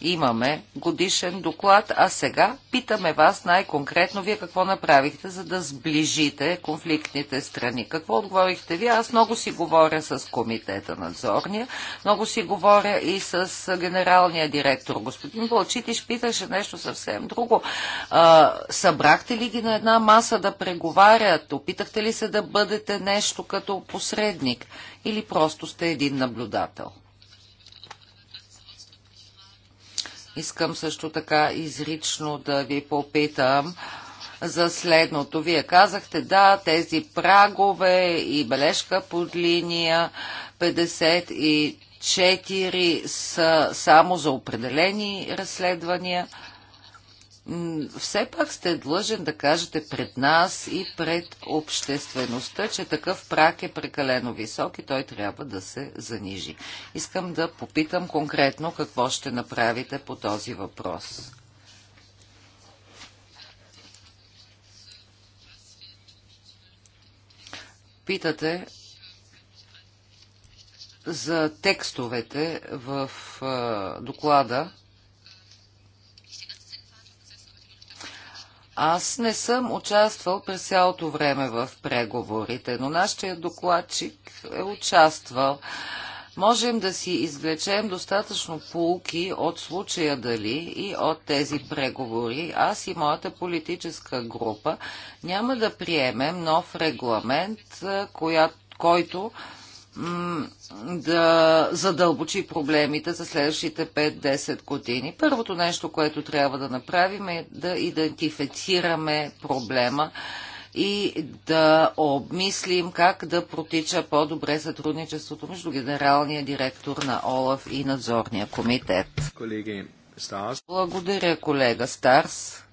S1: имаме годишен доклад, а сега питаме вас най-конкретно вие какво направихте, за да сближите конфликтните страни. Какво отговорихте вие? Аз много си говоря с комитета надзорния, много си говоря и с генералния директор. Господин Волчитиш питаше нещо съвсем друго. А, събрахте ли ги на една маса да преговарят? Опитахте ли се да бъдете нещо като посредник? Или просто сте един наблюдател? Искам също така изрично да ви попитам за следното. Вие казахте, да, тези прагове и бележка под линия 54 са само за определени разследвания все пак сте длъжен да кажете пред нас и пред обществеността, че такъв прак е прекалено висок и той трябва да се занижи. Искам да попитам конкретно какво ще направите по този въпрос. Питате за текстовете в доклада, Аз не съм участвал през цялото време в преговорите, но нашия докладчик е участвал. Можем да си извлечем достатъчно полки от случая дали и от тези преговори. Аз и моята политическа група няма да приемем нов регламент, който да задълбочи проблемите за следващите 5-10 години. Първото нещо, което трябва да направим е да идентифицираме проблема и да обмислим как да протича по-добре сътрудничеството между генералния директор на ОЛАФ и надзорния комитет. Благодаря, колега Старс.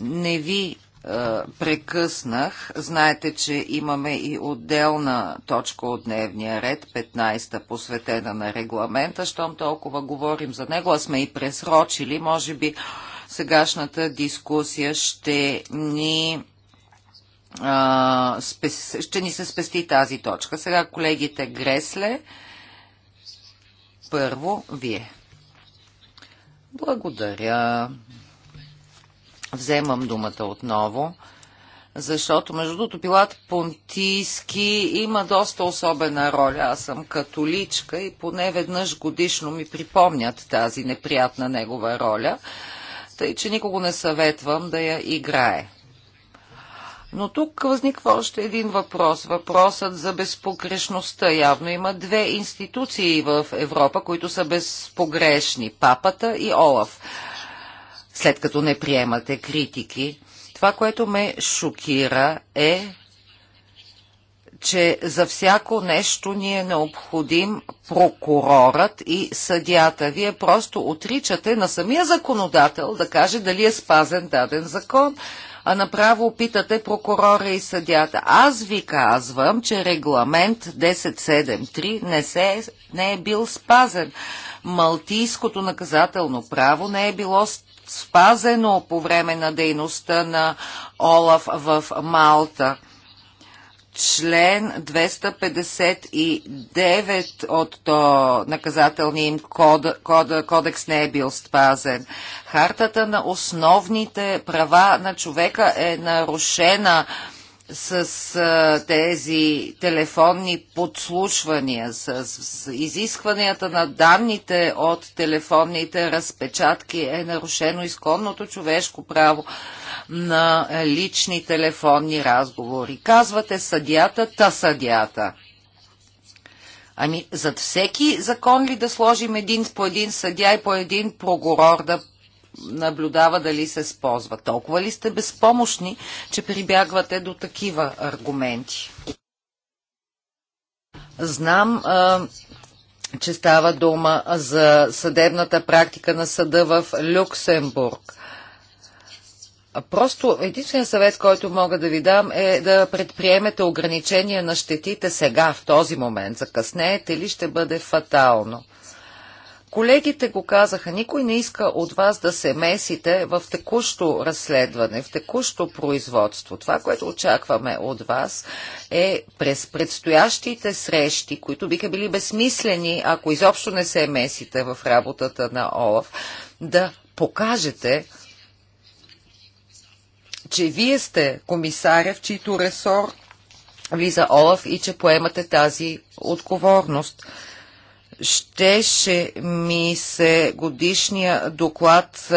S1: Не ви е, прекъснах. Знаете, че имаме и отделна точка от дневния ред, 15-та, посветена на регламента. Щом толкова говорим за него, а сме и пресрочили, може би сегашната дискусия ще ни а, спес, ще ни се спести тази точка. Сега колегите Гресле, първо вие. Благодаря вземам думата отново, защото между другото Пилат Понтийски има доста особена роля. Аз съм католичка и поне веднъж годишно ми припомнят тази неприятна негова роля, тъй че никого не съветвам да я играе. Но тук възниква още един въпрос. Въпросът за безпогрешността. Явно има две институции в Европа, които са безпогрешни. Папата и Олаф след като не приемате критики. Това, което ме шокира е, че за всяко нещо ни е необходим прокурорът и съдята. Вие просто отричате на самия законодател да каже дали е спазен даден закон, а направо питате прокурора и съдята. Аз ви казвам, че регламент 1073 не, се, не е бил спазен. Малтийското наказателно право не е било спазено по време на дейността на Олаф в Малта. Член 259 от то наказателния им код, код, кодекс не е бил спазен. Хартата на основните права на човека е нарушена с а, тези телефонни подслушвания, с, с изискванията на данните от телефонните разпечатки е нарушено изконното човешко право на лични телефонни разговори. Казвате съдята, та съдята. Ами, зад всеки закон ли да сложим един по един съдя и по един прокурор да наблюдава дали се използва. Толкова ли сте безпомощни, че прибягвате до такива аргументи? Знам, че става дума за съдебната практика на съда в Люксембург. Просто единствен съвет, който мога да ви дам е да предприемете ограничения на щетите сега, в този момент. Закъснеете ли ще бъде фатално. Колегите го казаха, никой не иска от вас да се месите в текущо разследване, в текущо производство. Това, което очакваме от вас е през предстоящите срещи, които биха били безсмислени, ако изобщо не се месите в работата на ОЛАФ, да покажете, че вие сте комисаря, в чийто ресор влиза Олаф и че поемате тази отговорност щеше ми се годишния доклад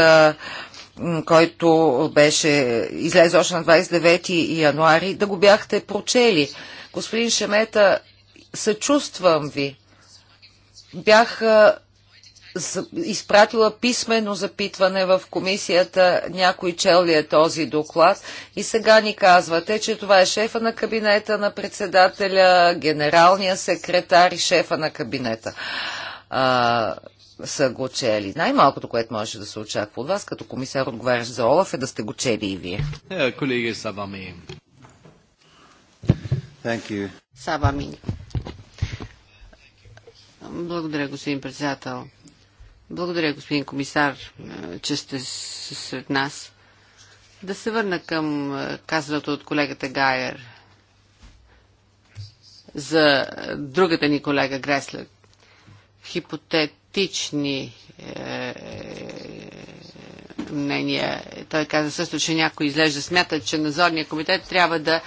S1: който беше излезе още на 29 януари, да го бяхте прочели. Господин Шемета, съчувствам ви. Бях изпратила писмено запитване в комисията, някой чел ли е този доклад и сега ни казвате, че това е шефа на кабинета на председателя, генералния секретар и шефа на кабинета. А, са го чели. Най-малкото, което може да се очаква от вас, като комисар отговаряш за Олаф, е да сте го чели и вие.
S3: Е, колеги Сабамин.
S5: Благодаря, господин председател. Благодаря, господин комисар, е, че сте сред нас. Да се върна към е, казаното от колегата Гайер за е, другата ни колега Греслер. Хипотетични е, мнения. Той каза също, че някой изглежда смята, че надзорния комитет трябва да е,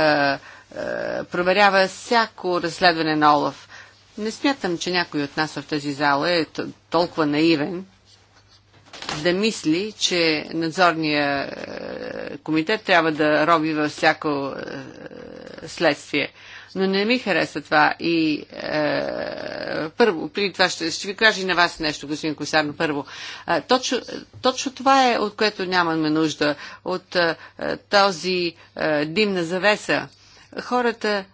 S5: е, проверява всяко разследване на Олаф. Не смятам, че някой от нас в тази зала е толкова наивен да мисли, че надзорния е, комитет трябва да роби във всяко е, следствие. Но не ми хареса това и е, първо, преди това ще, ще ви кажа и на вас нещо, господин Косарно, първо. Е, точно, точно това е, от което нямаме нужда, от е, е този е, димна завеса. Хората е,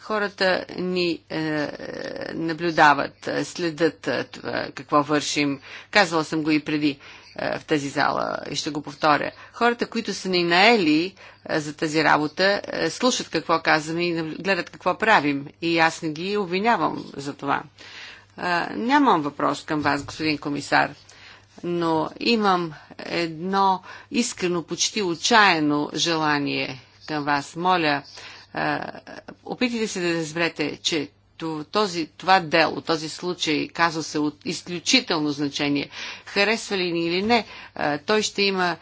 S5: хората ни е, наблюдават, е, следят е, това, какво вършим. Казвала съм го и преди е, в тази зала и ще го повторя. Хората, които са ни наели е, за тази работа, е, слушат какво казваме и гледат какво правим. И аз не ги обвинявам за това. Е, нямам въпрос към вас, господин комисар но имам едно искрено, почти отчаяно желание към вас. Моля, опитайте се да разберете, че този, това дело, този случай, казва се от изключително значение, харесва ли ни или не, той ще има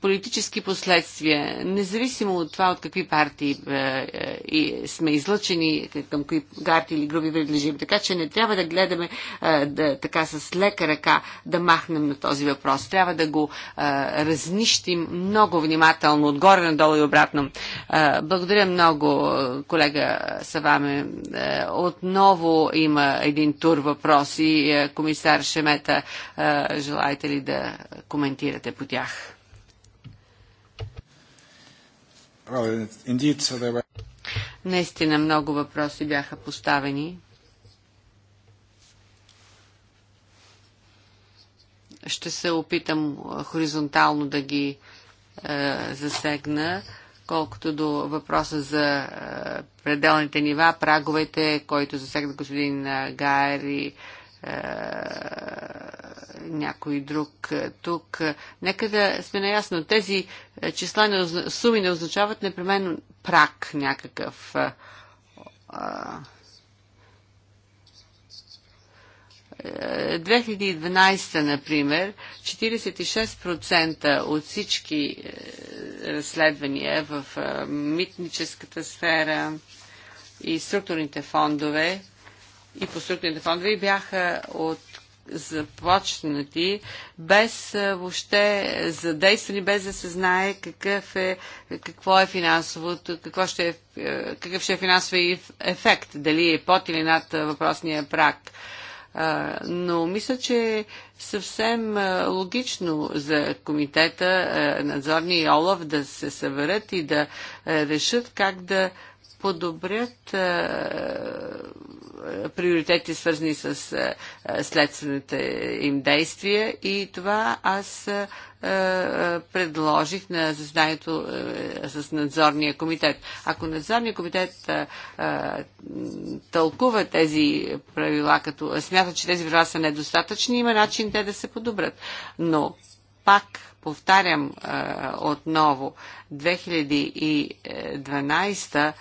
S5: политически последствия, независимо от това от какви партии е, е, сме излъчени, към кои гарти или групи принадлежим. Така че не трябва да гледаме е, да, така с лека ръка да махнем на този въпрос. Трябва да го е, разнищим много внимателно, отгоре надолу и обратно. Е, благодаря много, колега Саваме. Е, отново има един тур въпроси. Е, комисар Шемета, е, желаете ли да коментирате по тях? Наистина много въпроси бяха поставени. Ще се опитам хоризонтално да ги е, засегна, колкото до въпроса за е, пределните нива, праговете, който засегна господин Гайер и е, е, някой друг е, тук. Нека да сме наясно, тези е, числа, не, суми не означават непременно прак някакъв. А, 2012, например, 46% от всички разследвания в митническата сфера и структурните фондове и по структурните фондове бяха от започнати, без въобще задействани, без да се знае какъв е, какво е финансовото, какво ще е, какъв ще е финансови ефект, дали е под или над въпросния прак. Но мисля, че съвсем логично за комитета, надзорни и Олаф да се съберат и да решат как да подобрят приоритети, свързани с е, е, следствените им действия. И това аз е, предложих на заседанието с надзорния комитет. Ако надзорния комитет тълкува тези правила, като смята, че тези правила са недостатъчни, има начин те да се подобрят. Но пак повтарям отново, 2012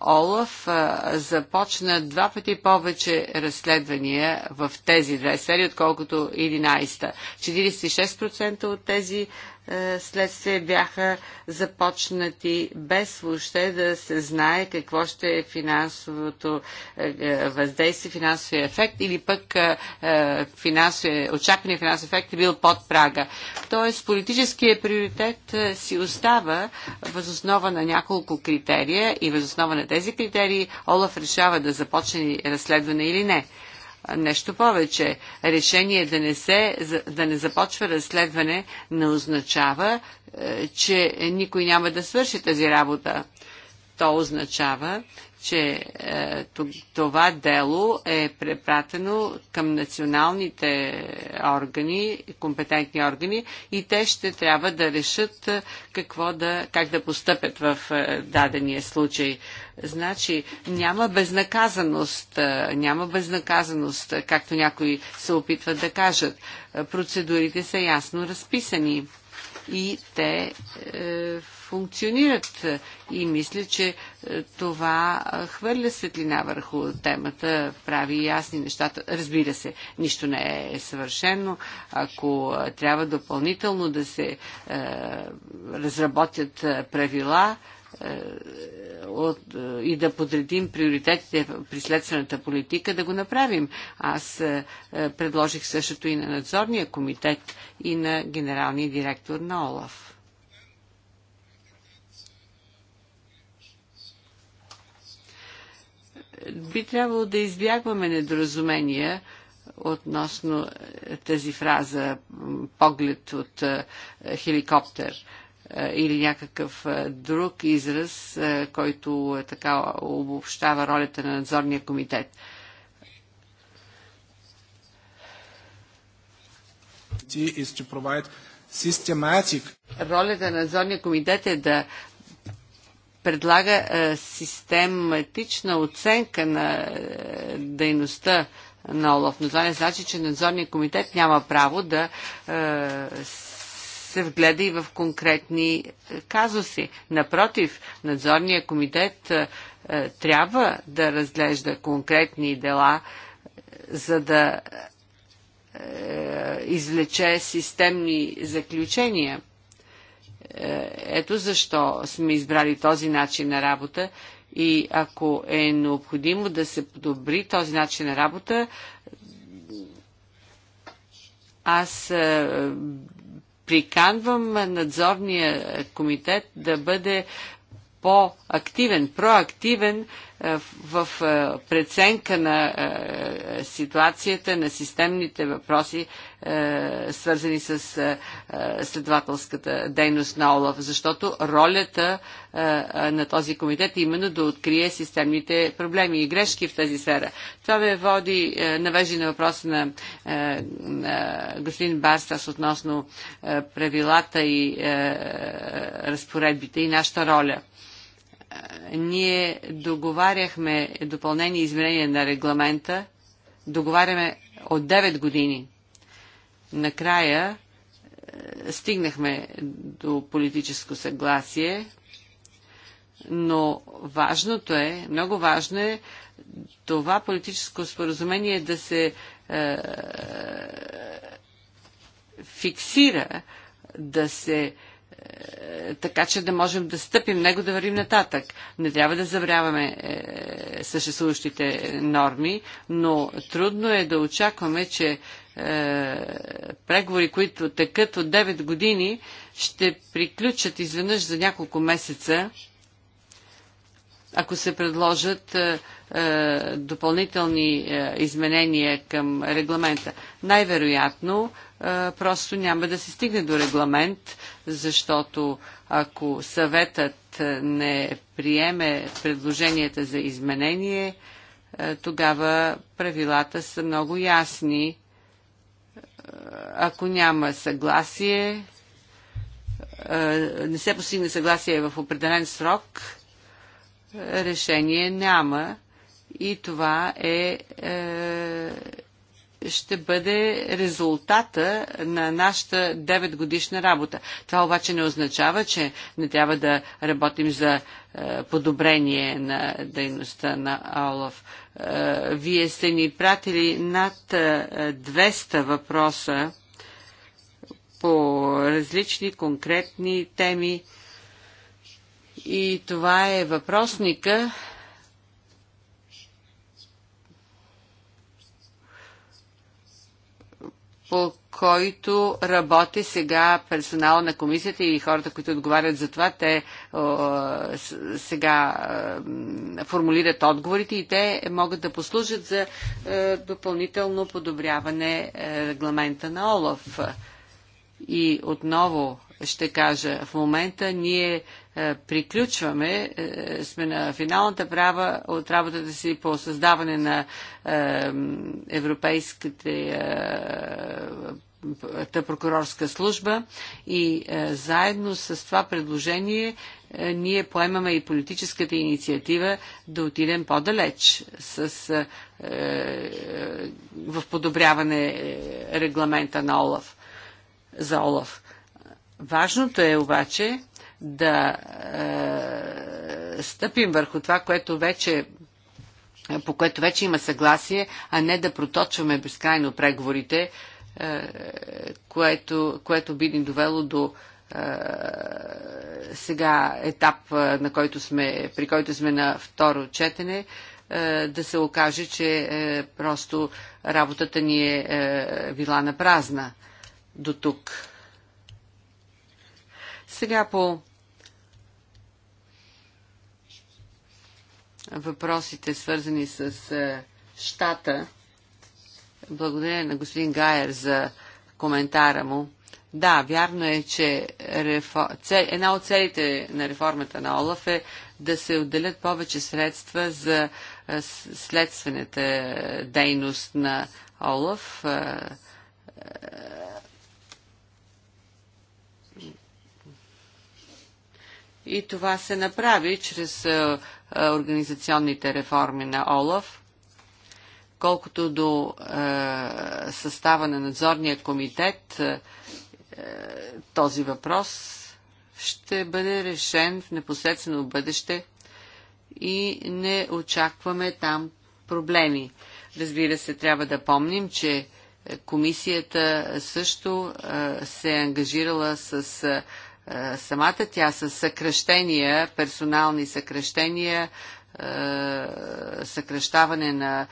S5: Олаф започна два пъти повече разследвания в тези две серии, отколкото 11-та. 46% от тези е, следствие бяха започнати без въобще да се знае какво ще е финансовото е, е, въздействие, финансовия ефект или пък очаквания финансов ефект е бил под прага. Тоест политическия приоритет си остава възоснова на няколко критерия и възоснова на тези критерии Олаф решава да започне разследване или не. Нещо повече, решение да не, се, да не започва разследване не означава, е, че никой няма да свърши тази работа. То означава, че е, това дело е препратено към националните органи, компетентни органи и те ще трябва да решат е, какво да, как да постъпят в е, дадения случай. Значи няма безнаказаност, няма безнаказаност, както някои се опитват да кажат. Процедурите са ясно разписани и те е, функционират и мисля, че е, това е, хвърля светлина върху темата, прави ясни нещата. Разбира се, нищо не е съвършено. Ако е, трябва допълнително да се разработят правила, и да подредим приоритетите при следствената политика, да го направим. Аз предложих същото и на надзорния комитет и на генералния директор на ОЛАФ. Би трябвало да избягваме недоразумения относно е, тази фраза поглед от е, хеликоптер е, или някакъв друг израз, който така обобщава ролята на надзорния комитет. Ролята на надзорния комитет е да предлага е, систематична оценка на е, дейността на ОЛАФ. Но това не значи, че надзорният комитет няма право да е, се вгледа и в конкретни е, казуси. Напротив, надзорният комитет е, е, трябва да разглежда конкретни дела, е, за да е, извлече системни заключения – е, ето защо сме избрали този начин на работа и ако е необходимо да се подобри този начин на работа, аз е, приканвам надзорния комитет да бъде по-активен, проактивен е, в е, преценка на е, ситуацията, на системните въпроси, свързани с следователската дейност на ОЛАФ, защото ролята на този комитет е именно да открие системните проблеми и грешки в тази сфера. Това ме води, навежи на въпроса на, на господин Барстас относно правилата и разпоредбите и нашата роля – ние договаряхме допълнение изменение на регламента, договаряме от 9 години. Накрая стигнахме до политическо съгласие, но важното е, много важно е това политическо споразумение да се е, фиксира, да се е, е, така че да можем да стъпим него, да вървим нататък. Не трябва да забравяме е, съществуващите норми, но трудно е да очакваме, че е, преговори, които текат от 9 години, ще приключат изведнъж за няколко месеца ако се предложат е, е, допълнителни е, изменения към регламента. Най-вероятно просто няма да се стигне до регламент, защото ако съветът не приеме предложенията за изменение, тогава правилата са много ясни. Ако няма съгласие, не се постигне съгласие в определен срок, решение няма и това е, е ще бъде резултата на нашата 9 годишна работа. Това обаче не означава, че не трябва да работим за е, подобрение на дейността на Олаф. Е, вие сте ни пратили над 200 е, въпроса по различни конкретни теми и това е въпросника, по който работи сега персонал на комисията и хората, които отговарят за това, те сега формулират отговорите и те могат да послужат за е, допълнително подобряване е, регламента на ОЛАФ. И отново ще кажа, в момента ние е, приключваме, е, сме на финалната права от работата си по създаване на е, европейските прокурорска служба и е, заедно с това предложение е, ние поемаме и политическата инициатива да отидем по-далеч с, е, в подобряване регламента на Олаф, за Олаф. Важното е обаче да е, стъпим върху това, което вече е, по което вече има съгласие, а не да проточваме безкрайно преговорите, е, което, което би ни довело до е, сега етап, е, на който сме, при който сме на второ четене, е, да се окаже, че просто работата ни е била на празна до тук. Сега по въпросите, свързани с е, щата. Благодаря на господин Гайер за коментара му. Да, вярно е, че една от целите на реформата на Олаф е да се отделят повече средства за е, следствената дейност на Олаф. Е, и това се направи чрез е, организационните реформи на ОЛАФ. Колкото до е, състава на надзорния комитет, е, този въпрос ще бъде решен в непосредствено бъдеще и не очакваме там проблеми. Разбира се, трябва да помним, че комисията също се е ангажирала с е, самата тя с съкръщения, персонални съкръщения, е, съкръщаване на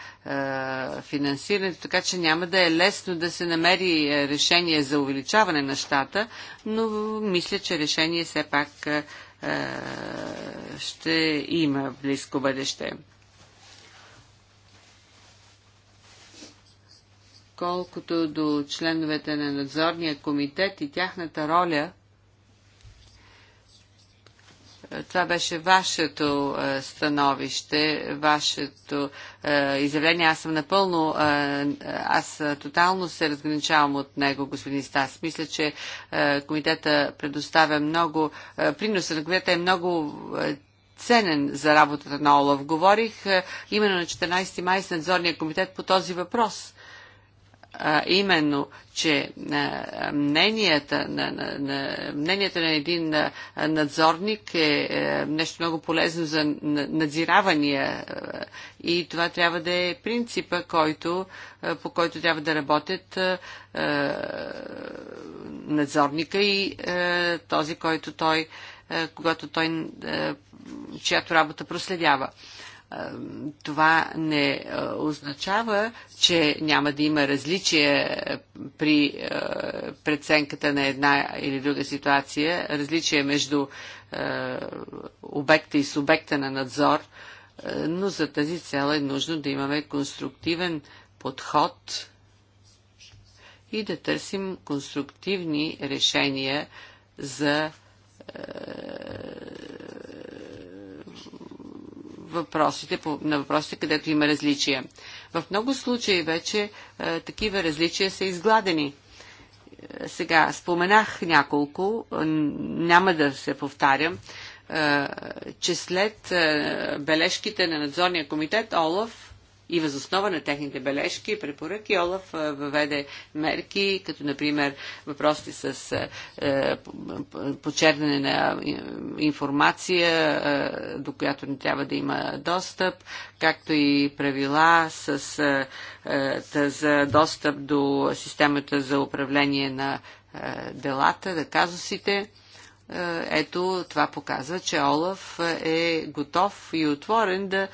S5: е, финансирането, така че няма да е лесно да се намери решение за увеличаване на щата, но мисля, че решение все пак ще има близко бъдеще. Колкото до членовете на надзорния комитет и тяхната роля – това беше вашето е, становище, вашето е, изявление. Аз съм напълно, е, аз тотално се разграничавам от него, господин Стас. Мисля, че комитета предоставя много, приноса на комитета е много ценен за работата на Олаф. Говорих именно на 14 май с надзорния комитет по този въпрос а именно, че мненията на, на, на, мненията на един надзорник е, е нещо много полезно за надзиравания и това трябва да е принципа, който, по който трябва да работят надзорника и този, който той, когато той, чиято работа проследява това не е, означава, че няма да има различие при е, преценката на една или друга ситуация, различия между е, обекта и субекта на надзор, но за тази цел е нужно да имаме конструктивен подход и да търсим конструктивни решения за въпросите, на въпросите, където има различия. В много случаи вече е, такива различия са изгладени. Е, сега споменах няколко, е, няма да се повтарям, е, че след е, бележките на надзорния комитет Олаф и възоснова на техните бележки и препоръки Олаф въведе мерки, като например въпросите с е, почерпване на информация, до която не трябва да има достъп, както и правила с, е, за достъп до системата за управление на делата, на казусите. Ето, това показва, че Олаф е готов и отворен да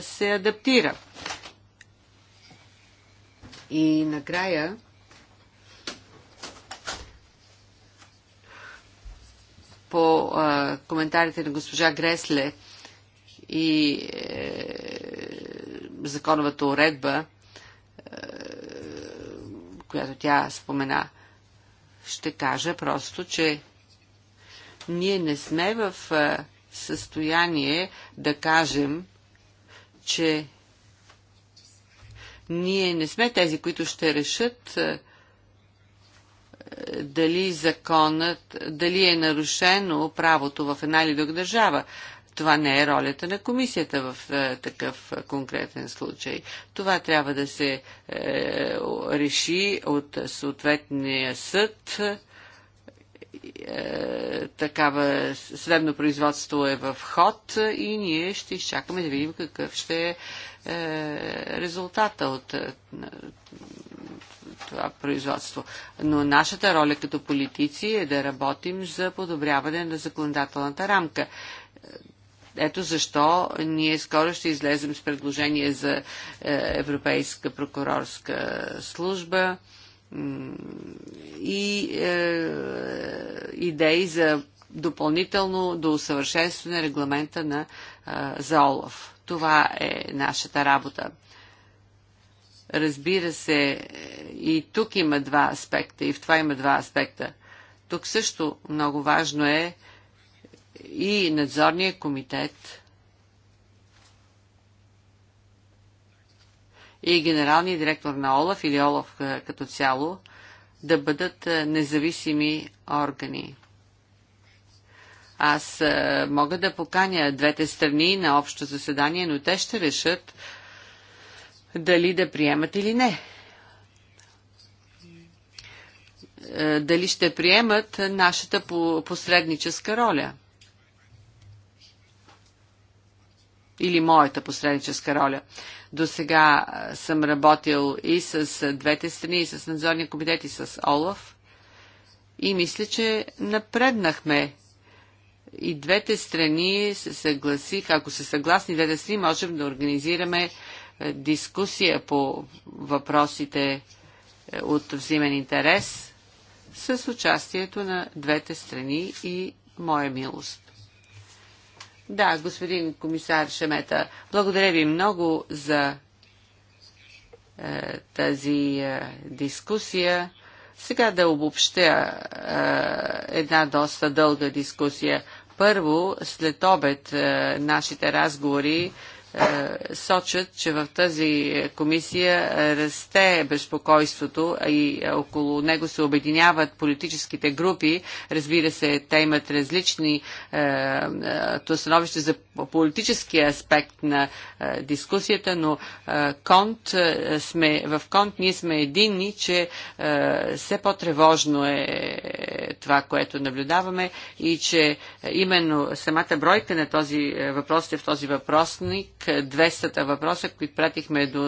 S5: се адаптира и накрая по а, коментарите на госпожа Гресле и е, законовата уредба, е, която тя спомена, ще кажа просто, че ние не сме в състояние да кажем, че ние не сме тези, които ще решат е, дали законът, дали е нарушено правото в една или друга държава. Това не е ролята на комисията в е, такъв конкретен случай. Това трябва да се е, реши от съответния съд. Е, такава съдебно производство е в ход и ние ще изчакаме да видим какъв ще е, е резултата от е, това производство. Но нашата роля като политици е да работим за подобряване на законодателната рамка. Ето защо ние скоро ще излезем с предложение за Европейска прокурорска служба и е, идеи за допълнително до усъвършенстване регламента на, е, за ОЛАФ. Това е нашата работа. Разбира се, е, и тук има два аспекта, и в това има два аспекта. Тук също много важно е и надзорния комитет и генералния директор на ОЛАФ или ОЛАФ като цяло да бъдат независими органи. Аз мога да поканя двете страни на общо заседание, но те ще решат дали да приемат или не. Дали ще приемат нашата посредническа роля – или моята посредническа роля. До сега съм работил и с двете страни, и с надзорния комитет, и с Олаф. И мисля, че напреднахме. И двете страни се съгласиха, ако се съгласни двете страни, можем да организираме дискусия по въпросите е, от взимен интерес с участието на двете страни и моя милост. Да, господин комисар Шемета, благодаря ви много за е, тази е, дискусия. Сега да обобщя е, една доста дълга дискусия. Първо, след обед е, нашите разговори е, сочат, че в тази комисия расте безпокойството и около него се обединяват политическите групи. Разбира се, те имат различни е, е становище за политическия аспект на е, дискусията, но Конт сме, в Конт ние сме единни, че все по-тревожно е това, което наблюдаваме и че именно самата бройка на този въпрос е в този въпросник 200-та е, въпроса, които пратихме до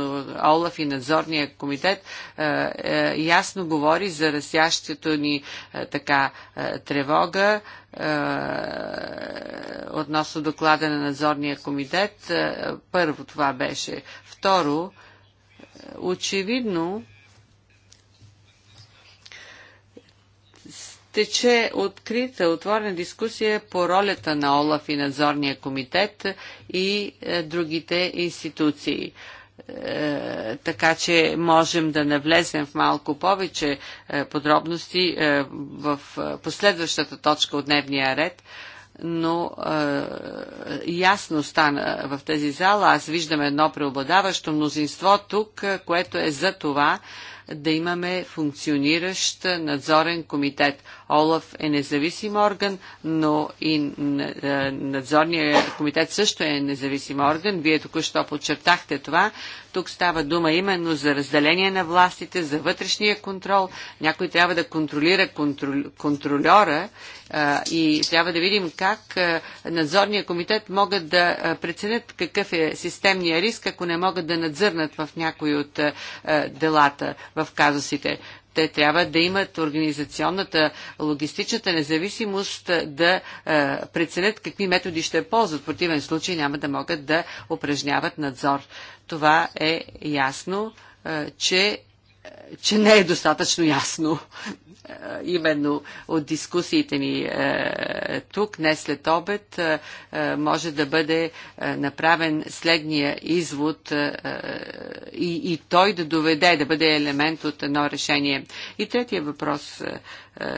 S5: Олаф и надзорния комитет, е, е, ясно говори за разящето ни така тревога относно доклада на надзорния комитет. Първо това беше. Второ, очевидно тече открита, отворена дискусия по ролята на ОЛАФ и надзорния комитет и е, другите институции. Е, така че можем да навлезем в малко повече е, подробности е, в е, последващата точка от дневния ред но е, ясно стана в тази зала. Аз виждам едно преобладаващо мнозинство тук, е, което е за това да имаме функциониращ надзорен комитет. Олаф е независим орган, но и надзорният комитет също е независим орган. Вие току-що подчертахте това. Тук става дума именно за разделение на властите, за вътрешния контрол. Някой трябва да контролира контрол, контролера а, и трябва да видим как а, надзорния комитет могат да а, преценят какъв е системния риск, ако не могат да надзърнат в някои от а, делата, в казусите. Те трябва да имат организационната, логистичната независимост да е, преценят какви методи ще ползват. В противен случай няма да могат да упражняват надзор. Това е ясно, е, че че не е достатъчно ясно. Е, именно от дискусиите ни е, тук, не след обед, е, може да бъде направен следния извод и, и той да доведе, да бъде елемент от едно решение. И третия въпрос,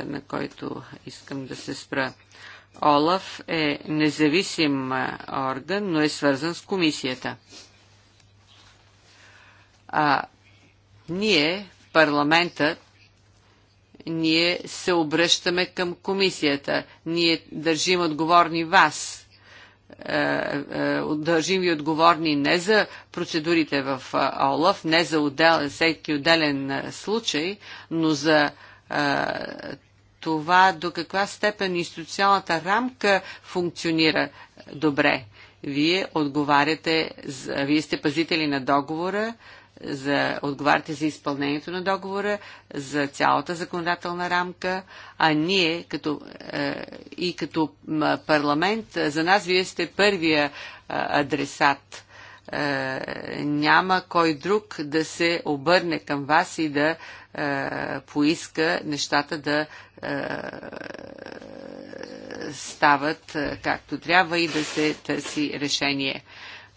S5: на който искам да се спра. Олаф е независим орган, но е свързан с комисията. А ние, парламента ние се обръщаме към комисията. Ние държим отговорни вас, е, е, държим ви отговорни не за процедурите в е, ОЛАФ, не за отдел, всеки отделен случай, но за това до каква степен институционалната рамка функционира добре. Вие отговаряте, вие сте пазители на договора, за, отговаряте за изпълнението на договора, за цялата законодателна рамка, а ние като, е, и като парламент, за нас вие сте първия е, адресат. Е, няма кой друг да се обърне към вас и да поиска нещата да стават както трябва и да се търси решение.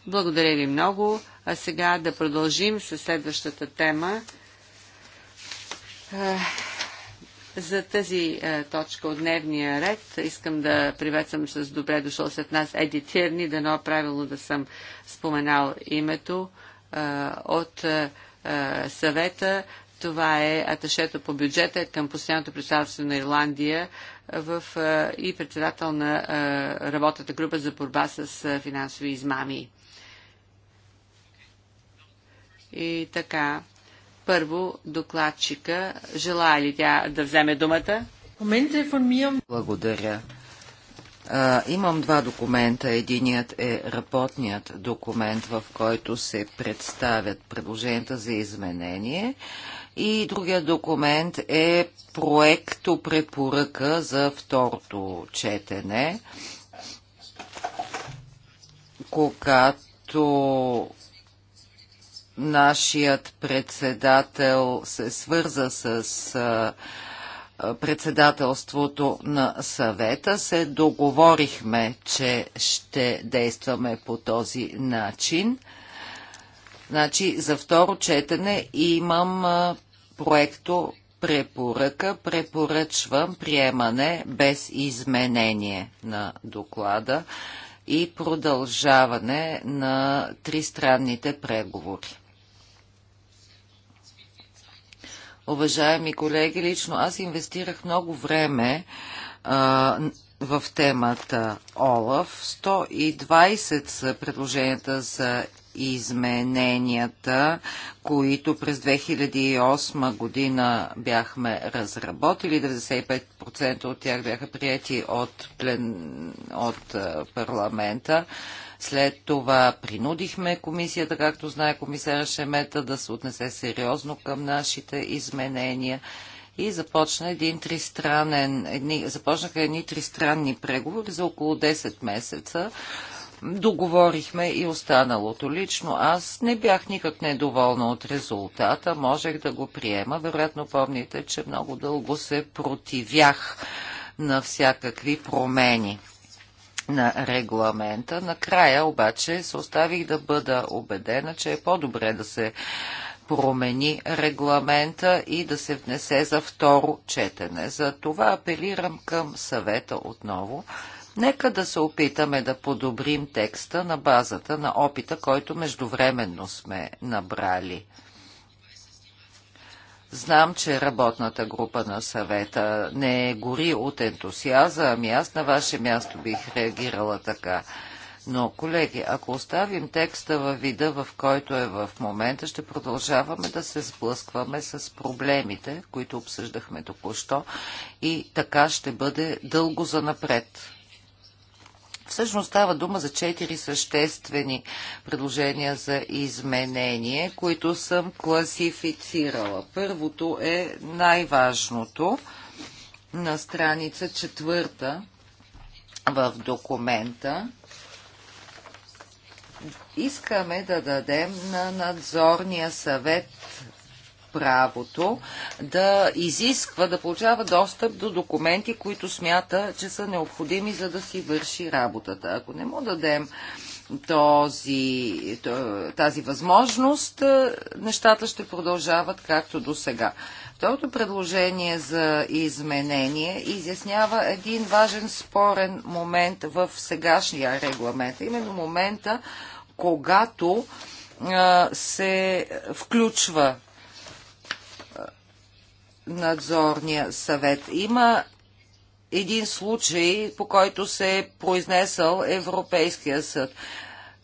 S5: Благодаря ви много. А сега да продължим с следващата тема. Е, за тази е, точка от дневния ред искам да приветствам с добре дошъл след нас Еди Тирни, дано правилно да съм споменал името е, от е, е съвета. Това е аташето по бюджета към постоянното представителство на Ирландия е, в, и председател на работата група за борба с финансови измами. И така, първо докладчика, желая ли тя да вземе думата?
S1: Благодаря. А, имам два документа. Единият е работният документ, в който се представят предложенията за изменение. И другият документ е проекто препоръка за второто четене, когато нашият председател се свърза с председателството на съвета се договорихме, че ще действаме по този начин. Значи за второ четене имам проекто препоръка. Препоръчвам приемане без изменение на доклада и продължаване на тристранните преговори. Уважаеми колеги, лично аз инвестирах много време в темата ОЛАФ. 120 са предложенията за измененията, които през 2008 година бяхме разработили. 95% от тях бяха прияти от, плен... от парламента. След това принудихме комисията, както знае комисара Шемета, да се отнесе сериозно към нашите изменения и започна един тристранен, едни, започнаха едни тристранни преговори за около 10 месеца. Договорихме и останалото. Лично аз не бях никак недоволна от резултата, можех да го приема. Вероятно помните, че много дълго се противях на всякакви промени на регламента. Накрая обаче се оставих да бъда убедена, че е по-добре да се промени регламента и да се внесе за второ четене. За това апелирам към съвета отново. Нека да се опитаме да подобрим текста на базата на опита, който междувременно сме набрали. Знам, че работната група на съвета не е гори от ентусиаза, ами аз на ваше място бих реагирала така. Но, колеги, ако оставим текста във вида, в който е в момента, ще продължаваме да се сблъскваме с проблемите, които обсъждахме току-що и така ще бъде дълго занапред. Всъщност става дума за четири съществени предложения за изменение, които съм класифицирала. Първото е най-важното на страница четвърта в документа искаме да дадем на надзорния съвет правото да изисква да получава достъп до документи, които смята, че са необходими, за да си върши работата. Ако не му дадем този, тази възможност, е, нещата ще продължават както до сега. Второто предложение за изменение изяснява един важен спорен момент в сегашния регламент, именно момента, когато е, се включва надзорния съвет. Има един случай, по който се е произнесъл Европейския съд.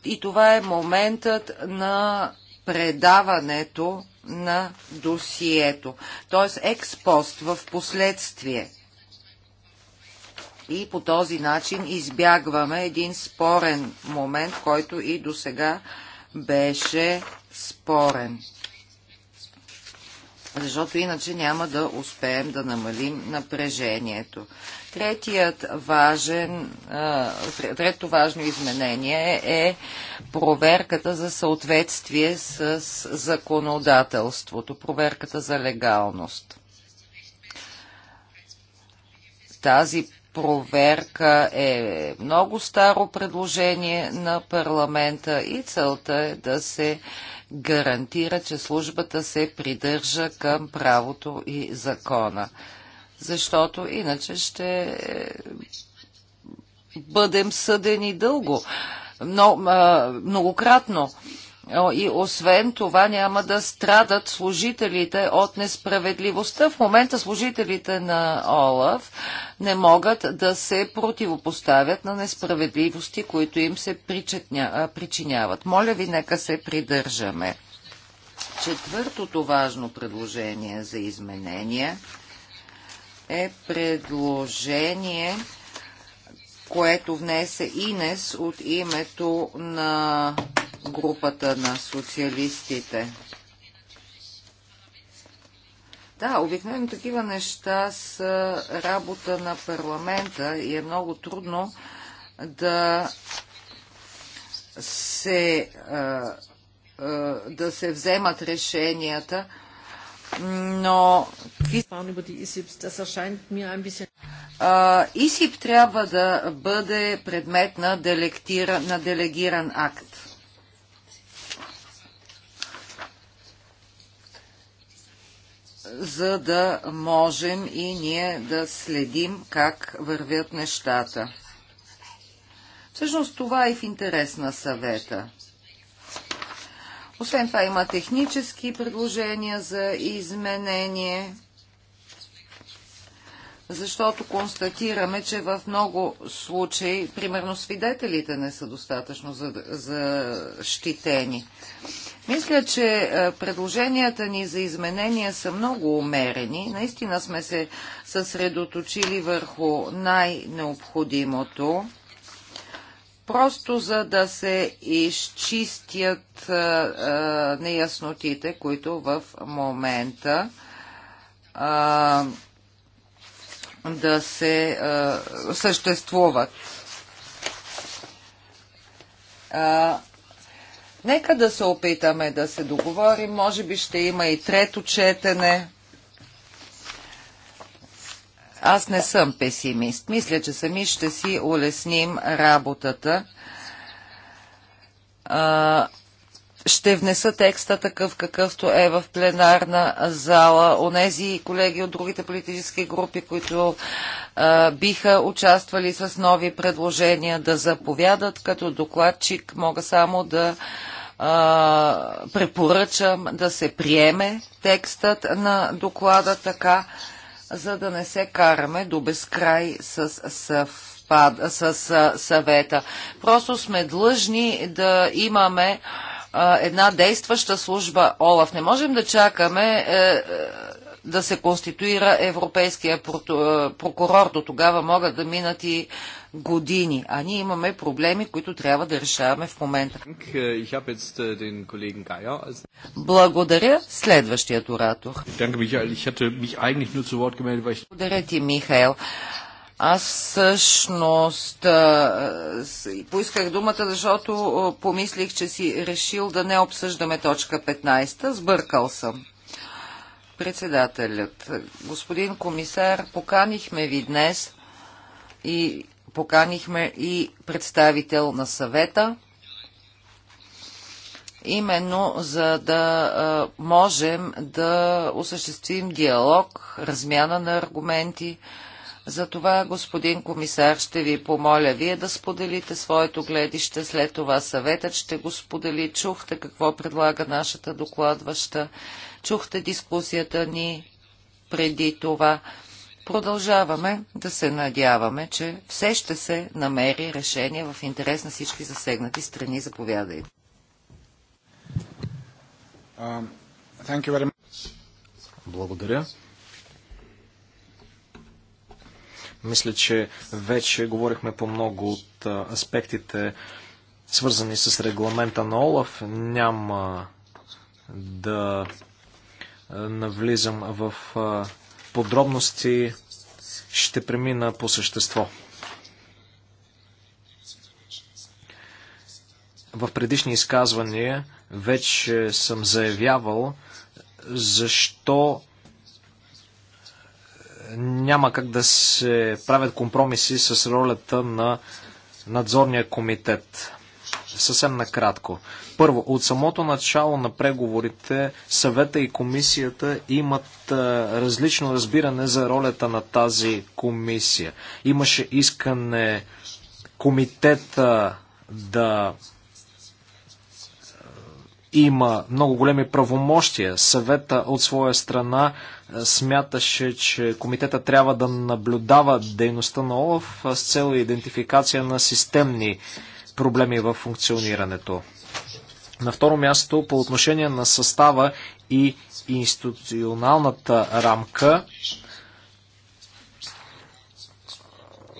S1: И това е моментът на предаването на досието, т.е. експост в последствие. И по този начин избягваме един спорен момент, който и до сега беше спорен защото иначе няма да успеем да намалим напрежението. Третият важен, трето важно изменение е проверката за съответствие с законодателството, проверката за легалност. Тази проверка е много старо предложение на парламента и целта е да се гарантира, че службата се придържа към правото и закона. Защото иначе ще е, бъдем съдени дълго, но, а, многократно. И освен това няма да страдат служителите от несправедливостта. В момента служителите на ОЛАВ не могат да се противопоставят на несправедливости, които им се причиняват. Моля ви, нека се придържаме. Четвъртото важно предложение за изменение е предложение, което внесе Инес от името на групата на социалистите. Да, обикновено такива неща са работа на парламента и е много трудно да се, да се вземат решенията, но ИСИП e e трябва да бъде предмет на, делегиран акт. за да можем и ние да следим как вървят нещата. Всъщност това е в интерес на съвета. Освен това има технически предложения за изменение защото констатираме, че в много случаи, примерно свидетелите не са достатъчно защитени. Мисля, че е, предложенията ни за изменения са много умерени. Наистина сме се съсредоточили върху най-необходимото просто за да се изчистят е, е, неяснотите, които в момента да се а, съществуват. А, нека да се опитаме да се договорим. Може би ще има и трето четене. Аз не съм песимист. Мисля, че сами ще си улесним работата. А, ще внеса текста такъв какъвто е в пленарна зала. Онези колеги от другите политически групи, които а, биха участвали с нови предложения да заповядат като докладчик, мога само да а, препоръчам да се приеме текстът на доклада така, за да не се караме до безкрай с съв с съвета. Просто сме длъжни да имаме а, една действаща служба ОЛАФ. Не можем да чакаме е, е, да се конституира европейския е, прокурор. До тогава могат да минат и години. А ние имаме проблеми, които трябва да решаваме в момента. Благодаря. Следващият оратор. Благодаря ти, Михаил. Аз всъщност поисках думата, защото помислих, че си решил да не обсъждаме точка 15. Сбъркал съм. Председателят, господин комисар, поканихме ви днес и поканихме и представител на съвета, именно за да можем да осъществим диалог, размяна на аргументи, затова, господин комисар, ще ви помоля вие да споделите своето гледище, след това съветът ще го сподели. Чухте какво предлага нашата докладваща, чухте дискусията ни преди това. Продължаваме да се надяваме, че все ще се намери решение в интерес на всички засегнати страни. Заповядайте.
S6: Um, Благодаря.
S2: Мисля, че вече говорихме по много от аспектите, свързани с регламента на Олаф. Няма да навлизам в подробности. Ще премина по същество. В предишни изказвания вече съм заявявал защо няма как да се правят компромиси с ролята на надзорния комитет. Съвсем накратко. Първо, от самото начало на преговорите съвета и комисията имат различно разбиране за ролята на тази комисия. Имаше искане комитета да има много големи правомощия. Съвета от своя страна е, смяташе, че комитета трябва да наблюдава дейността на ОЛАФ с цел идентификация на системни проблеми в функционирането. На второ място, по отношение на състава и институционалната рамка,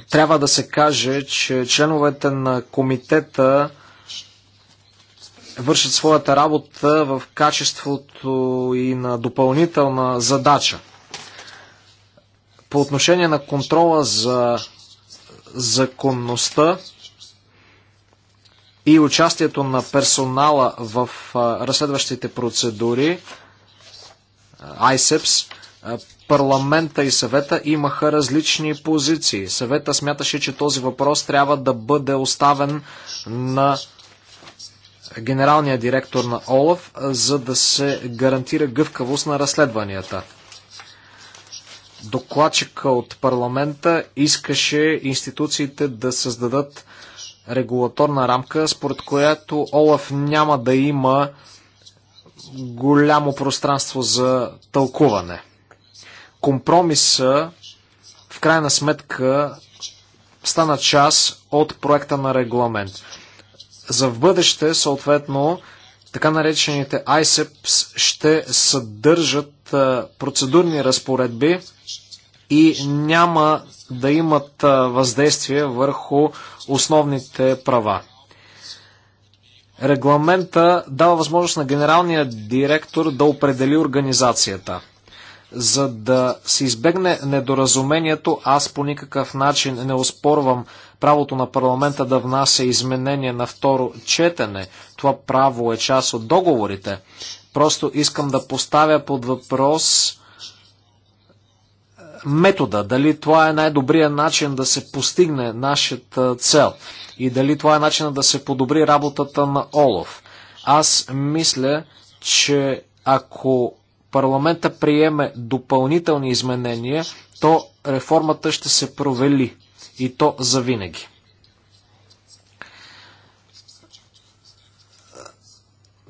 S2: трябва да се каже, че членовете на комитета вършат своята работа в качеството и на допълнителна задача. По отношение на контрола за законността и участието на персонала в разследващите процедури, ISEPS, парламента и съвета имаха различни позиции. Съвета смяташе, че този въпрос трябва да бъде оставен на генералния директор на ОЛАФ, за да се гарантира гъвкавост на разследванията. Докладчика от парламента искаше институциите да създадат регулаторна рамка, според която ОЛАФ няма да има голямо пространство за тълкуване. Компромиса в крайна сметка стана част от проекта на регламент за в бъдеще, съответно, така наречените ISEPs ще съдържат процедурни разпоредби и няма да имат въздействие върху основните права. Регламента дава възможност на генералния директор да определи организацията. За да се избегне недоразумението, аз по никакъв начин не оспорвам правото на парламента да внася изменения на второ четене. Това право е част от договорите. Просто искам да поставя под въпрос е, метода, дали това е най-добрият начин да се постигне нашата цел и дали това е начинът да се подобри работата на Олов. Аз мисля, че ако парламента приеме допълнителни изменения, то реформата ще се провели. И то завинаги.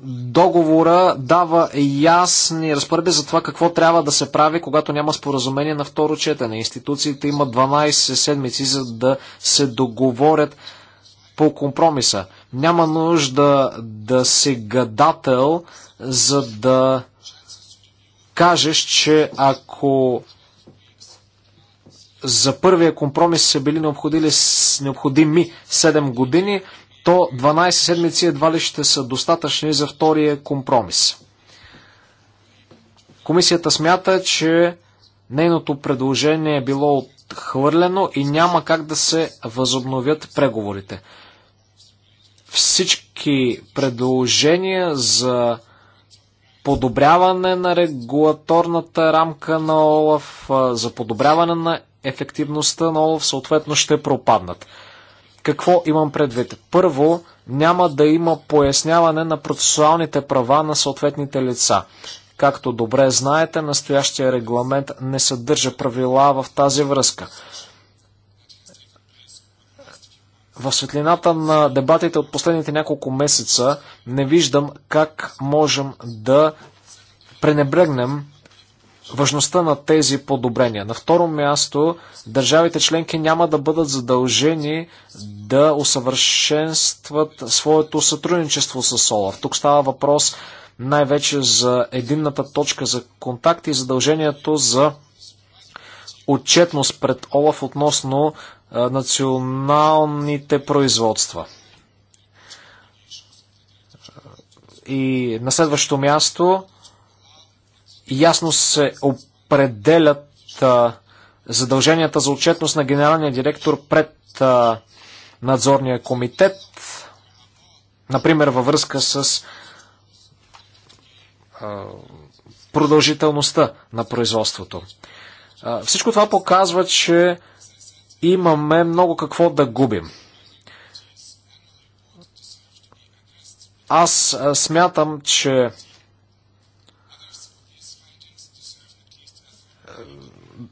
S2: договора дава ясни разпоредби за това какво трябва да се прави, когато няма споразумение на второ четене. Институциите имат 12 седмици, за да се договорят по компромиса. Няма нужда да се гадател, за да кажеш, че ако за първия компромис са били необходими, необходими 7 години, то 12 седмици едва ли ще са достатъчни за втория компромис. Комисията смята, че нейното предложение е било отхвърлено и няма как да се възобновят преговорите. Всички предложения за подобряване на регулаторната рамка на ОЛАФ, за подобряване на ефективността но съответно ще пропаднат. Какво имам предвид? Първо, няма да има поясняване на процесуалните права на съответните лица. Както добре знаете, настоящия регламент не съдържа правила в тази връзка. В светлината на дебатите от последните няколко месеца не виждам как можем да пренебрегнем важността на тези подобрения. На второ място, държавите членки няма да бъдат задължени да усъвършенстват своето сътрудничество с ОЛАФ. Тук става въпрос най-вече за единната точка за контакт и задължението за отчетност пред ОЛАФ относно националните производства. И на следващо място ясно се определят задълженията за отчетност на генералния директор пред надзорния комитет, например във връзка с продължителността на производството. Всичко това показва, че имаме много какво да губим. Аз смятам, че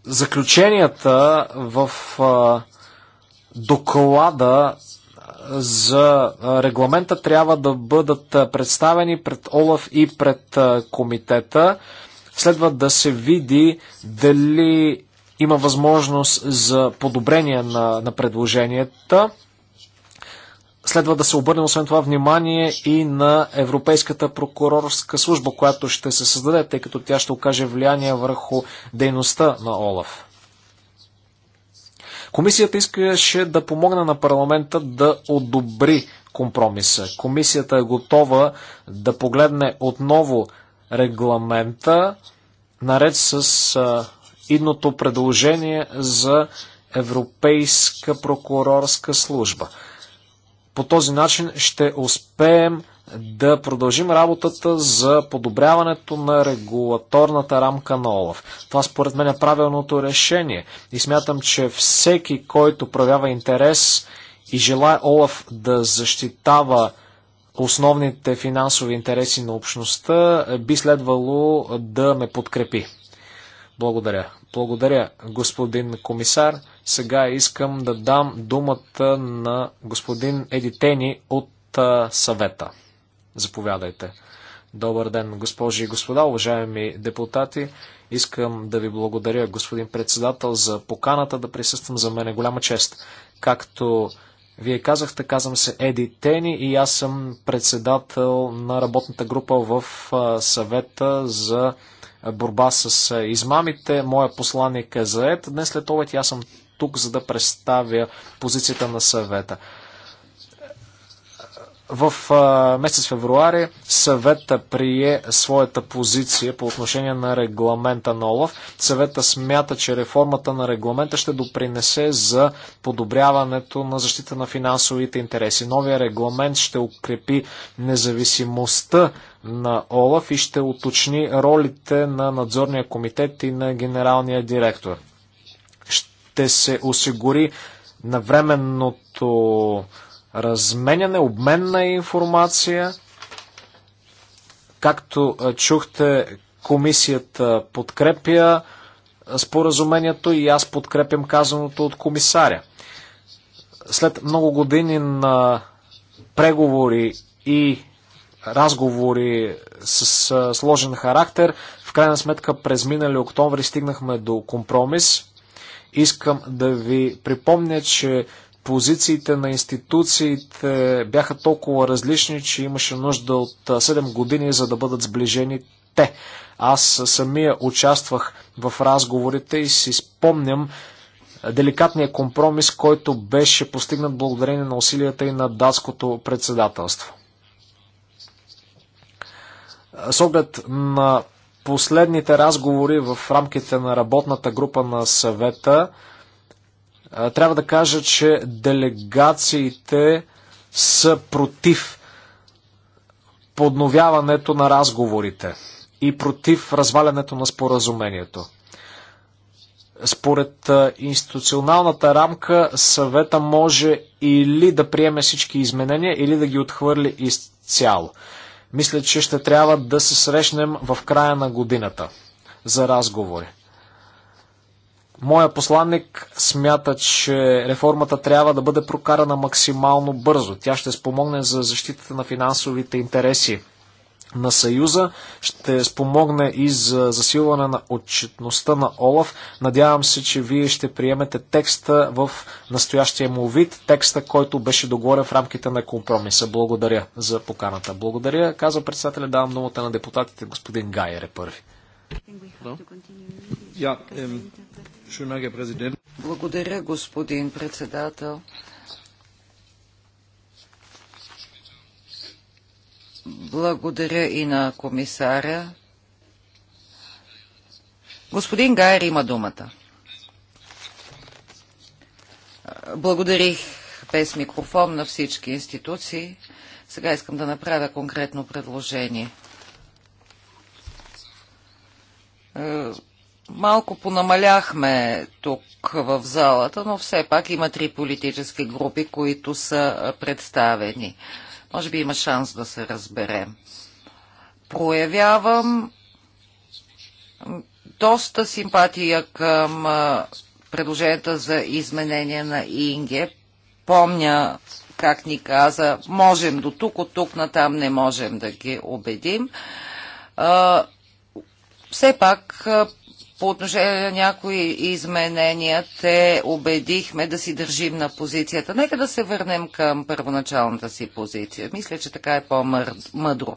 S2: заключенията в а, доклада за регламента трябва да бъдат представени пред Олаф и пред комитета. Следва да се види дали има възможност за подобрение на, на предложенията. Следва да се обърне освен това внимание и на Европейската прокурорска служба, която ще се създаде, тъй като тя ще окаже влияние върху дейността на ОЛАФ. Комисията искаше да помогне на парламента да одобри компромиса. Комисията е готова да погледне отново регламента, наред с а, идното предложение за Европейска прокурорска служба. По този начин ще успеем да продължим работата за подобряването на регулаторната рамка на ОЛАФ. Това според мен е правилното решение и смятам, че всеки, който проявява интерес и желая ОЛАФ да защитава основните финансови интереси на общността, би следвало да ме подкрепи. Благодаря. Благодаря, господин комисар. Сега искам да дам думата на господин Едитени от съвета. Заповядайте. Добър ден, госпожи и господа, уважаеми депутати. Искам да ви благодаря, господин председател, за поканата да присъствам. За мен е голяма чест. Както вие казахте, казвам се Еди Тени и аз съм председател на работната група в съвета за борба с измамите. Моя посланник е заед. Днес след обед аз съм тук, за да представя позицията на съвета. В а, месец февруари съвета прие своята позиция по отношение на регламента на ОЛАФ. Съвета смята, че реформата на регламента ще допринесе за подобряването на защита на финансовите интереси. Новия регламент ще укрепи независимостта на ОЛАФ и ще уточни ролите на надзорния комитет и на генералния директор. Ще се осигури навременното разменяне, обмен на информация. Както чухте, комисията подкрепя споразумението и аз подкрепям казаното от комисаря. След много години на преговори и разговори с сложен характер, в крайна сметка през минали октомври стигнахме до компромис. Искам да ви припомня, че позициите на институциите бяха толкова различни, че имаше нужда от 7 години, за да бъдат сближени те. Аз самия участвах в разговорите и си спомням деликатния компромис, който беше постигнат благодарение на усилията и на датското председателство. С оглед на последните разговори в рамките на работната група на съвета, трябва да кажа, че делегациите са против подновяването на разговорите и против развалянето на споразумението. Според институционалната рамка съвета може или да приеме всички изменения, или да ги отхвърли изцяло. Мисля, че ще трябва да се срещнем в края на годината за разговори. Моя посланник смята, че реформата трябва да бъде прокарана максимално бързо. Тя ще спомогне за защитата на финансовите интереси на Съюза, ще спомогне и за засилване на отчетността на Олаф. Надявам се, че вие ще приемете текста в настоящия му вид, текста, който беше договорен в рамките на компромиса. Благодаря за поканата. Благодаря, каза председателя, давам думата на депутатите. Господин Гайер е първи.
S1: Yeah, um, благодаря, господин председател. Благодаря и на комисаря. Господин Гайер има думата. Благодарих без микрофон на всички институции. Сега искам да направя конкретно предложение Малко понамаляхме тук в залата, но все пак има три политически групи, които са представени. Може би има шанс да се разберем. Проявявам доста симпатия към предложенията за изменение на Инге. Помня как ни каза, можем до тук, от тук на там не можем да ги убедим. все пак по отношение на някои изменения те убедихме да си държим на позицията. Нека да се върнем към първоначалната си позиция. Мисля, че така е по-мъдро.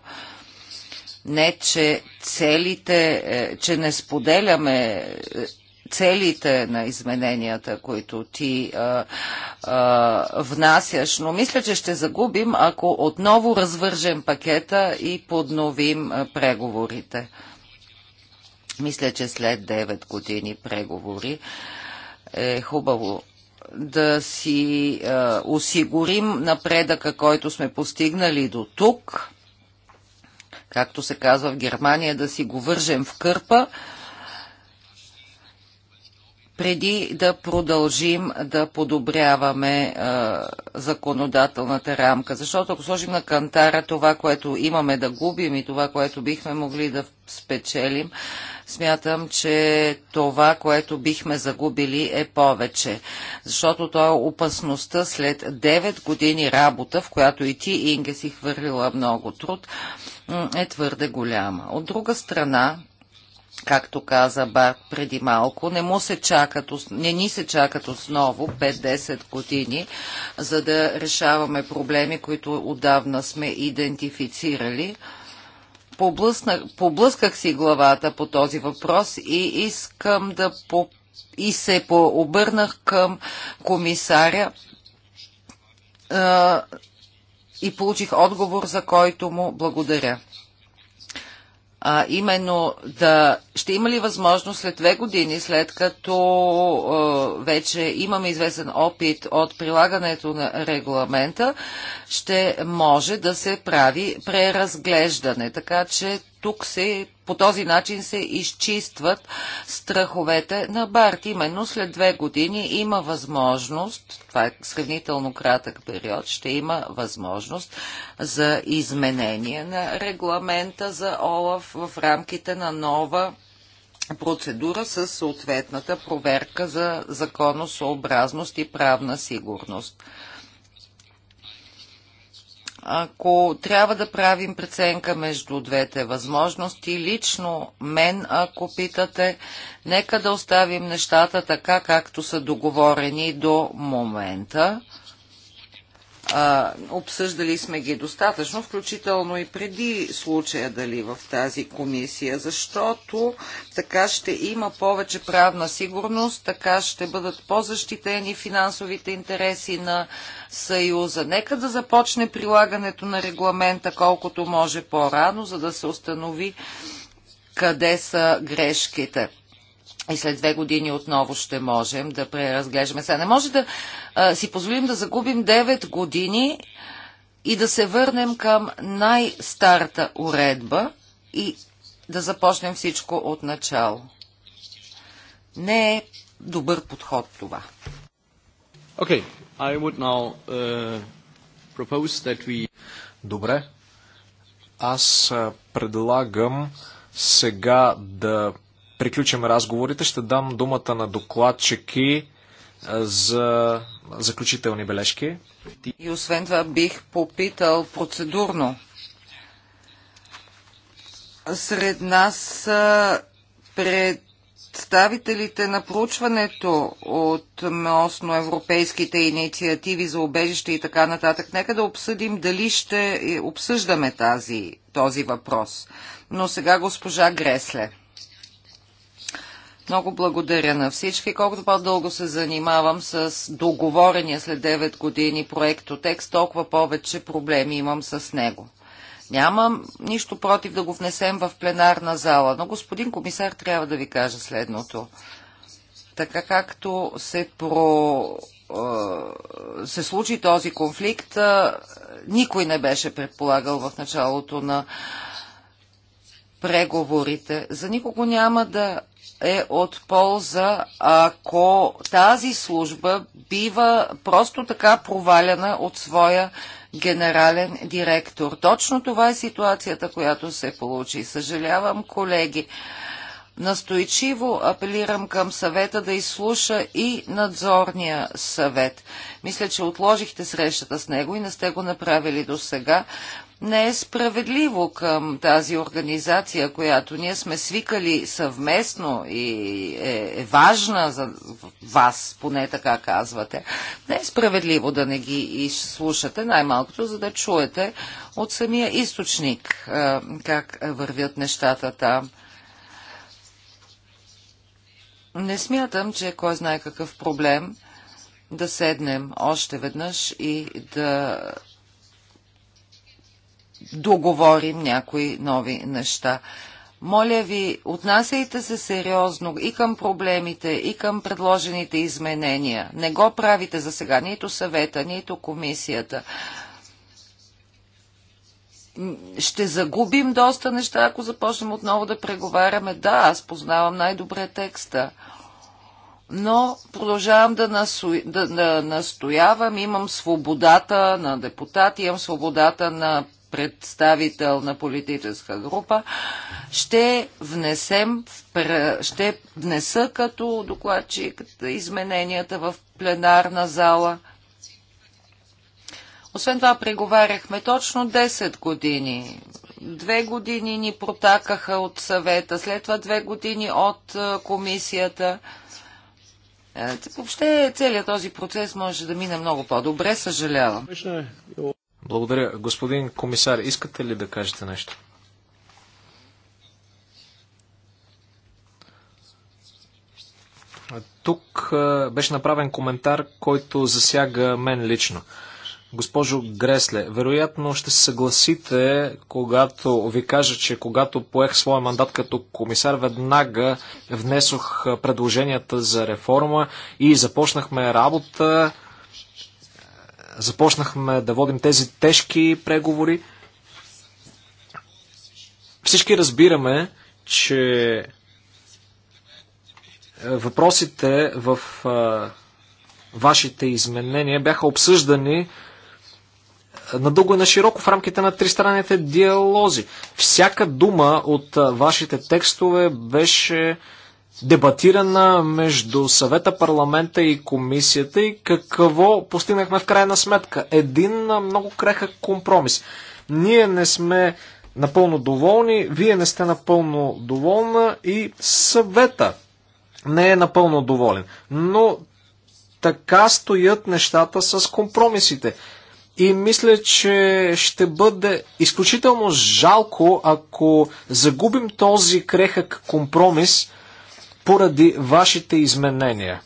S1: Не, че целите, е, че не споделяме е, целите на измененията, които ти а, е, а, внасяш, но мисля, че ще загубим, ако отново развържем пакета и подновим а, преговорите. Мисля, че след 9 години преговори е хубаво да си е, осигурим напредъка, който сме постигнали до тук, както се казва в Германия, да си го вържем в кърпа, преди да продължим да подобряваме а, е, законодателната рамка. Защото ако сложим на кантара това, което имаме да губим и това, което бихме могли да спечелим, смятам, че това, което бихме загубили е повече. Защото то е опасността след 9 години работа, в която и ти, Инге, си хвърлила много труд, е твърде голяма. От друга страна, както каза Барк преди малко, не, му се чакат, не ни се чакат осново 5-10 години, за да решаваме проблеми, които отдавна сме идентифицирали. Поблъснах, поблъсках си главата по този въпрос и искам да по, и се пообърнах към комисаря а, и получих отговор, за който му благодаря а именно да ще има ли възможност след две години, след като а, вече имаме известен опит от прилагането на регламента, ще може да се прави преразглеждане. Така че тук се, по този начин се изчистват страховете на Барт. Именно след две години има възможност, това е сравнително кратък период, ще има възможност за изменение на регламента за ОЛАФ в рамките на нова процедура с съответната проверка за законосообразност и правна сигурност. Ако трябва да правим преценка между двете възможности, лично мен, ако питате, нека да оставим нещата така, както са договорени до момента. А, обсъждали сме ги достатъчно, включително и преди случая дали в тази комисия, защото така ще има повече правна сигурност, така ще бъдат по-защитени финансовите интереси на Съюза. Нека да започне прилагането на регламента колкото може по-рано, за да се установи къде са грешките и след две години отново ще можем да преразглеждаме. Сега не може да а, си позволим да загубим 9 години и да се върнем към най-старата уредба и да започнем всичко от начало. Не е добър подход това.
S3: Okay. I would now, uh, propose that we...
S2: Добре. Аз предлагам сега да приключим разговорите, ще дам думата на докладчики е,
S1: за заключителни бележки. И освен това бих попитал процедурно. Сред нас представителите на проучването от МОСНО европейските инициативи за убежище и така нататък. Нека да обсъдим дали ще е, обсъждаме тази, този въпрос. Но сега госпожа Гресле. Много благодаря на всички. Колкото по-дълго се занимавам с договорения след 9 години от текст, толкова повече проблеми имам с него. Нямам нищо против да го внесем в пленарна зала, но господин комисар трябва да ви кажа следното. Така както се про се случи този конфликт, никой не беше предполагал в началото на преговорите. За никого няма да е от полза, ако тази служба бива просто така проваляна от своя генерален директор. Точно това е ситуацията, която се получи. Съжалявам, колеги. Настойчиво апелирам към съвета да изслуша и надзорния съвет. Мисля, че отложихте срещата с него и не сте го направили до сега, не е справедливо към тази организация, която ние сме свикали съвместно и е, е, важна за вас, поне така казвате. Не е справедливо да не ги изслушате, най-малкото, за да чуете от самия източник е, как вървят нещата там. Не смятам, че кой знае какъв проблем да седнем още веднъж и да договорим някои нови неща. Моля ви, отнасяйте се сериозно и към проблемите, и към предложените изменения. Не го правите за сега, нито съвета, нито комисията. Ще загубим доста неща, ако започнем отново да преговаряме. Да, аз познавам най-добре текста но продължавам да, насу... да, да настоявам. Имам свободата на депутати, имам свободата на представител на политическа група, ще внесем, ще внеса като докладчик измененията в пленарна зала. Освен това, преговаряхме точно 10 години. Две години ни протакаха от съвета, след това две години от е, комисията. Е, въобще целият този процес може да мине много по-добре, съжалявам.
S2: Благодаря. Господин комисар, искате ли да кажете нещо? Тук беше направен коментар, който засяга мен лично. Госпожо Гресле, вероятно ще се съгласите, когато ви кажа, че когато поех своя мандат като комисар, веднага внесох предложенията за реформа и започнахме работа започнахме да водим тези тежки преговори. Всички разбираме, че е, въпросите в а, е, вашите изменения бяха обсъждани е, надълго и на широко в рамките на тристранните диалози. Всяка дума от а, вашите текстове беше а, дебатирана между съвета, парламента и комисията и какво постигнахме в крайна сметка. Един много крехък компромис. Ние не сме напълно доволни, вие не сте напълно доволна и съвета не е напълно доволен. Но така стоят нещата с компромисите. И мисля, че ще бъде изключително жалко, ако загубим този крехък компромис – поради вашите изменения.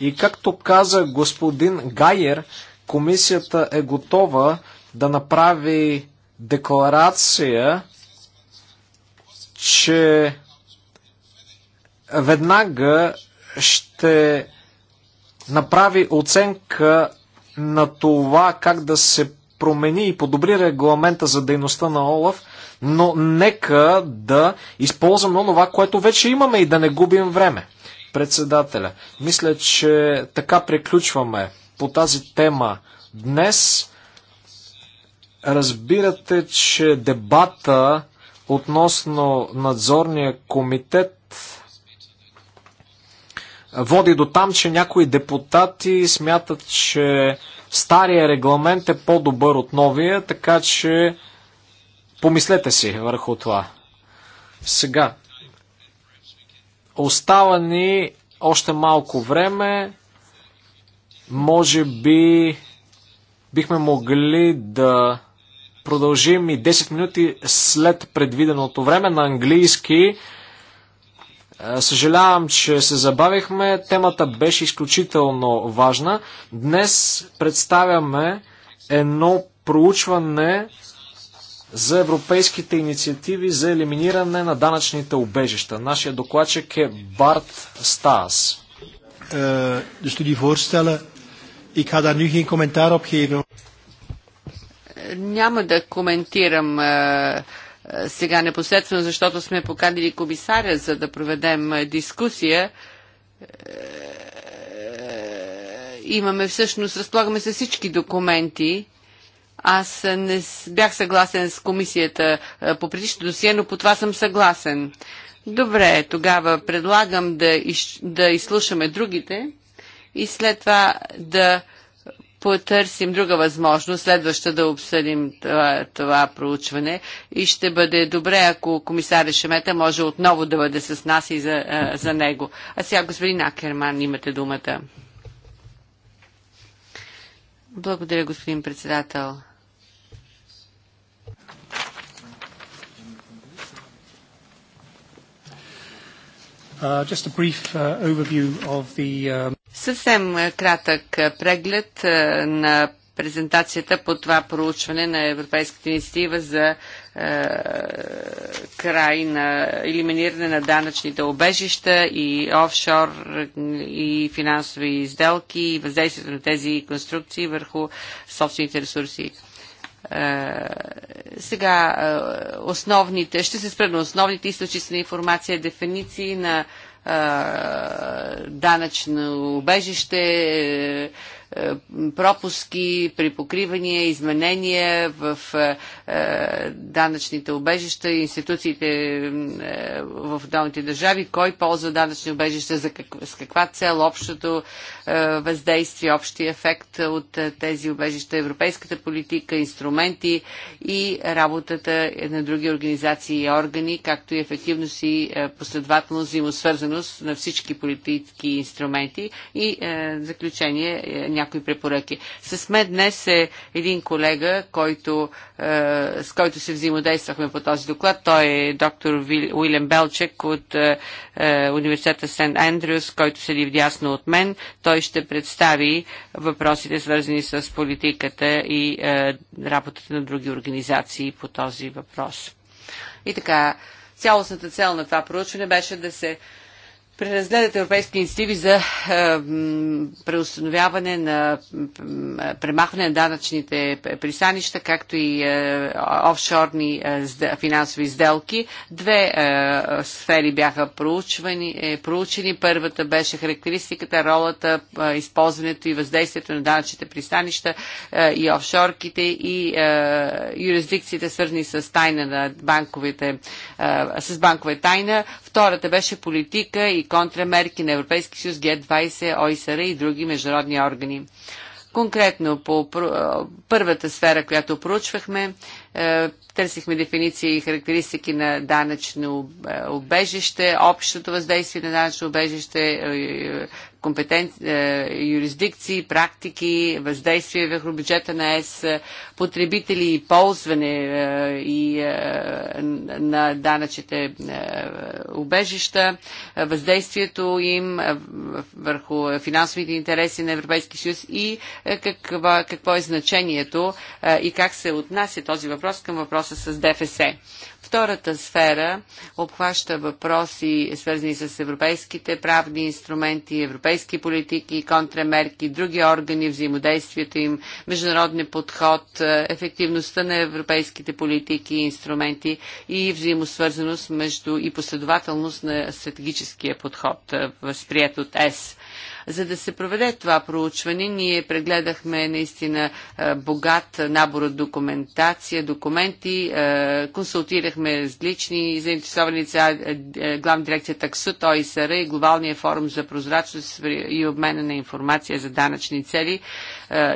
S2: И както каза господин Гайер, комисията е готова да направи декларация, че веднага ще направи оценка на това как да се промени и подобри регламента за дейността на ОЛАФ – но нека да използваме това, което вече имаме и да не губим време. Председателя, мисля, че така приключваме по тази тема днес. Разбирате, че дебата относно надзорния комитет води до там, че някои депутати смятат, че стария регламент е по-добър от новия, така че Помислете си върху това. Сега. Остава ни още малко време. Може би бихме могли да продължим и 10 минути след предвиденото време на английски. Е, съжалявам, че се забавихме. Темата беше изключително важна. Днес представяме едно проучване за европейските инициативи за елиминиране на данъчните убежища. Нашия докладчик е Барт Стаас.
S4: Е,
S5: Няма да коментирам е, е, сега непосредствено, защото сме поканили комисаря, за да проведем дискусия имаме всъщност, разполагаме се всички документи аз не бях съгласен с комисията е, по предишното досие, но по това съм съгласен. Добре, тогава предлагам да, из, да изслушаме другите и след това да потърсим друга възможност, следваща да обсъдим това, това проучване и ще бъде добре, ако комисаря Шемета може отново да бъде с нас и за, е, за него. А сега, господин Акерман, имате думата. Благодаря, господин председател.
S4: Uh, uh, um,
S5: Съвсем е, кратък е, преглед е, на презентацията по това проучване на Европейската инициатива за е, край на елиминиране на данъчните обежища и офшор и финансови изделки и въздействието на тези конструкции върху собствените ресурси. Е, сега е, основните, ще се спра на основните източници на информация, дефиниции на е, данъчно убежище, е, пропуски, припокривания, изменения в е, е, данъчните обежища, институциите в отделните държави, кой ползва данъчни обежища, за как, с каква цел общото въздействие, общия ефект от тези обежища, европейската политика, инструменти и работата на други организации и органи, както и ефективност и последователност, взаимосвързаност на всички политически инструменти и заключение някои някои препоръки. С мен днес е един колега, който, е, с който се взаимодействахме по този доклад. Той е доктор Уилям Белчек от е, е, университета Сент Андрюс, който седи вдясно от мен. Той ще представи въпросите, свързани с политиката и е, работата на други организации по този въпрос. И така, цялостната цел на това проучване беше да се преразгледат европейски инициативи за е, преустановяване на премахване на данъчните пристанища, както и е, офшорни е, финансови сделки. Две сфери бяха проучвани, проучени. Първата беше характеристиката, ролата, използването и въздействието на данъчните пристанища и офшорките и юрисдикциите, свързани с тайна на банковите, с банкова тайна. Втората беше политика и контрамерки на Европейски съюз, Г20, ОИСР и други международни органи. Конкретно по първата сфера, която проучвахме, е, Търсихме дефиниции и характеристики на данъчно обежище, е, общото въздействие на данъчно обежище, е, е, компетен... юрисдикции, практики, въздействие върху бюджета на ЕС, потребители и ползване и на данъчните убежища, въздействието им върху финансовите интереси на Европейския съюз и какво, какво е значението и как се отнася този въпрос към въпрос въпроса с ДФС. Втората сфера обхваща въпроси, свързани с европейските правни инструменти, европейски политики, контрамерки, други органи, взаимодействието им, международни подход, е, ефективността на европейските политики и инструменти и взаимосвързаност между и последователност на стратегическия подход, е, възприят от ЕС. За да се проведе това проучване, ние прегледахме наистина е, богат набор от документация, документи, е, консултирахме с лични заинтересовани лица, е, главна дирекция Таксут, ОИСР и Глобалния форум за прозрачност и обмена на информация за данъчни цели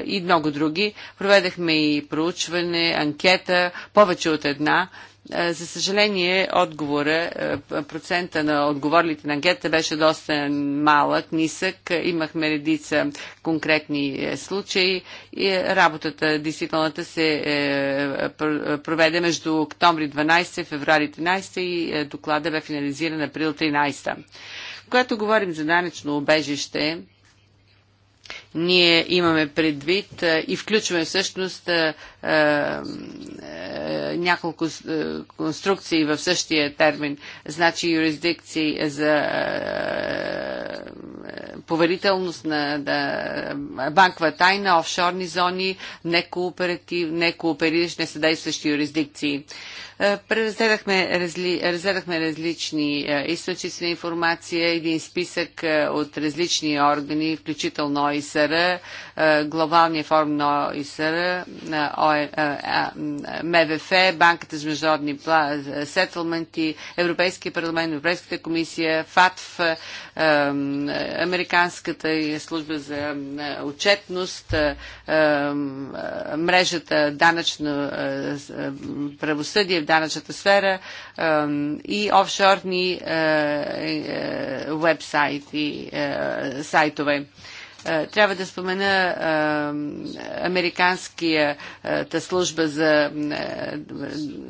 S5: и много други. Проведахме и проучване, анкета, повече от една, е, за съжаление, отговора, е, процента на отговорите на анкета беше доста малък, нисък. Имахме редица конкретни е, случаи и работата, действителната, се проведе между октомври 12, феврари 13 и доклада бе финализиран април 13. Когато говорим за данечно обежище, ние имаме предвид и включваме всъщност е, няколко е, конструкции в същия термин, значи юрисдикции за е, поверителност на да, банкова тайна, офшорни зони, некооператив, не несъдействащи юрисдикции. Е, Преразгледахме, разли, различни е, източници на информация, един списък е, от различни органи, включително ОИСР, Глобалния форум на ОИСР, МВФ, Банката за международни сетълменти, Европейския парламент, Европейската комисия, ФАТФ, американска. Американската служба за е, отчетност, е, е, мрежата данъчно правосъдие в данъчната сфера и офшорни вебсайти, сайтове. Е, трябва да спомена е, Американската служба за е,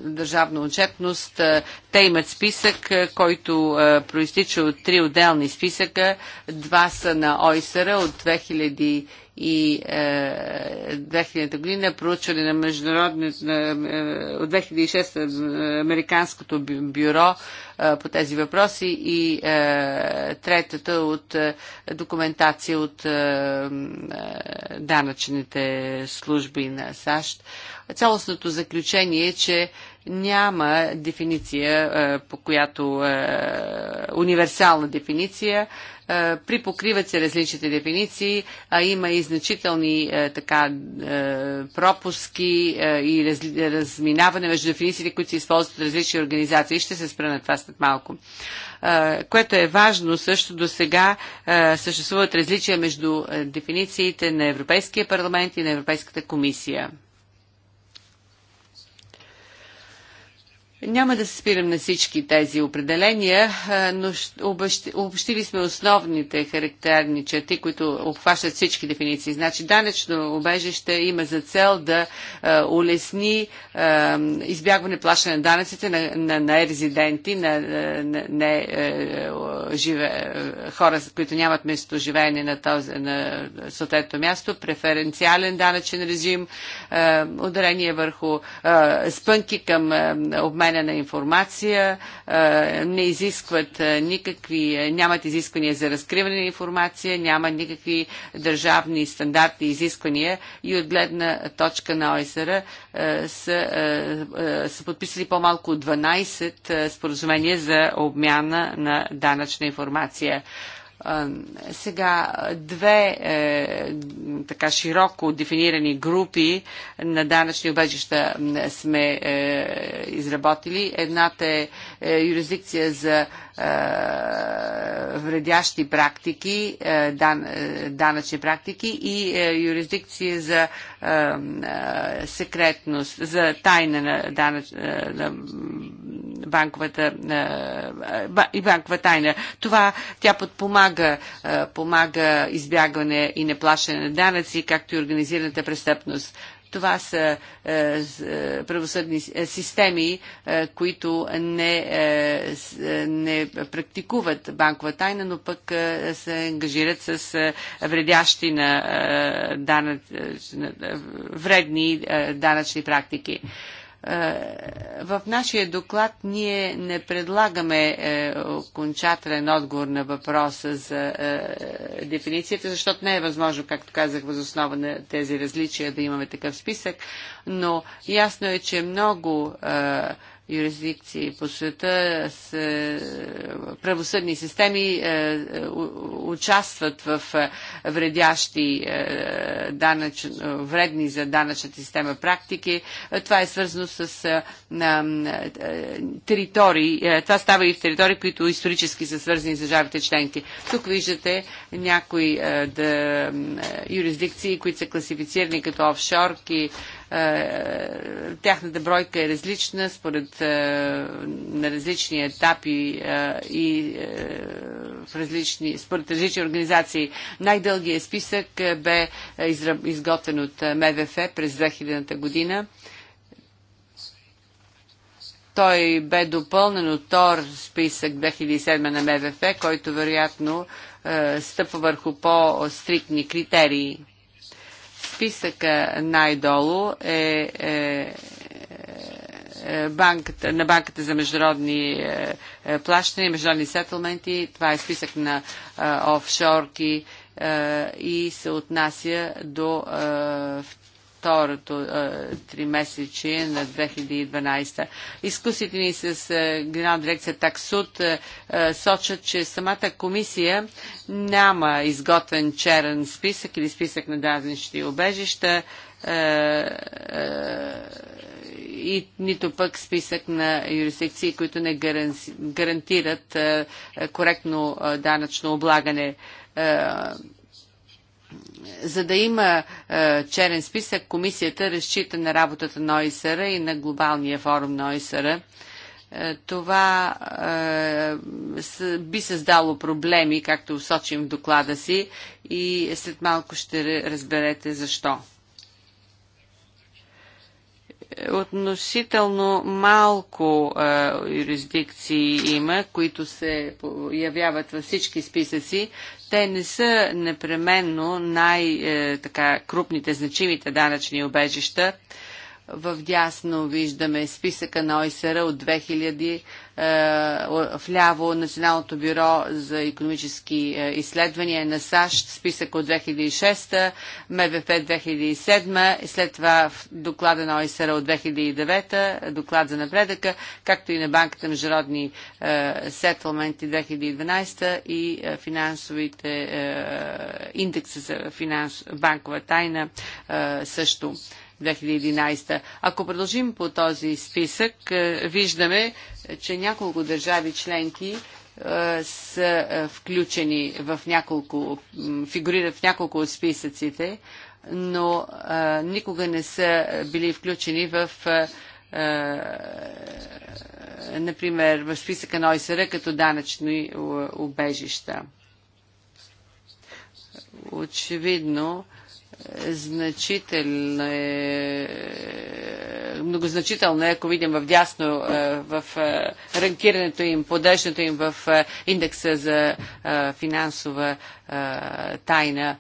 S5: държавна отчетност. Те имат списък, който проистича от три отделни списъка. Два са на ОИСР от 2000 и 2000 е, година проучване на международни е, от 2006 е, Американското бюро по тези въпроси и третата от документация от данъчните служби на САЩ. Цялостното заключение е, че няма дефиниция, е, по която е, универсална дефиниция. Е, припокриват се различните дефиниции, а има и значителни така пропуски и разминаване между дефинициите, които се използват от различни организации. Ще се спра на това след малко. Което е важно, също до сега съществуват различия между дефинициите на Европейския парламент и на Европейската комисия. Няма да се спирам на всички тези определения, но обобщили сме основните характерни черти, които обхващат всички дефиниции. Значи данъчно обежище има за цел да улесни избягване плащане на данъците на, на, на резиденти, на, на, на е, е, живе, е, хора, които нямат место живеене на, този, на съответното място, преференциален данъчен режим, ударение върху спънки към обмен обмена на информация, не изискват никакви, нямат изисквания за разкриване на информация, няма никакви държавни стандарти изисквания и от гледна точка на ОСР са, са подписали по-малко 12 споразумения за обмяна на данъчна информация. Сега две е, така широко дефинирани групи на данъчни обежища сме е, изработили. Едната е, е юрисдикция за е, вредящи практики, е, дан, е, данъчни практики и е, юрисдикция за е, е, секретност, за тайна на, данъч, е, на банковата е, е и банкова тайна. Това тя подпомага помага, помага избягване и неплащане на данъци, както и организираната престъпност. Това са е, правосъдни системи, е, които не, е, не практикуват банкова тайна, но пък е, се ангажират с е, вредящи на, е, данъч, вредни е, данъчни практики. Е, в нашия доклад ние не предлагаме е, окончателен отговор на въпроса за е, дефиницията, защото не е възможно, както казах, възоснова на тези различия да имаме такъв списък, но ясно е, че много юрисдикции по света, с правосъдни системи е, е, участват в е, вредящи данъч, вредни за данъчната система практики. Това е свързано с територии. Това става и в територии, които исторически са свързани с държавите членки. Тук виждате някои юрисдикции, които са класифицирани като офшорки, е, тяхната бройка е различна според е, на различни етапи е, и в различни, според различни организации. Най-дългият списък бе изготвен от МВФ през 2000 та година. Той бе допълнен от ТОР списък 2007 на МВФ, който вероятно стъпва върху по-стрикни критерии списъка най-долу е, е, е банката, на банката за международни е, е, плащания, международни сетълменти. Това е списък на офшорки и се отнася до второто три месече на 2012. Изкусите ни с Генерална дирекция Таксуд сочат, че самата комисия няма изготвен черен списък или списък на и обежища и нито пък списък на юрисдикции, които не гарантират коректно данъчно облагане за да има е, черен списък, комисията разчита на работата на ОИСР и на глобалния форум на ОИСР. Е, това е, би създало проблеми, както сочим в доклада си и след малко ще разберете защо относително малко а, юрисдикции има, които се явяват във всички списъци. Те не са непременно най-крупните, е, значимите данъчни обежища. В дясно виждаме списъка на ОСР от 2000 е, вляво Националното бюро за економически е, изследвания на САЩ, списък от 2006, МВФ 2007, след това доклада на ОИСР от 2009, доклад за напредъка, както и на Банката на международни е, сетълменти 2012 и финансовите индекси за финанс, банкова тайна също. 2011. Ако продължим по този списък, е, виждаме, е, че няколко държави членки е, са включени в няколко, фигурират в няколко от списъците, но никога не са били включени в например, в списъка на ОСР като данъчни убежища. Очевидно, значително е, многозначително е, ако видим в дясно е, в е, ранкирането им, подеждането им в е, индекса за финансова тайна,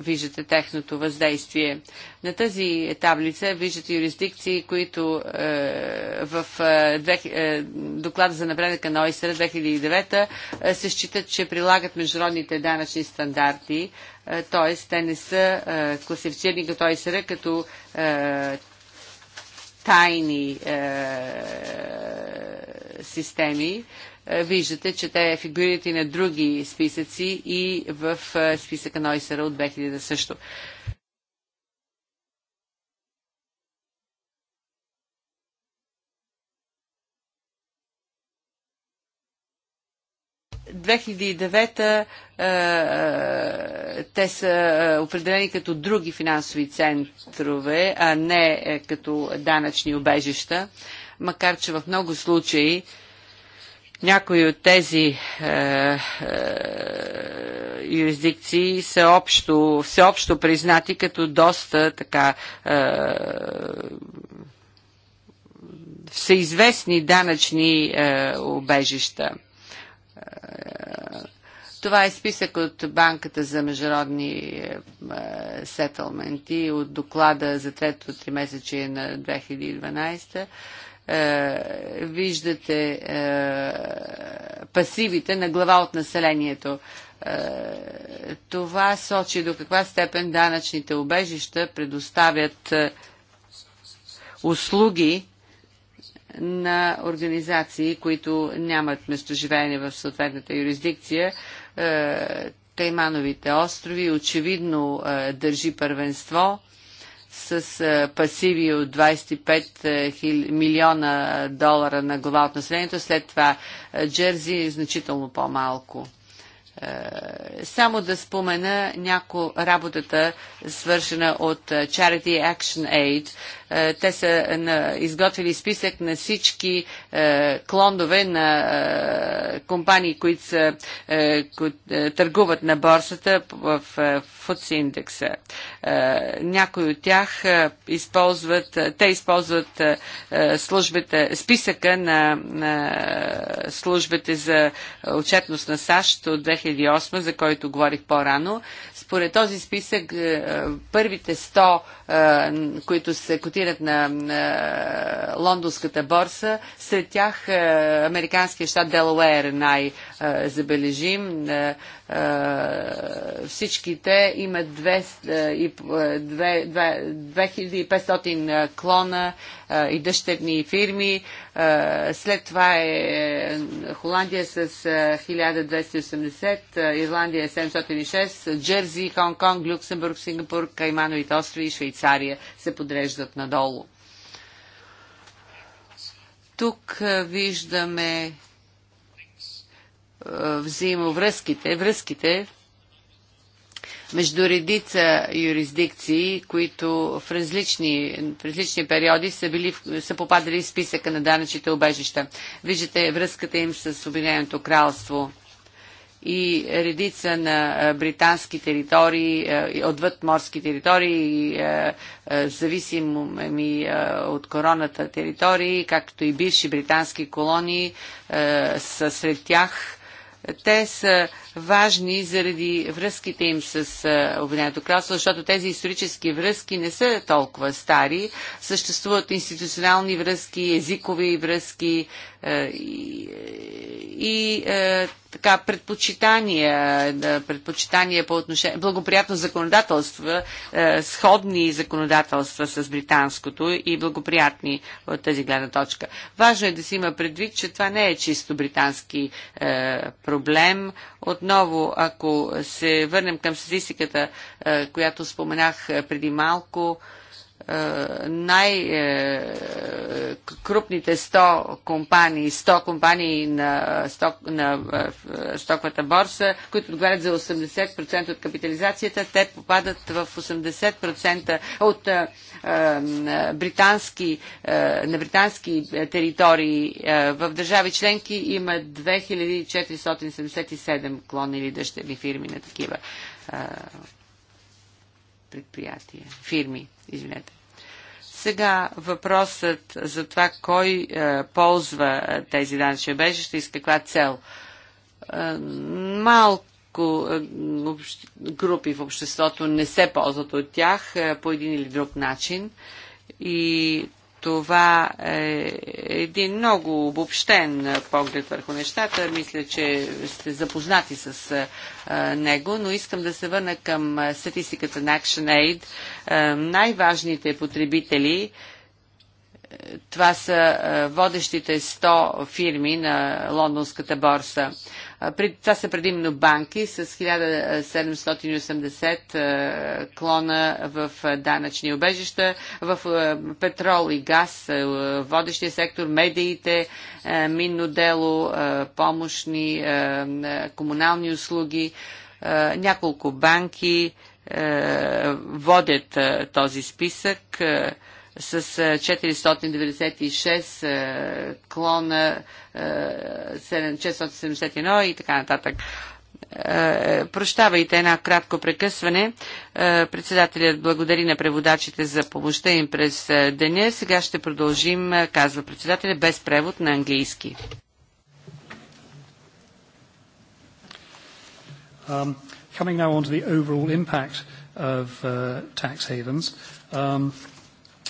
S5: виждате техното въздействие. На тази таблица виждате юрисдикции, които е, в е, е, доклада за напредъка на ОИСР 2009 е, се считат, че прилагат международните данъчни стандарти, е, т.е. те не са е, класифицирани като ОИСР, като е, тайни е, системи. Е, виждате, че те фигурират и на други списъци и в е, списъка на ОИСР от 2000 също. 2009 е, е, те са е, определени като други финансови центрове, а не като данъчни обежища, макар че в много случаи някои от тези юрисдикции са общо, всеобщо признати като доста така всеизвестни данъчни е, обежища. Това е списък от Банката за международни е, е, сетълменти от доклада за трето три месече на 2012 е, виждате пасивите на глава от населението. Това сочи до каква степен данъчните обежища предоставят услуги на организации, които нямат местоживеене в съответната юрисдикция. Е, Таймановите острови очевидно е, държи първенство с е, пасиви от 25 милиона долара на глава от населението, след това Джерзи е значително по-малко. Само да спомена няко работата, свършена от Charity Action Aid е, те са изготвили списък на всички е, клондове на е, компании, които са, търгуват на борсата в FTSE индекса. Някои от тях използват, те използват службите, списъка на, на службите за отчетност на САЩ от 2008, за който говорих по-рано. Според този списък първите 100, които се котират котират на, на лондонската борса. Сред тях е, американския щат Делауер най-забележим. Е, е, е, всички те имат 2500 е, е, клона и дъщерни фирми. След това е Холандия с 1280, Ирландия 706, Джерзи, Хонг-Конг, Люксембург, Сингапур, Каймановите острови и Швейцария се подреждат надолу. Тук виждаме взаимовръзките, връзките между редица юрисдикции, които в различни, в различни периоди са, били, са попадали в списъка на данъчните обежища. Виждате връзката им с Обединеното кралство и редица на британски територии, отвъд морски територии, зависими ами, от короната територии, както и бивши британски колонии са сред тях те са важни заради връзките им с Обединеното кралство, защото тези исторически връзки не са толкова стари. Съществуват институционални връзки, езикови връзки и, и така предпочитания, предпочитания по отношение, благоприятно законодателство, сходни законодателства с британското и благоприятни от тази гледна точка. Важно е да си има предвид, че това не е чисто британски проблем проблем. Отново, ако се върнем към статистиката, която споменах преди малко, най-крупните 100 компании, 100 компании на, сток, на е, стоковата борса, които отговарят за 80% от капитализацията, те попадат в 80% от а, е, а, е, британски, а, на британски територии. В държави членки има 2477 клона или дъщерни фирми на такива предприятия, фирми, извинете. Сега въпросът за това кой е, ползва е, тези данъчни обежища и с каква цел. Е, малко е, групи в обществото не се ползват от тях е, по един или друг начин. И това е един много обобщен поглед върху нещата. Мисля, че сте запознати с него, но искам да се върна към статистиката на ActionAid. Най-важните потребители това са водещите 100 фирми на лондонската борса. Това са предимно банки с 1780 клона в данъчни обежища, в петрол и газ, водещия сектор, медиите, минно дело, помощни, комунални услуги, няколко банки водят този списък с 496 е, е, клона 671 е, и така нататък. Прощавайте една кратко прекъсване. Председателят благодари на преводачите за помощта им през деня. Сега ще продължим, казва председателя, без превод на английски.
S4: Um, coming now on to the overall impact of uh, tax havens. Um,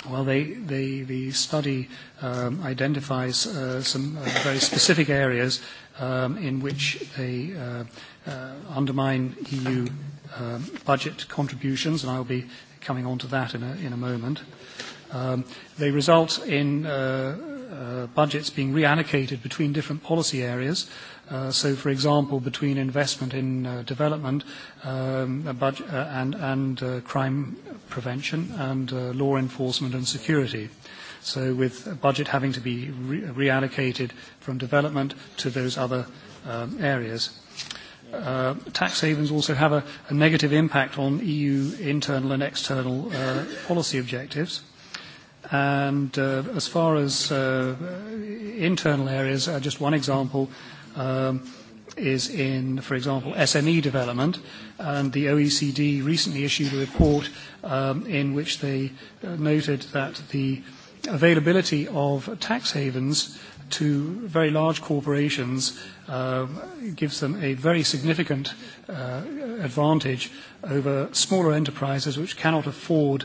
S4: Well, they, they, the study um, identifies uh, some uh, very specific areas um, in which they uh, uh, undermine EU uh, budget contributions, and I'll be coming on to that in a, in a moment. Um, they result in uh, uh, budgets being reallocated between different policy areas. Uh, so, for example, between investment in uh, development um, a budget, uh, and, and uh, crime prevention and uh, law enforcement and security. So with a budget having to be re reallocated from development to those other um, areas uh, tax havens also have a, a negative impact on EU internal and external uh, policy objectives. And uh, as far as uh, internal areas, uh, just one example um, is in, for example, SME development. And the OECD recently issued a report um, in which they uh, noted that the availability of tax havens to very large corporations uh, gives them a very significant uh, advantage over smaller enterprises which cannot afford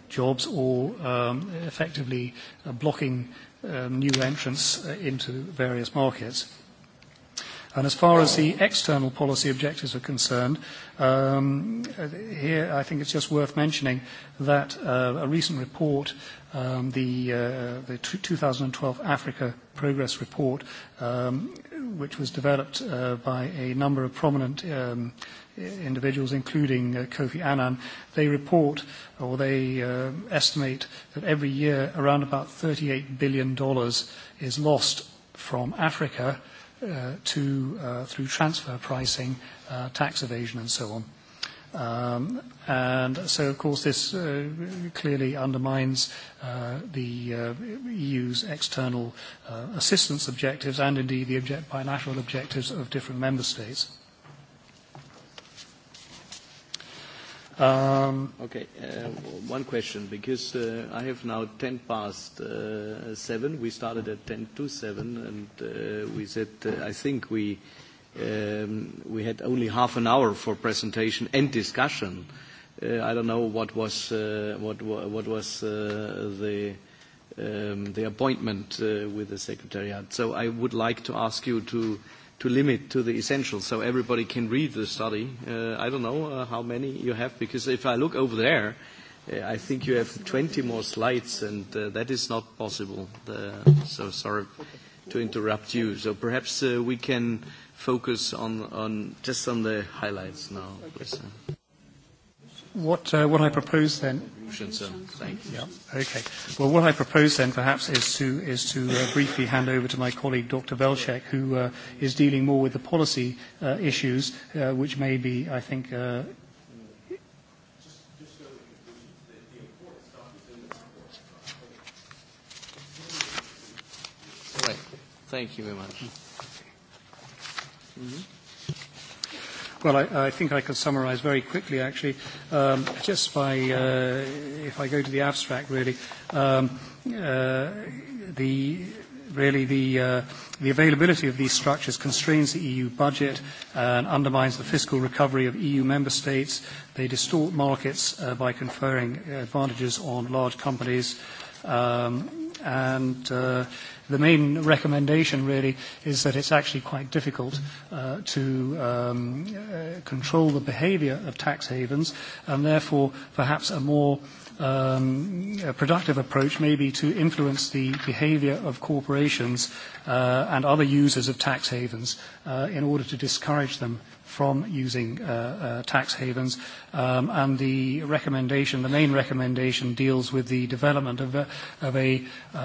S4: jobs or um, effectively uh, blocking um, new entrants uh, into various markets. And as far as the external policy objectives are concerned, um, here I think it's just worth mentioning that uh, a recent report, um, the, uh, the 2012 Africa Progress Report, um, which was developed uh, by a number of prominent um, uh, individuals, including uh, Kofi Annan, they report or they uh, estimate that every year around about $38 billion is lost from Africa uh, to uh, through transfer pricing, uh, tax evasion, and so on. Um, and so, of course, this uh, clearly undermines uh, the uh, EU's external uh, assistance objectives and indeed the object- bilateral objectives of different member states. Okay.
S3: One question, because I have now 10 past seven. We started at 10 to seven, and we said, I think we had only half an hour for presentation and discussion. I don't know what was the appointment with the secretariat. So I would like to ask you to to limit to the essential so everybody can read the study. Uh, I don't know uh, how many you have because if I look over there, uh, I think you have 20 more slides and uh, that is not possible. Uh, so sorry to interrupt you. So perhaps uh, we can focus on, on just on the highlights now. Please.
S4: What, uh, what I propose then options.
S3: And thank you. Yeah.
S4: Okay. Well, what I propose then perhaps is to, is to uh, briefly hand over to my colleague Dr. Velchek, who uh, is dealing more with the policy uh, issues, uh, which may be, I think, uh,
S3: Thank you very much. Mm-hmm.
S4: Well, I, I think I can summarize very quickly, actually, um, just by, uh, if I go to the abstract, really, um, uh, the really the, uh, the availability of these structures constrains the EU budget and undermines the fiscal recovery of EU member states. They distort markets uh, by conferring advantages on large companies. Um, and uh, the main recommendation really is that it's actually quite difficult uh, to um, uh, control the behaviour of tax havens, and therefore perhaps a more um, a productive approach may be to influence the behaviour of corporations uh, and other users of tax havens uh, in order to discourage them from using uh, uh, tax havens. Um, and the recommendation, the main recommendation, deals with the development of a, of a, a,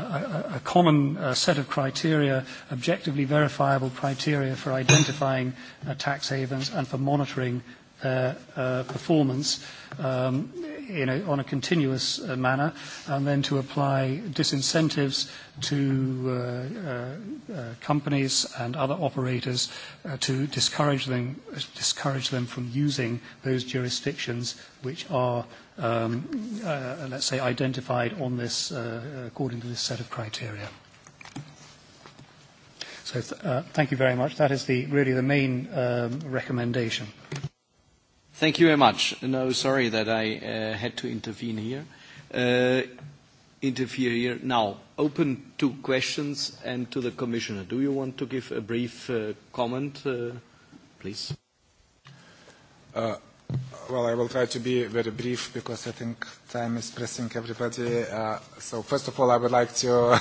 S4: a common set of criteria, objectively verifiable criteria for identifying uh, tax havens and for monitoring their uh, performance. Um, in a, on a continuous uh, manner, and then to apply disincentives to uh, uh, uh, companies and other operators uh, to discourage them, discourage them from using those jurisdictions which are, um, uh, let's say, identified on this uh, according to this set of criteria. So th- uh, thank you very much. That is the, really the main um, recommendation.
S3: Thank you very much. No, sorry that I uh, had to intervene here. Uh, interfere here. Now, open to questions and to the
S6: Commissioner. Do you want to give a brief uh, comment, uh, please? Uh, well, I will try to be very brief because I think time is pressing everybody. Uh, so first of all, I would like to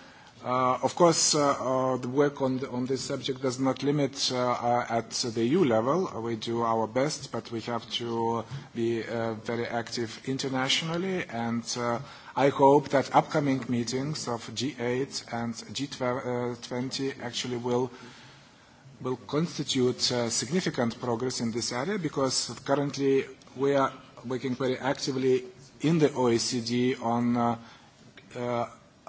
S6: Uh, of course, uh, uh, the work on, the, on this subject does not limit uh, uh, at the EU level. We do our best, but we have to be uh, very active internationally. And uh, I hope that upcoming meetings of G8 and G20 actually will will constitute uh, significant progress in this area because currently we are working very actively in the OECD on uh, uh,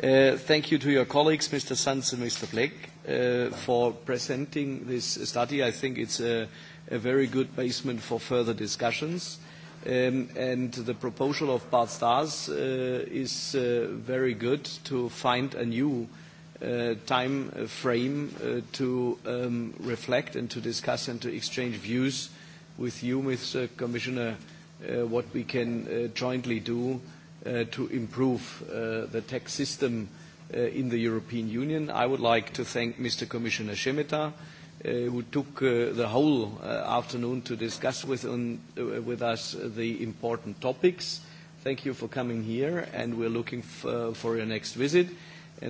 S3: Thank you to your colleagues, Mr. Sanz and Mr. Blake, for presenting this study. I think it's a very good basement for further discussions. And the proposal of Bart Stars is very good to find a new time frame to reflect and to discuss and to exchange views with you, Mr. Commissioner, what we can jointly do to improve the tax system in the European Union. I would like to thank Mr. Commissioner Šemeta, who took the whole afternoon to discuss with us the important topics. Thank you for coming here, and we're looking for your next visit.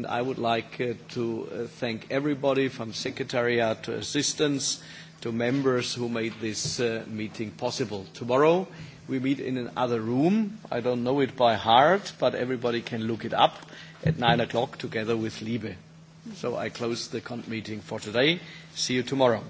S3: I would like to thank everybody from secretariat to assistants to members who made this meeting possible. Tomorrow, We meet in another room. I don't know it by heart, but everybody can look it up at nine o'clock together with Liebe. So I close the meeting for today. See you tomorrow.